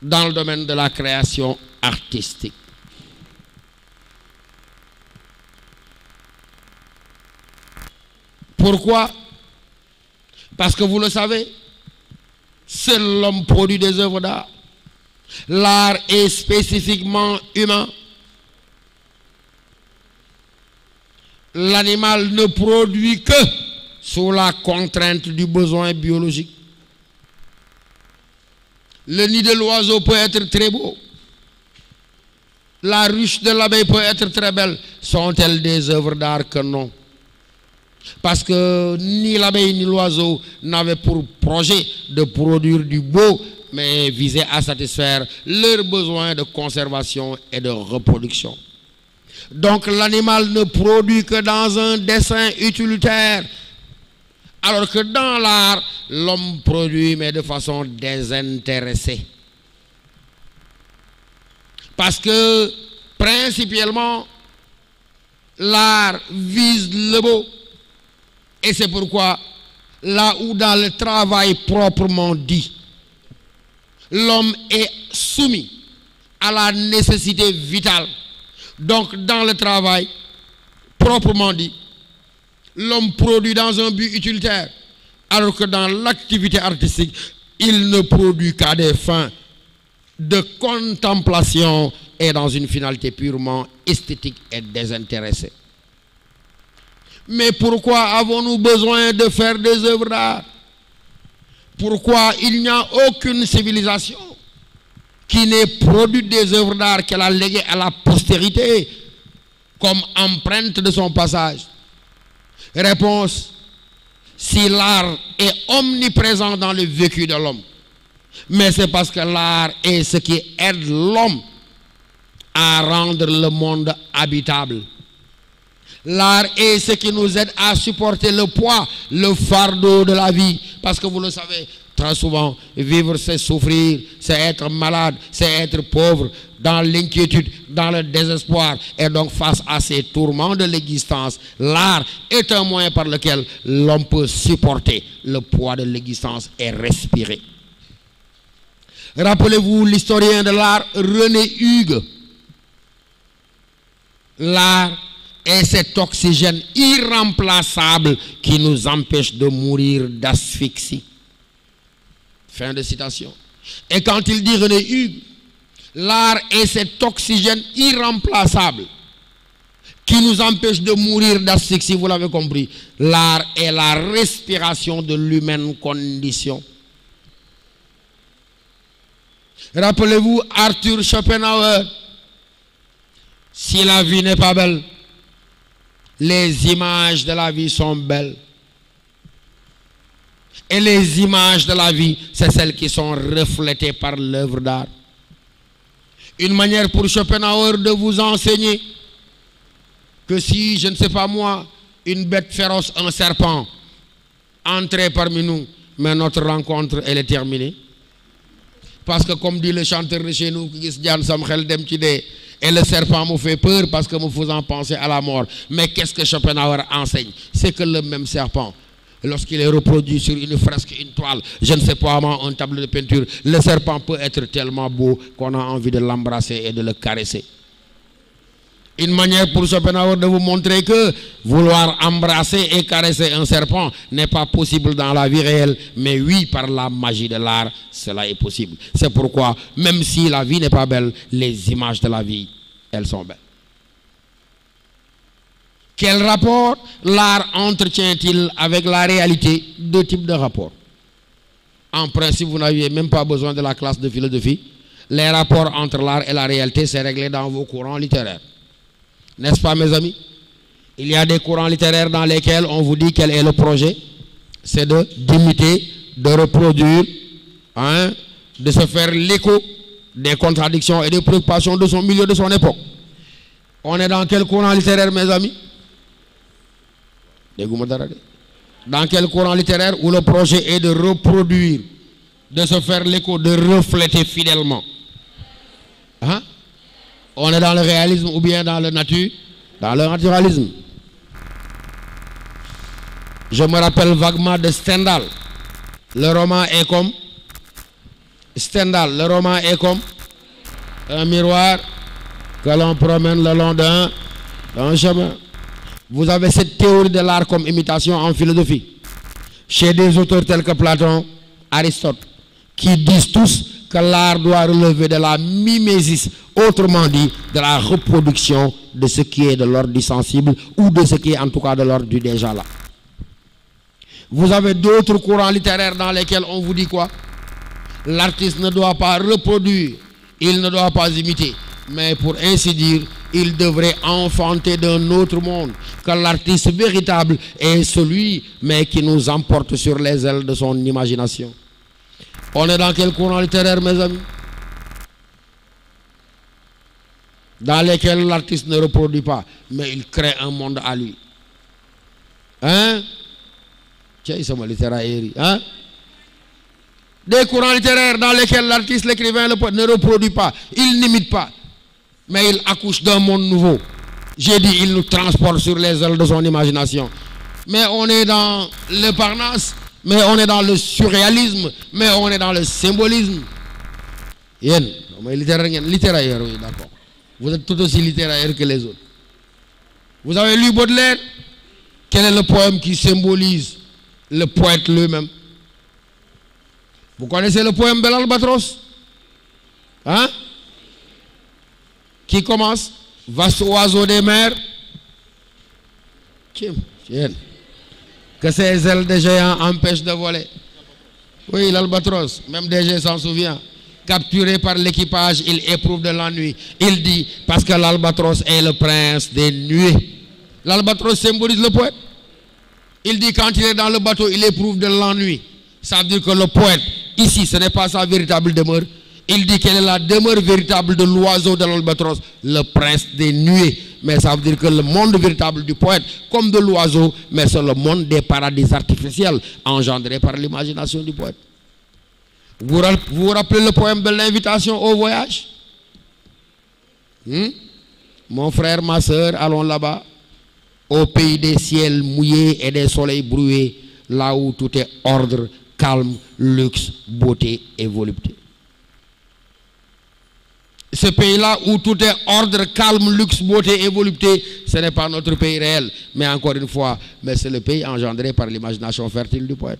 Dans le domaine de la création artistique. Pourquoi Parce que vous le savez, seul l'homme produit des œuvres d'art. L'art est spécifiquement humain. l'animal ne produit que sous la contrainte du besoin biologique. Le nid de l'oiseau peut être très beau. La ruche de l'abeille peut être très belle. Sont-elles des œuvres d'art que non Parce que ni l'abeille ni l'oiseau n'avaient pour projet de produire du beau, mais visaient à satisfaire leurs besoins de conservation et de reproduction. Donc l'animal ne produit que dans un dessin utilitaire. Alors que dans l'art, l'homme produit, mais de façon désintéressée. Parce que, principalement, l'art vise le beau. Et c'est pourquoi, là où dans le travail proprement dit, l'homme est soumis à la nécessité vitale donc, dans le travail, proprement dit, l'homme produit dans un but utilitaire, alors que dans l'activité artistique, il ne produit qu'à des fins de contemplation et dans une finalité purement esthétique et désintéressée. Mais pourquoi avons-nous besoin de faire des œuvres d'art Pourquoi il n'y a aucune civilisation qui n'est produit des œuvres d'art qu'elle a léguées à la postérité comme empreinte de son passage Réponse, si l'art est omniprésent dans le vécu de l'homme, mais c'est parce que l'art est ce qui aide l'homme à rendre le monde habitable. L'art est ce qui nous aide à supporter le poids, le fardeau de la vie. Parce que vous le savez, Très souvent, vivre, c'est souffrir, c'est être malade, c'est être pauvre, dans l'inquiétude, dans le désespoir. Et donc, face à ces tourments de l'existence, l'art est un moyen par lequel l'on peut supporter le poids de l'existence et respirer. Rappelez-vous l'historien de l'art René Hugues. L'art est cet oxygène irremplaçable qui nous empêche de mourir d'asphyxie. Fin de citation. Et quand il dit René Hugues, l'art est cet oxygène irremplaçable qui nous empêche de mourir d'asphyxie, vous l'avez compris. L'art est la respiration de l'humaine condition. Rappelez-vous Arthur Schopenhauer, si la vie n'est pas belle, les images de la vie sont belles. Et les images de la vie, c'est celles qui sont reflétées par l'œuvre d'art. Une manière pour Schopenhauer de vous enseigner que si, je ne sais pas moi, une bête féroce, un serpent, entrait parmi nous, mais notre rencontre, elle est terminée. Parce que comme dit le chanteur de chez nous, et le serpent me fait peur parce que me faisant penser à la mort. Mais qu'est-ce que Schopenhauer enseigne C'est que le même serpent, lorsqu'il est reproduit sur une fresque, une toile, je ne sais pas un tableau de peinture, le serpent peut être tellement beau qu'on a envie de l'embrasser et de le caresser. Une manière pour Schopenhauer de vous montrer que vouloir embrasser et caresser un serpent n'est pas possible dans la vie réelle, mais oui, par la magie de l'art, cela est possible. C'est pourquoi, même si la vie n'est pas belle, les images de la vie, elles sont belles. Quel rapport l'art entretient-il avec la réalité Deux types de rapports. En principe, vous n'aviez même pas besoin de la classe de philosophie. Les rapports entre l'art et la réalité, c'est réglé dans vos courants littéraires. N'est-ce pas, mes amis Il y a des courants littéraires dans lesquels on vous dit quel est le projet. C'est de d'imiter, de reproduire, hein, de se faire l'écho des contradictions et des préoccupations de son milieu, de son époque. On est dans quel courant littéraire, mes amis dans quel courant littéraire où le projet est de reproduire de se faire l'écho de refléter fidèlement hein? on est dans le réalisme ou bien dans le nature dans le naturalisme je me rappelle vaguement de Stendhal le roman est comme Stendhal le roman est comme un miroir que l'on promène le long d'un chemin vous avez cette théorie de l'art comme imitation en philosophie, chez des auteurs tels que Platon, Aristote, qui disent tous que l'art doit relever de la mimésis, autrement dit, de la reproduction de ce qui est de l'ordre du sensible ou de ce qui est en tout cas de l'ordre du déjà là. Vous avez d'autres courants littéraires dans lesquels on vous dit quoi L'artiste ne doit pas reproduire, il ne doit pas imiter, mais pour ainsi dire, il devrait enfanter d'un autre monde, car l'artiste véritable est celui, mais qui nous emporte sur les ailes de son imagination. On est dans quel courant littéraire, mes amis Dans lequel l'artiste ne reproduit pas, mais il crée un monde à lui. Hein hein Des courants littéraires dans lesquels l'artiste, l'écrivain ne reproduit pas, il n'imite pas, mais il accouche d'un monde nouveau. J'ai dit, il nous transporte sur les ailes de son imagination. Mais on est dans le Parnasse, mais on est dans le surréalisme, mais on est dans le symbolisme. Yen, littéraire, oui, d'accord. Vous êtes tout aussi littéraire que les autres. Vous avez lu Baudelaire Quel est le poème qui symbolise le poète lui-même Vous connaissez le poème de l'albatros Hein qui commence Vaste oiseau des mers, que ses ailes de géant empêchent de voler. Oui, l'albatros, même DG s'en souvient. Capturé par l'équipage, il éprouve de l'ennui. Il dit, parce que l'albatros est le prince des nuées. L'albatros symbolise le poète. Il dit, quand il est dans le bateau, il éprouve de l'ennui. Ça veut dire que le poète, ici, ce n'est pas sa véritable demeure. Il dit quelle est la demeure véritable de l'oiseau de l'albatros, le prince des nuées. Mais ça veut dire que le monde véritable du poète, comme de l'oiseau, mais c'est le monde des paradis artificiels engendrés par l'imagination du poète. Vous vous rappelez le poème de l'invitation au voyage hmm? Mon frère, ma soeur, allons là-bas, au pays des ciels mouillés et des soleils brûlés, là où tout est ordre, calme, luxe, beauté et volupté. Ce pays-là où tout est ordre, calme, luxe, beauté et volupté, ce n'est pas notre pays réel. Mais encore une fois, mais c'est le pays engendré par l'imagination fertile du poète.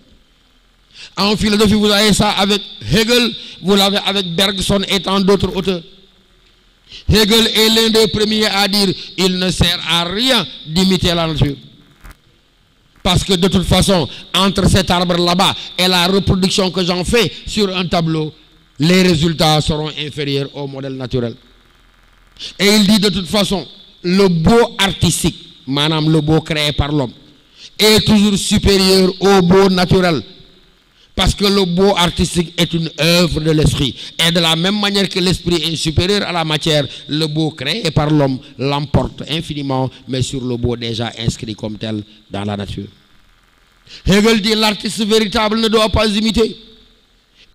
En philosophie, vous avez ça avec Hegel, vous l'avez avec Bergson et tant d'autres auteurs. Hegel est l'un des premiers à dire il ne sert à rien d'imiter la nature. Parce que de toute façon, entre cet arbre là-bas et la reproduction que j'en fais sur un tableau, les résultats seront inférieurs au modèle naturel. Et il dit de toute façon, le beau artistique, madame le beau créé par l'homme, est toujours supérieur au beau naturel. Parce que le beau artistique est une œuvre de l'esprit. Et de la même manière que l'esprit est supérieur à la matière, le beau créé par l'homme l'emporte infiniment, mais sur le beau déjà inscrit comme tel dans la nature. Hegel dit l'artiste véritable ne doit pas imiter.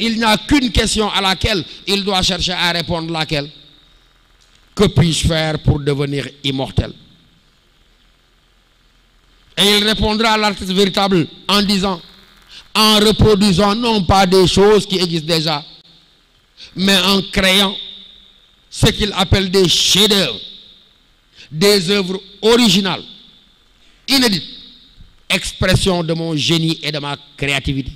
Il n'y a qu'une question à laquelle il doit chercher à répondre laquelle Que puis-je faire pour devenir immortel Et il répondra à l'artiste véritable en disant, en reproduisant non pas des choses qui existent déjà, mais en créant ce qu'il appelle des chefs-d'œuvre, des œuvres originales, inédites, expression de mon génie et de ma créativité.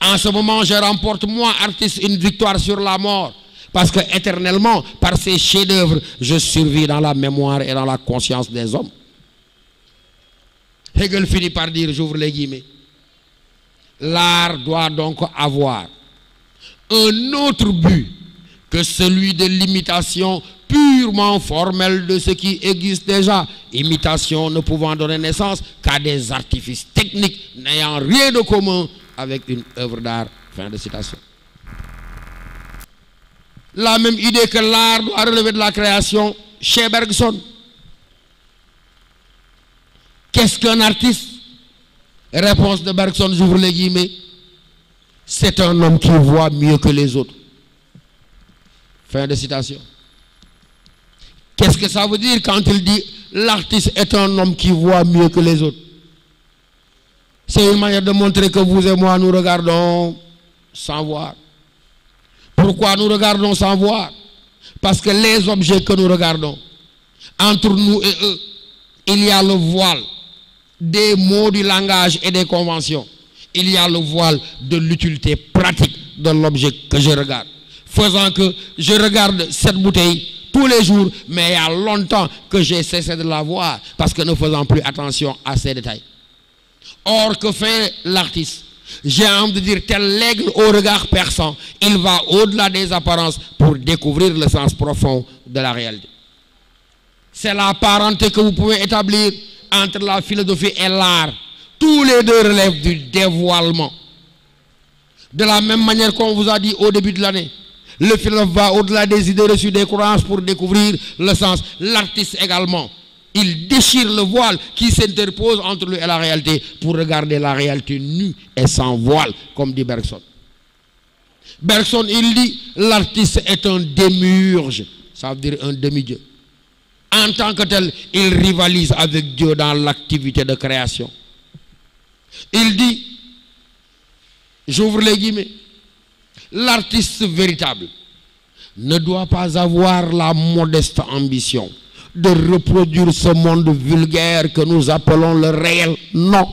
En ce moment, je remporte, moi, artiste, une victoire sur la mort. Parce que éternellement, par ces chefs-d'œuvre, je survis dans la mémoire et dans la conscience des hommes. Hegel finit par dire, j'ouvre les guillemets, l'art doit donc avoir un autre but que celui de l'imitation purement formelle de ce qui existe déjà, imitation ne pouvant donner naissance qu'à des artifices techniques n'ayant rien de commun avec une œuvre d'art. Fin de citation. La même idée que l'art doit relever de la création chez Bergson. Qu'est-ce qu'un artiste Réponse de Bergson, j'ouvre les guillemets. C'est un homme qui voit mieux que les autres. Fin de citation. Qu'est-ce que ça veut dire quand il dit l'artiste est un homme qui voit mieux que les autres c'est une manière de montrer que vous et moi, nous regardons sans voir. Pourquoi nous regardons sans voir Parce que les objets que nous regardons, entre nous et eux, il y a le voile des mots du langage et des conventions. Il y a le voile de l'utilité pratique de l'objet que je regarde. Faisant que je regarde cette bouteille tous les jours, mais il y a longtemps que j'ai cessé de la voir parce que ne faisant plus attention à ces détails. Or, que fait l'artiste J'ai envie de dire tel l'aigle au regard perçant. Il va au-delà des apparences pour découvrir le sens profond de la réalité. C'est la parenté que vous pouvez établir entre la philosophie et l'art. Tous les deux relèvent du dévoilement. De la même manière qu'on vous a dit au début de l'année, le philosophe va au-delà des idées reçues des croyances pour découvrir le sens. L'artiste également. Il déchire le voile qui s'interpose entre lui et la réalité pour regarder la réalité nue et sans voile, comme dit Bergson. Bergson, il dit, l'artiste est un démurge, ça veut dire un demi-dieu. En tant que tel, il rivalise avec Dieu dans l'activité de création. Il dit, j'ouvre les guillemets, l'artiste véritable ne doit pas avoir la modeste ambition de reproduire ce monde vulgaire que nous appelons le réel. Non.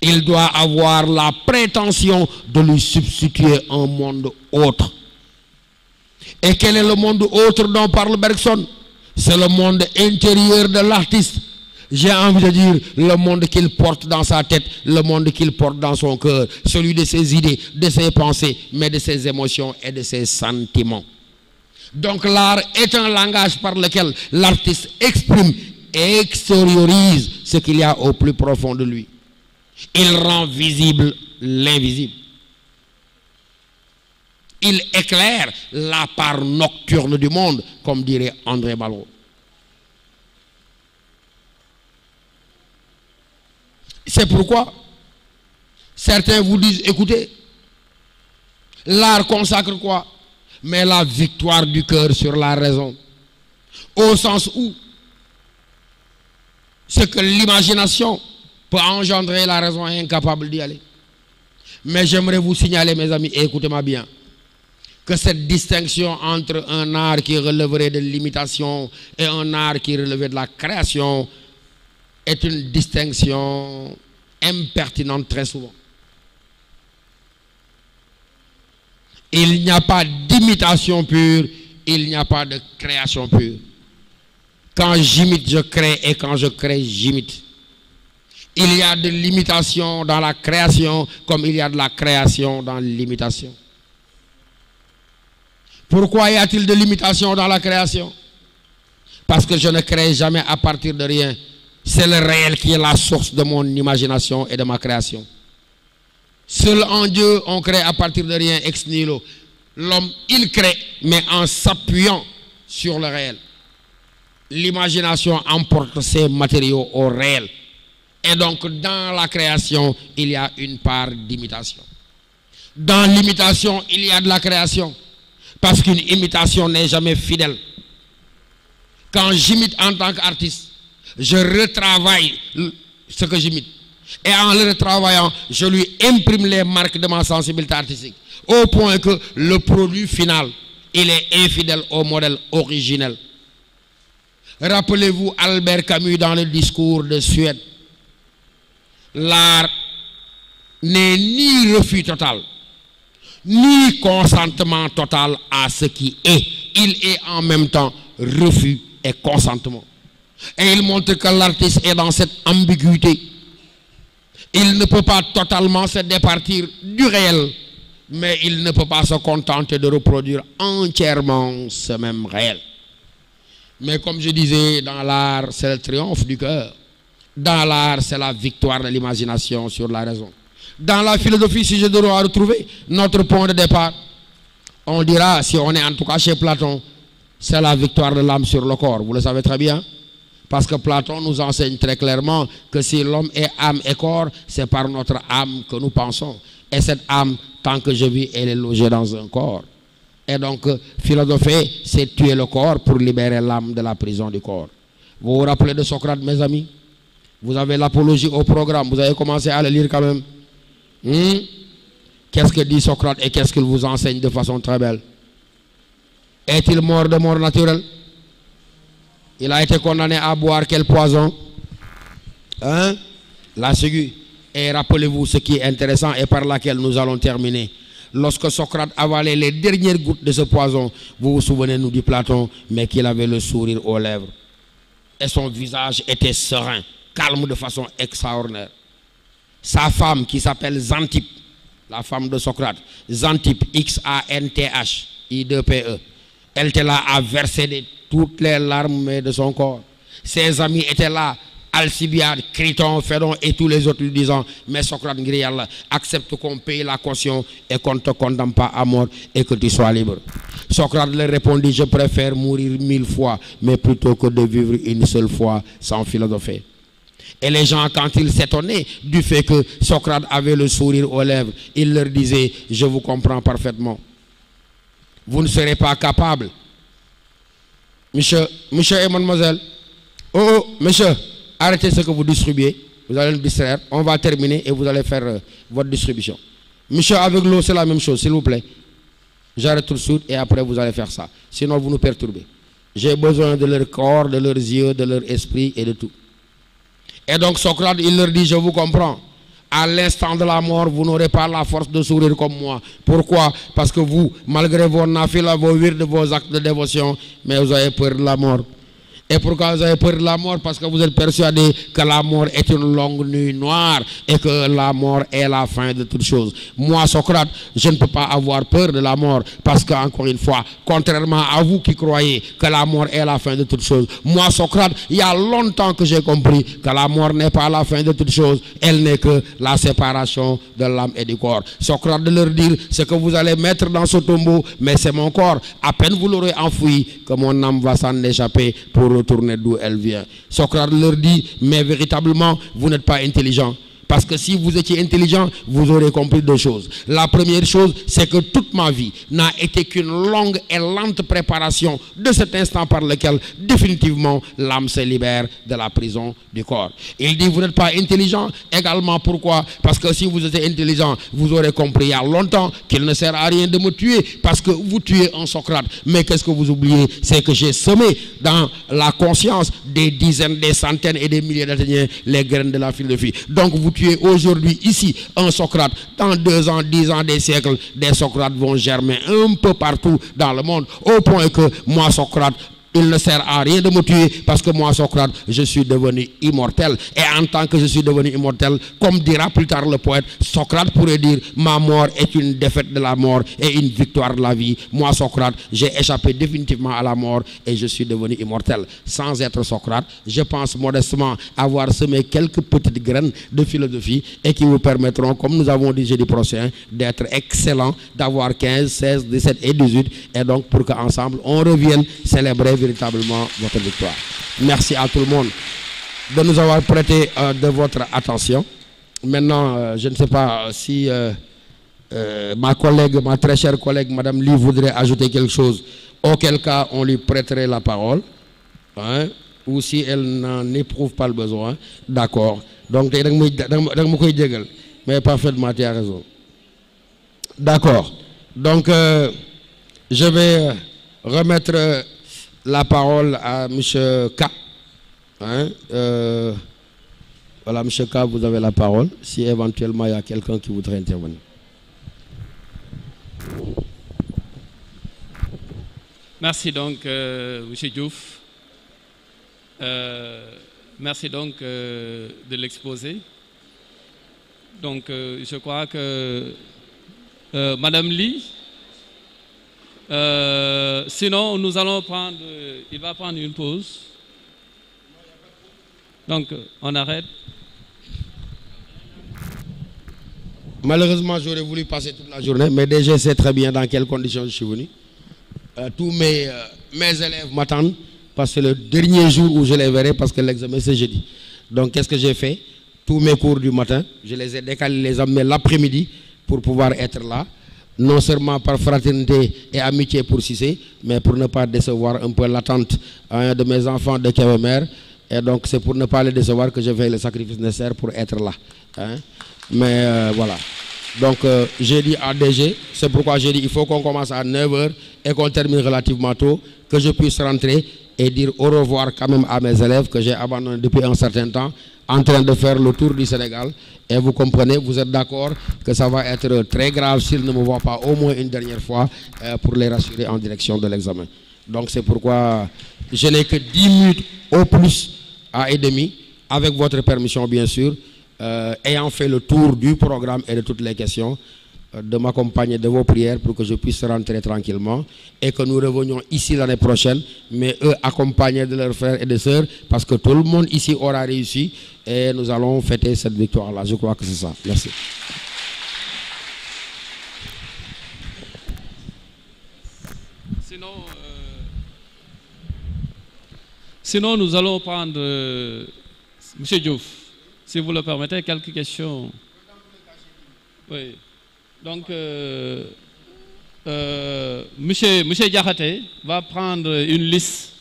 Il doit avoir la prétention de lui substituer un monde autre. Et quel est le monde autre dont parle Bergson C'est le monde intérieur de l'artiste. J'ai envie de dire le monde qu'il porte dans sa tête, le monde qu'il porte dans son cœur, celui de ses idées, de ses pensées, mais de ses émotions et de ses sentiments. Donc l'art est un langage par lequel l'artiste exprime et extériorise ce qu'il y a au plus profond de lui. Il rend visible l'invisible. Il éclaire la part nocturne du monde, comme dirait André Malraux. C'est pourquoi certains vous disent, écoutez, l'art consacre quoi mais la victoire du cœur sur la raison. Au sens où ce que l'imagination peut engendrer, la raison est incapable d'y aller. Mais j'aimerais vous signaler, mes amis, écoutez-moi bien, que cette distinction entre un art qui releverait de l'imitation et un art qui relevait de la création est une distinction impertinente très souvent. Il n'y a pas d'imitation pure, il n'y a pas de création pure. Quand j'imite, je crée, et quand je crée, j'imite. Il y a de l'imitation dans la création, comme il y a de la création dans l'imitation. Pourquoi y a-t-il de l'imitation dans la création Parce que je ne crée jamais à partir de rien. C'est le réel qui est la source de mon imagination et de ma création. Seul en Dieu, on crée à partir de rien, ex nihilo. L'homme, il crée, mais en s'appuyant sur le réel. L'imagination emporte ses matériaux au réel. Et donc, dans la création, il y a une part d'imitation. Dans l'imitation, il y a de la création. Parce qu'une imitation n'est jamais fidèle. Quand j'imite en tant qu'artiste, je retravaille ce que j'imite. Et en le travaillant, je lui imprime les marques de ma sensibilité artistique. Au point que le produit final, il est infidèle au modèle originel. Rappelez-vous Albert Camus dans le discours de Suède. L'art n'est ni refus total, ni consentement total à ce qui est. Il est en même temps refus et consentement. Et il montre que l'artiste est dans cette ambiguïté il ne peut pas totalement se départir du réel, mais il ne peut pas se contenter de reproduire entièrement ce même réel. Mais comme je disais, dans l'art, c'est le triomphe du cœur. Dans l'art, c'est la victoire de l'imagination sur la raison. Dans la philosophie, si je dois retrouver notre point de départ, on dira, si on est en tout cas chez Platon, c'est la victoire de l'âme sur le corps. Vous le savez très bien. Parce que Platon nous enseigne très clairement que si l'homme est âme et corps, c'est par notre âme que nous pensons. Et cette âme, tant que je vis, elle est logée dans un corps. Et donc, euh, philosopher, c'est tuer le corps pour libérer l'âme de la prison du corps. Vous vous rappelez de Socrate, mes amis Vous avez l'apologie au programme. Vous avez commencé à le lire quand même. Hmm? Qu'est-ce que dit Socrate et qu'est-ce qu'il vous enseigne de façon très belle Est-il mort de mort naturelle il a été condamné à boire quel poison Hein La ciguë. Et rappelez-vous ce qui est intéressant et par laquelle nous allons terminer. Lorsque Socrate avalait les dernières gouttes de ce poison, vous vous souvenez, nous du Platon, mais qu'il avait le sourire aux lèvres. Et son visage était serein, calme de façon extraordinaire. Sa femme, qui s'appelle Zantip, la femme de Socrate, Xanthippe, X-A-N-T-H, I-D-P-E, elle était là à verser des toutes les larmes de son corps. Ses amis étaient là, Alcibiade, Criton, Phédon et tous les autres lui disant Mais Socrate Grial, accepte qu'on paye la caution et qu'on ne te condamne pas à mort et que tu sois libre. Socrate leur répondit Je préfère mourir mille fois, mais plutôt que de vivre une seule fois sans philosopher. Et les gens, quand ils s'étonnaient du fait que Socrate avait le sourire aux lèvres, il leur disait Je vous comprends parfaitement. Vous ne serez pas capable monsieur, monsieur et mademoiselle, oh, oh, monsieur, arrêtez ce que vous distribuez, vous allez le distraire, on va terminer et vous allez faire euh, votre distribution. Monsieur, avec l'eau, c'est la même chose, s'il vous plaît. J'arrête tout de suite et après vous allez faire ça. Sinon, vous nous perturbez. J'ai besoin de leur corps, de leurs yeux, de leur esprit et de tout. Et donc Socrate, il leur dit, je vous comprends à l'instant de la mort, vous n'aurez pas la force de sourire comme moi. Pourquoi Parce que vous, malgré vos vous vos de vos actes de dévotion, mais vous avez peur de la mort. Et pourquoi vous avez peur de la mort Parce que vous êtes persuadé que la mort est une longue nuit noire et que la mort est la fin de toutes choses. Moi, Socrate, je ne peux pas avoir peur de la mort parce qu'encore une fois, contrairement à vous qui croyez que la mort est la fin de toutes choses, moi, Socrate, il y a longtemps que j'ai compris que la mort n'est pas la fin de toutes choses, elle n'est que la séparation de l'âme et du corps. Socrate de leur dire ce que vous allez mettre dans ce tombeau, mais c'est mon corps. À peine vous l'aurez enfoui que mon âme va s'en échapper pour retourner d'où elle vient. Socrate leur dit, mais véritablement, vous n'êtes pas intelligent. Parce que si vous étiez intelligent, vous aurez compris deux choses. La première chose, c'est que toute ma vie n'a été qu'une longue et lente préparation de cet instant par lequel définitivement l'âme se libère de la prison du corps. Il dit, vous n'êtes pas intelligent également. Pourquoi Parce que si vous étiez intelligent, vous aurez compris il y a longtemps qu'il ne sert à rien de me tuer parce que vous tuez un Socrate. Mais qu'est-ce que vous oubliez C'est que j'ai semé dans la conscience des dizaines, des centaines et des milliers d'Athéniens les graines de la philosophie. Donc vous tuez aujourd'hui ici un Socrate, dans deux ans, dix ans, des siècles, des Socrates vont germer un peu partout dans le monde, au point que moi, Socrate, il ne sert à rien de me tuer parce que moi, Socrate, je suis devenu immortel. Et en tant que je suis devenu immortel, comme dira plus tard le poète, Socrate pourrait dire, ma mort est une défaite de la mort et une victoire de la vie. Moi, Socrate, j'ai échappé définitivement à la mort et je suis devenu immortel. Sans être Socrate, je pense modestement avoir semé quelques petites graines de philosophie et qui vous permettront, comme nous avons dit jeudi prochain, d'être excellent, d'avoir 15, 16, 17 et 18. Et donc, pour qu'ensemble, on revienne célébrer véritablement votre victoire. Merci à tout le monde de nous avoir prêté euh, de votre attention. Maintenant, euh, je ne sais pas euh, si ma collègue, ma très chère collègue, Madame Lee, voudrait ajouter quelque chose, auquel cas on lui prêterait la parole, hein, ou si elle n'en éprouve pas le besoin, d'accord. Donc, mais parfaitement, tu as raison. D'accord. Donc, je vais remettre la parole à M. K. Hein, euh, voilà, M. K, vous avez la parole, si éventuellement il y a quelqu'un qui voudrait intervenir. Merci donc, euh, M. Diouf. Euh, merci donc de l'exposer. Donc, je crois que Madame Lee, euh, sinon, nous allons prendre. Il va prendre une pause. Donc, on arrête. Malheureusement, j'aurais voulu passer toute la journée, mais déjà, je sais très bien dans quelles conditions je suis venu. Euh, tous mes, euh, mes élèves m'attendent parce que le dernier jour où je les verrai, parce que l'examen c'est jeudi. Donc, qu'est-ce que j'ai fait Tous mes cours du matin, je les ai décalés, les amenés l'après-midi pour pouvoir être là non seulement par fraternité et amitié pour Cissé, mais pour ne pas décevoir un peu l'attente un hein, de mes enfants de Kébemer. Et donc, c'est pour ne pas les décevoir que je fais le sacrifice nécessaire pour être là. Hein. Mais euh, voilà. Donc, je euh, j'ai dit à DG, c'est pourquoi je dis il faut qu'on commence à 9h et qu'on termine relativement tôt, que je puisse rentrer et dire au revoir quand même à mes élèves que j'ai abandonné depuis un certain temps, en train de faire le tour du Sénégal. Et vous comprenez, vous êtes d'accord que ça va être très grave s'ils ne me voient pas au moins une dernière fois euh, pour les rassurer en direction de l'examen. Donc c'est pourquoi je n'ai que 10 minutes au plus à et demi, avec votre permission bien sûr, euh, ayant fait le tour du programme et de toutes les questions. Euh, de m'accompagner de vos prières pour que je puisse rentrer tranquillement et que nous revenions ici l'année prochaine, mais eux accompagnés de leurs frères et de sœurs, parce que tout le monde ici aura réussi et nous allons fêter cette victoire-là. Je crois que c'est ça. Merci. Sinon, euh, Sinon nous allons prendre euh, Monsieur Diouf, si vous le permettez, quelques questions. Oui. Donc, M. euh, euh va prendre une liste.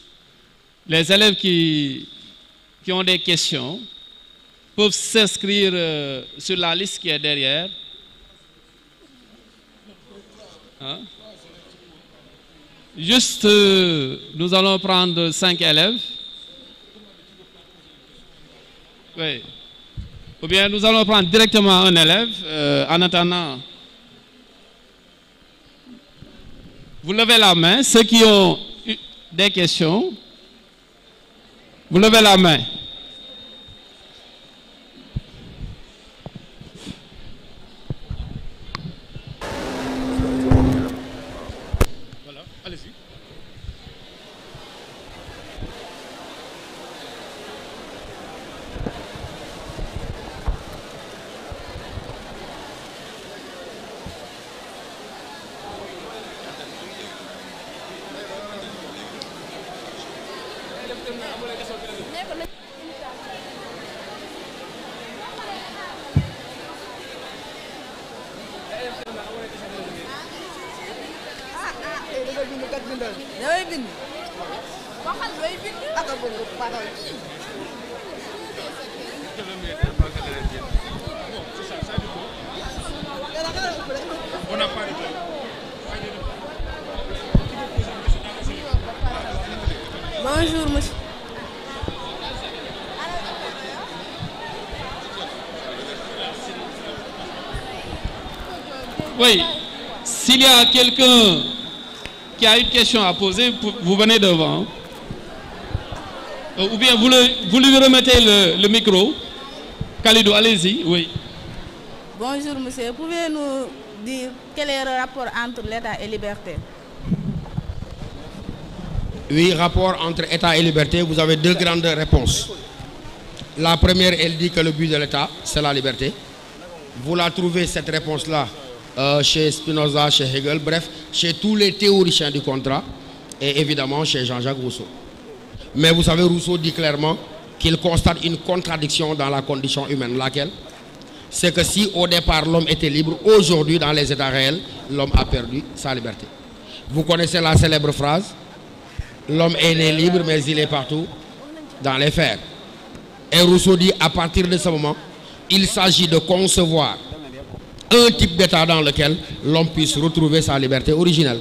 Les élèves qui, ont des questions peuvent s'inscrire euh, sur la liste qui est derrière. Hein? Juste, euh, nous allons prendre cinq élèves. Oui. Ou bien nous allons prendre directement un élève en attendant Vous levez la main. Ceux qui ont des questions, vous levez la main. une question à poser, vous venez devant. Euh, ou bien vous, le, vous lui remettez le, micro. Khalidou, allez-y, oui. Bonjour monsieur, pouvez-nous dire quel est le rapport entre l'État et liberté Oui, rapport entre État et liberté, vous avez deux grandes réponses. La première, elle dit que le but de l'État, c'est la liberté. Vous la trouvez, cette réponse-là, euh, chez Spinoza, chez Hegel, bref, chez tous les théoriciens du contrat et évidemment chez Jean-Jacques Rousseau. Mais vous savez, Rousseau dit clairement qu'il constate une contradiction dans la condition humaine. Laquelle C'est que si au départ l'homme était libre, aujourd'hui dans les états réels, l'homme a perdu sa liberté. Vous connaissez la célèbre phrase L'homme est né libre, mais il est partout dans les fers. Et Rousseau dit à partir de ce moment, il s'agit de concevoir un type d'État dans lequel l'homme puisse retrouver sa liberté originelle.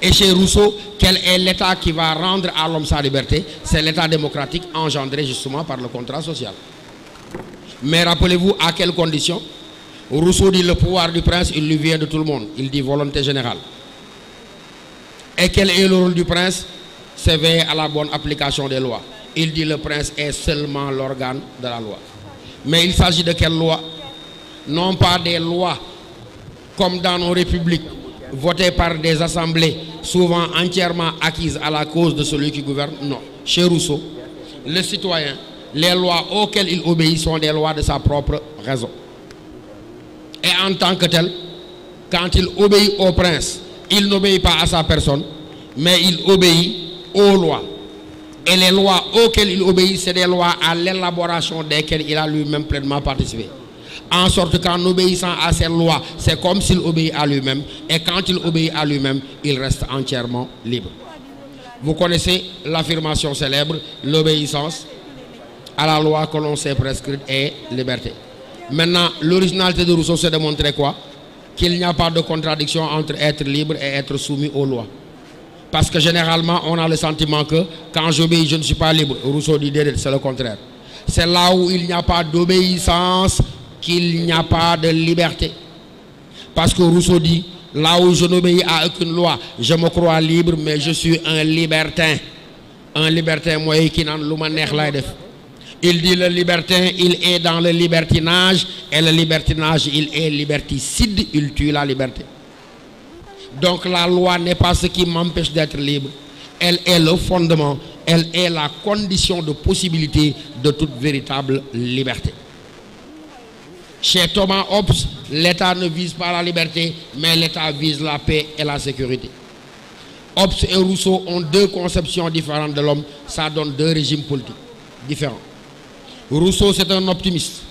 Et chez Rousseau, quel est l'État qui va rendre à l'homme sa liberté C'est l'État démocratique engendré justement par le contrat social. Mais rappelez-vous à quelles conditions Rousseau dit le pouvoir du prince, il lui vient de tout le monde. Il dit volonté générale. Et quel est le rôle du prince C'est veiller à la bonne application des lois. Il dit le prince est seulement l'organe de la loi. Mais il s'agit de quelle loi non pas des lois comme dans nos républiques, votées par des assemblées souvent entièrement acquises à la cause de celui qui gouverne. Non. Chez Rousseau, le citoyen, les lois auxquelles il obéit sont des lois de sa propre raison. Et en tant que tel, quand il obéit au prince, il n'obéit pas à sa personne, mais il obéit aux lois. Et les lois auxquelles il obéit, c'est des lois à l'élaboration desquelles il a lui-même pleinement participé. En sorte qu'en obéissant à ses lois, c'est comme s'il obéit à lui-même. Et quand il obéit à lui-même, il reste entièrement libre. Vous connaissez l'affirmation célèbre, l'obéissance à la loi que l'on s'est prescrite est liberté. Maintenant, l'originalité de Rousseau, c'est de montrer quoi Qu'il n'y a pas de contradiction entre être libre et être soumis aux lois. Parce que généralement, on a le sentiment que quand j'obéis, je ne suis pas libre. Rousseau dit c'est le contraire. C'est là où il n'y a pas d'obéissance qu'il n'y a pas de liberté. Parce que Rousseau dit, là où je n'obéis à aucune loi, je me crois libre, mais je suis un libertin. Un libertin, moi, qui n'en Il dit le libertin, il est dans le libertinage, et le libertinage, il est liberticide, il tue la liberté. Donc la loi n'est pas ce qui m'empêche d'être libre. Elle est le fondement, elle est la condition de possibilité de toute véritable liberté. Chez Thomas Hobbes, l'État ne vise pas la liberté, mais l'État vise la paix et la sécurité. Hobbes et Rousseau ont deux conceptions différentes de l'homme, ça donne deux régimes politiques différents. Rousseau, c'est un optimiste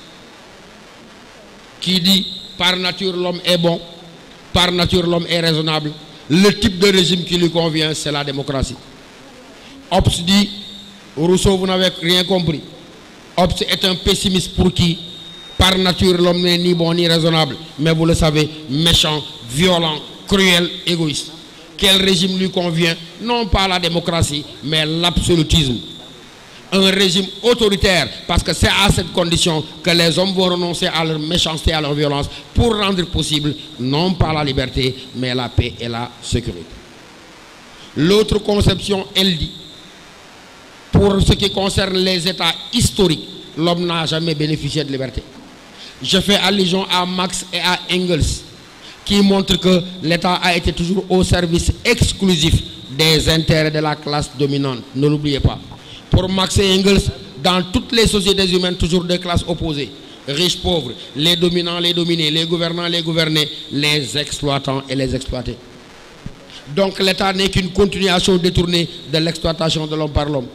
qui dit par nature l'homme est bon, par nature l'homme est raisonnable. Le type de régime qui lui convient, c'est la démocratie. Hobbes dit, Rousseau, vous n'avez rien compris. Hobbes est un pessimiste pour qui par nature, l'homme n'est ni bon ni raisonnable, mais vous le savez, méchant, violent, cruel, égoïste. Quel régime lui convient Non pas la démocratie, mais l'absolutisme. Un régime autoritaire, parce que c'est à cette condition que les hommes vont renoncer à leur méchanceté, à leur violence, pour rendre possible non pas la liberté, mais la paix et la sécurité. L'autre conception, elle dit, pour ce qui concerne les États historiques, l'homme n'a jamais bénéficié de liberté. Je fais allusion à Max et à Engels, qui montrent que l'État a été toujours au service exclusif des intérêts de la classe dominante. Ne l'oubliez pas. Pour Max et Engels, dans toutes les sociétés humaines, toujours des classes opposées. Riches, pauvres, les dominants, les dominés, les gouvernants, les gouvernés, les exploitants et les exploités. Donc l'État n'est qu'une continuation détournée de l'exploitation de l'homme par l'homme.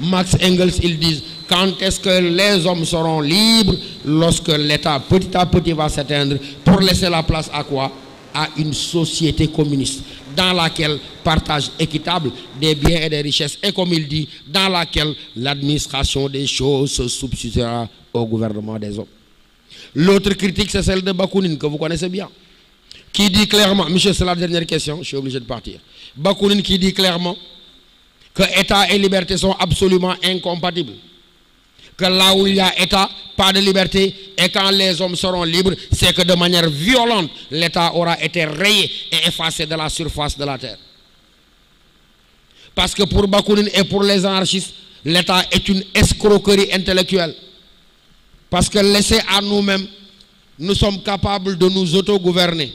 Max Engels, ils disent quand est-ce que les hommes seront libres Lorsque l'État petit à petit va s'éteindre pour laisser la place à quoi À une société communiste dans laquelle partage équitable des biens et des richesses et comme il dit, dans laquelle l'administration des choses se substituera au gouvernement des hommes. L'autre critique, c'est celle de Bakounine, que vous connaissez bien, qui dit clairement, monsieur, c'est la dernière question, je suis obligé de partir. Bakounine qui dit clairement, que État et liberté sont absolument incompatibles. Que là où il y a État, pas de liberté. Et quand les hommes seront libres, c'est que de manière violente, l'État aura été rayé et effacé de la surface de la terre. Parce que pour Bakounine et pour les anarchistes, l'État est une escroquerie intellectuelle. Parce que laissé à nous-mêmes, nous sommes capables de nous autogouverner.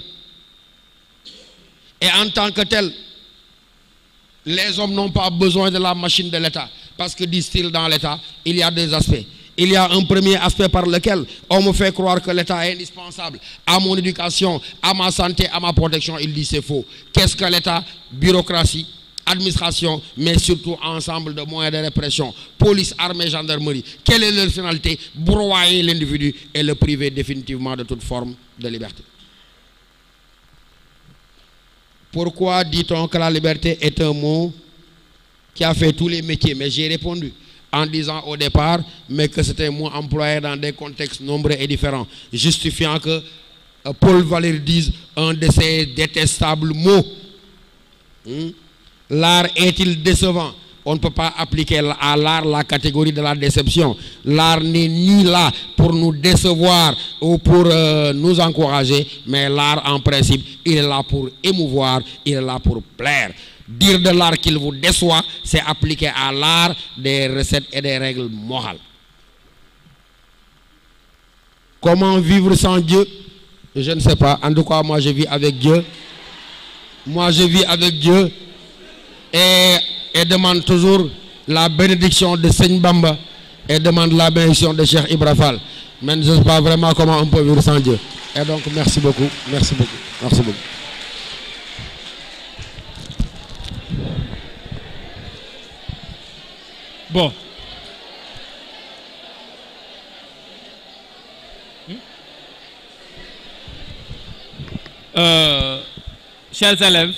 Et en tant que tel, les hommes n'ont pas besoin de la machine de l'État. Parce que, disent-ils, dans l'État, il y a deux aspects. Il y a un premier aspect par lequel on me fait croire que l'État est indispensable à mon éducation, à ma santé, à ma protection. Il dit c'est faux. Qu'est-ce que l'État Bureaucratie, administration, mais surtout ensemble de moyens de répression, police, armée, gendarmerie. Quelle est leur finalité Broyer l'individu et le priver définitivement de toute forme de liberté. Pourquoi dit-on que la liberté est un mot qui a fait tous les métiers Mais j'ai répondu en disant au départ, mais que c'est un mot employé dans des contextes nombreux et différents, justifiant que euh, Paul Valéry dise un de ces détestables mots. Hmm? L'art est-il décevant on ne peut pas appliquer à l'art la catégorie de la déception. L'art n'est ni là pour nous décevoir ou pour euh, nous encourager, mais l'art en principe, il est là pour émouvoir, il est là pour plaire. Dire de l'art qu'il vous déçoit, c'est appliquer à l'art des recettes et des règles morales. Comment vivre sans Dieu Je ne sais pas. En tout cas, moi, je vis avec Dieu. Moi, je vis avec Dieu. Et et demande toujours la bénédiction de Seigne Bamba et demande la bénédiction de Cheikh Ibrafal. Mais je ne sais pas vraiment comment on peut vivre sans Dieu. Et donc, merci beaucoup, merci beaucoup, merci beaucoup. Bon. Hmm? Euh, chers élèves,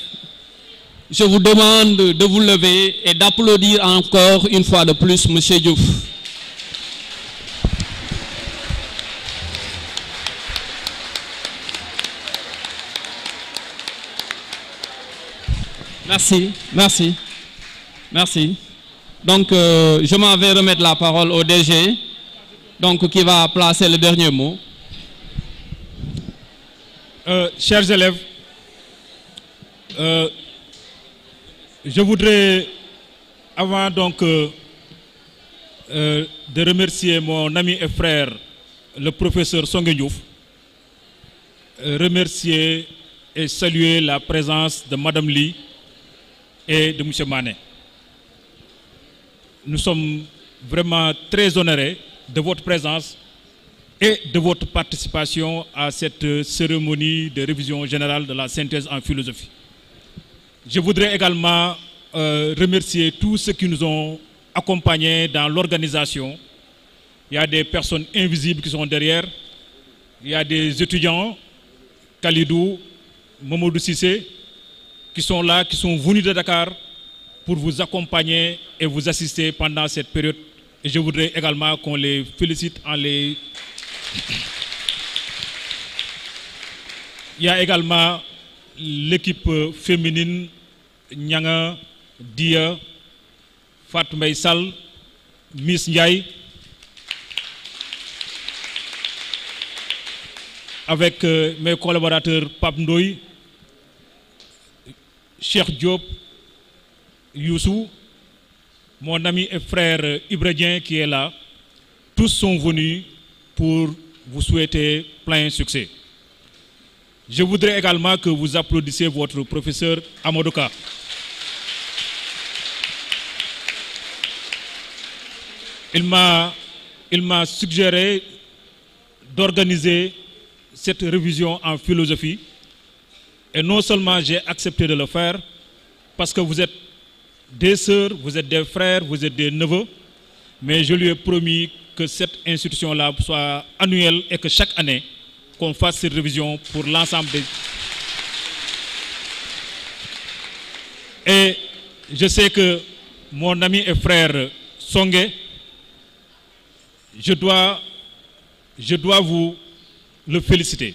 je vous demande de vous lever et d'applaudir encore une fois de plus M. Diouf. Merci, merci, merci. Donc, euh, je m'en vais remettre la parole au DG, donc, qui va placer le dernier mot. Euh, chers élèves, euh, je voudrais, avant donc euh, euh, de remercier mon ami et frère, le professeur Songuignouf, euh, remercier et saluer la présence de Madame Lee et de M. Manet. Nous sommes vraiment très honorés de votre présence et de votre participation à cette cérémonie de révision générale de la synthèse en philosophie. Je voudrais également euh, remercier tous ceux qui nous ont accompagnés dans l'organisation. Il y a des personnes invisibles qui sont derrière. Il y a des étudiants, Khalidou, Momodou Sissé, qui sont là, qui sont venus de Dakar pour vous accompagner et vous assister pendant cette période. Et je voudrais également qu'on les félicite en les... Il y a également l'équipe euh, féminine Nyanga Dia Fatma Miss Ndiaye avec euh, mes collaborateurs Pape Ndoy, Cheikh Diop, Youssou, mon ami et frère euh, Ibrahim qui est là, tous sont venus pour vous souhaiter plein succès. Je voudrais également que vous applaudissiez votre professeur Amodoka. Il m'a suggéré d'organiser cette révision en philosophie. Et non seulement j'ai accepté de le faire, parce que vous êtes des sœurs, vous êtes des frères, vous êtes des neveux, mais je lui ai promis que cette institution-là soit annuelle et que chaque année, qu'on fasse cette révision pour l'ensemble des... Et je sais que mon ami et frère Songé, je dois, je dois vous le féliciter.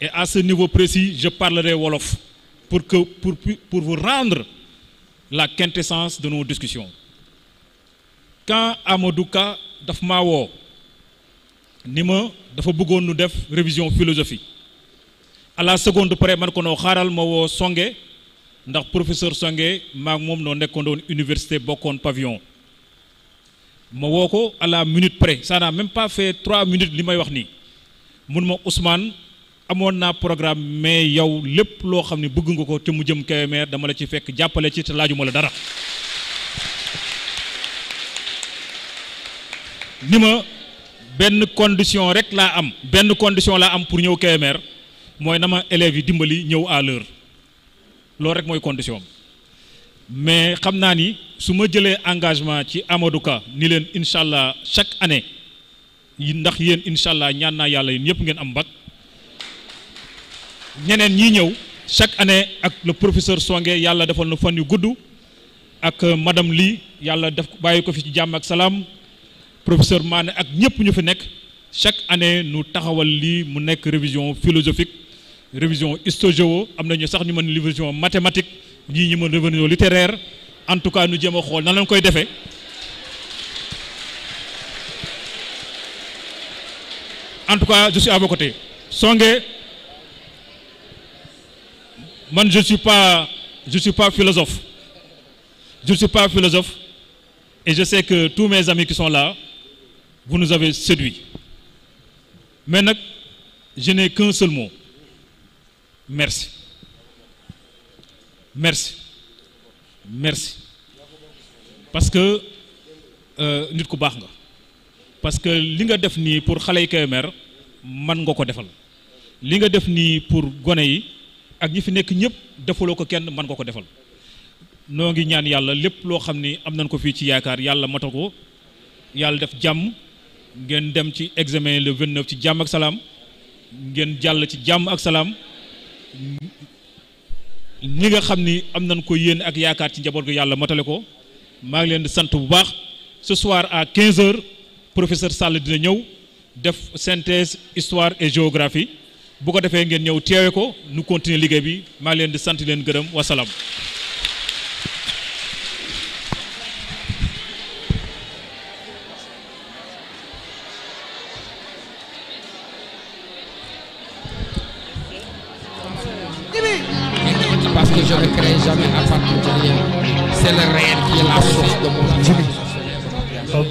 Et à ce niveau précis, je parlerai Wolof pour, que, pour, pour vous rendre la quintessence de nos discussions. Quand Amadouka Dafmawo, ni ma dafa bëggoon nu def révision philosophie à la seconde près man ko noo xaaral ma woo Songe ndax professeur Songe maak moom noo nekkoon université bokkoon pavillon ma woo ko à la minute près ça n'a même pas fait trois minutes li may wax nii mun ma Ousmane amoon naa programme mais yow lépp loo xam ne bëgg nga ko te mu jëm Kébémer dama la ci fekk jàppale ci te laajuma la dara ni benn condition rek la am benn condition la am pour ñëw Kébémer mooy nama ma élèves yi dimbali ñëw à l'heure loolu rek mooy condition mais xam naa ni su ma jëlee engagement ci Amadou Ka ni leen incha allah chaque année ndax yéen incha allah ñaan naa yàlla yéen ñëpp ngeen am bac ñeneen ñi ñëw chaque année ak le professeur Songé yàlla defal na fan yu gudd ak madame Ly yàlla def bàyyi ko fi ci jàmm ak salaam professeur Mané ak ñëpp ñu fi chaque année nous taxawal lii mu révision philosophique révision historique, am ñu sax ñu révision mathématique ñii ñu mën révision littéraire en tout cas nous jéem a xool nan lañ en tout cas je suis à vos côtés je suis pas je suis pas philosophe je ne suis pas philosophe et je sais que tous mes amis qui sont là vous nous avez séduits. Maintenant, je n'ai qu'un seul mot merci merci merci parce que euh, nous ku parce que li nga pour xale yi man nga defal li nga pour goné yi ak ñi fi Nous ñëpp kenn man nga defal ñaan ngeen dem ci examen le 29 ci jàmm ak salaam ngeen jàll ci jàmm ak salaam ñi nga xam ni am nañ ko yéen ak yaakaar ci njaboot gi yàlla matale ko maa ngi leen di sant bu baax ce soir à quinze heures professeur Sall dina ñëw def synthèse histoire et géographie bu ko defee ngeen ñëw teewe ko nu continuer liggéey bi maa ngi leen di sant leen gërëm wasalaam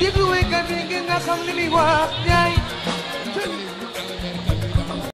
déglu wéykat yi ngeen nga xam li muy wax jaay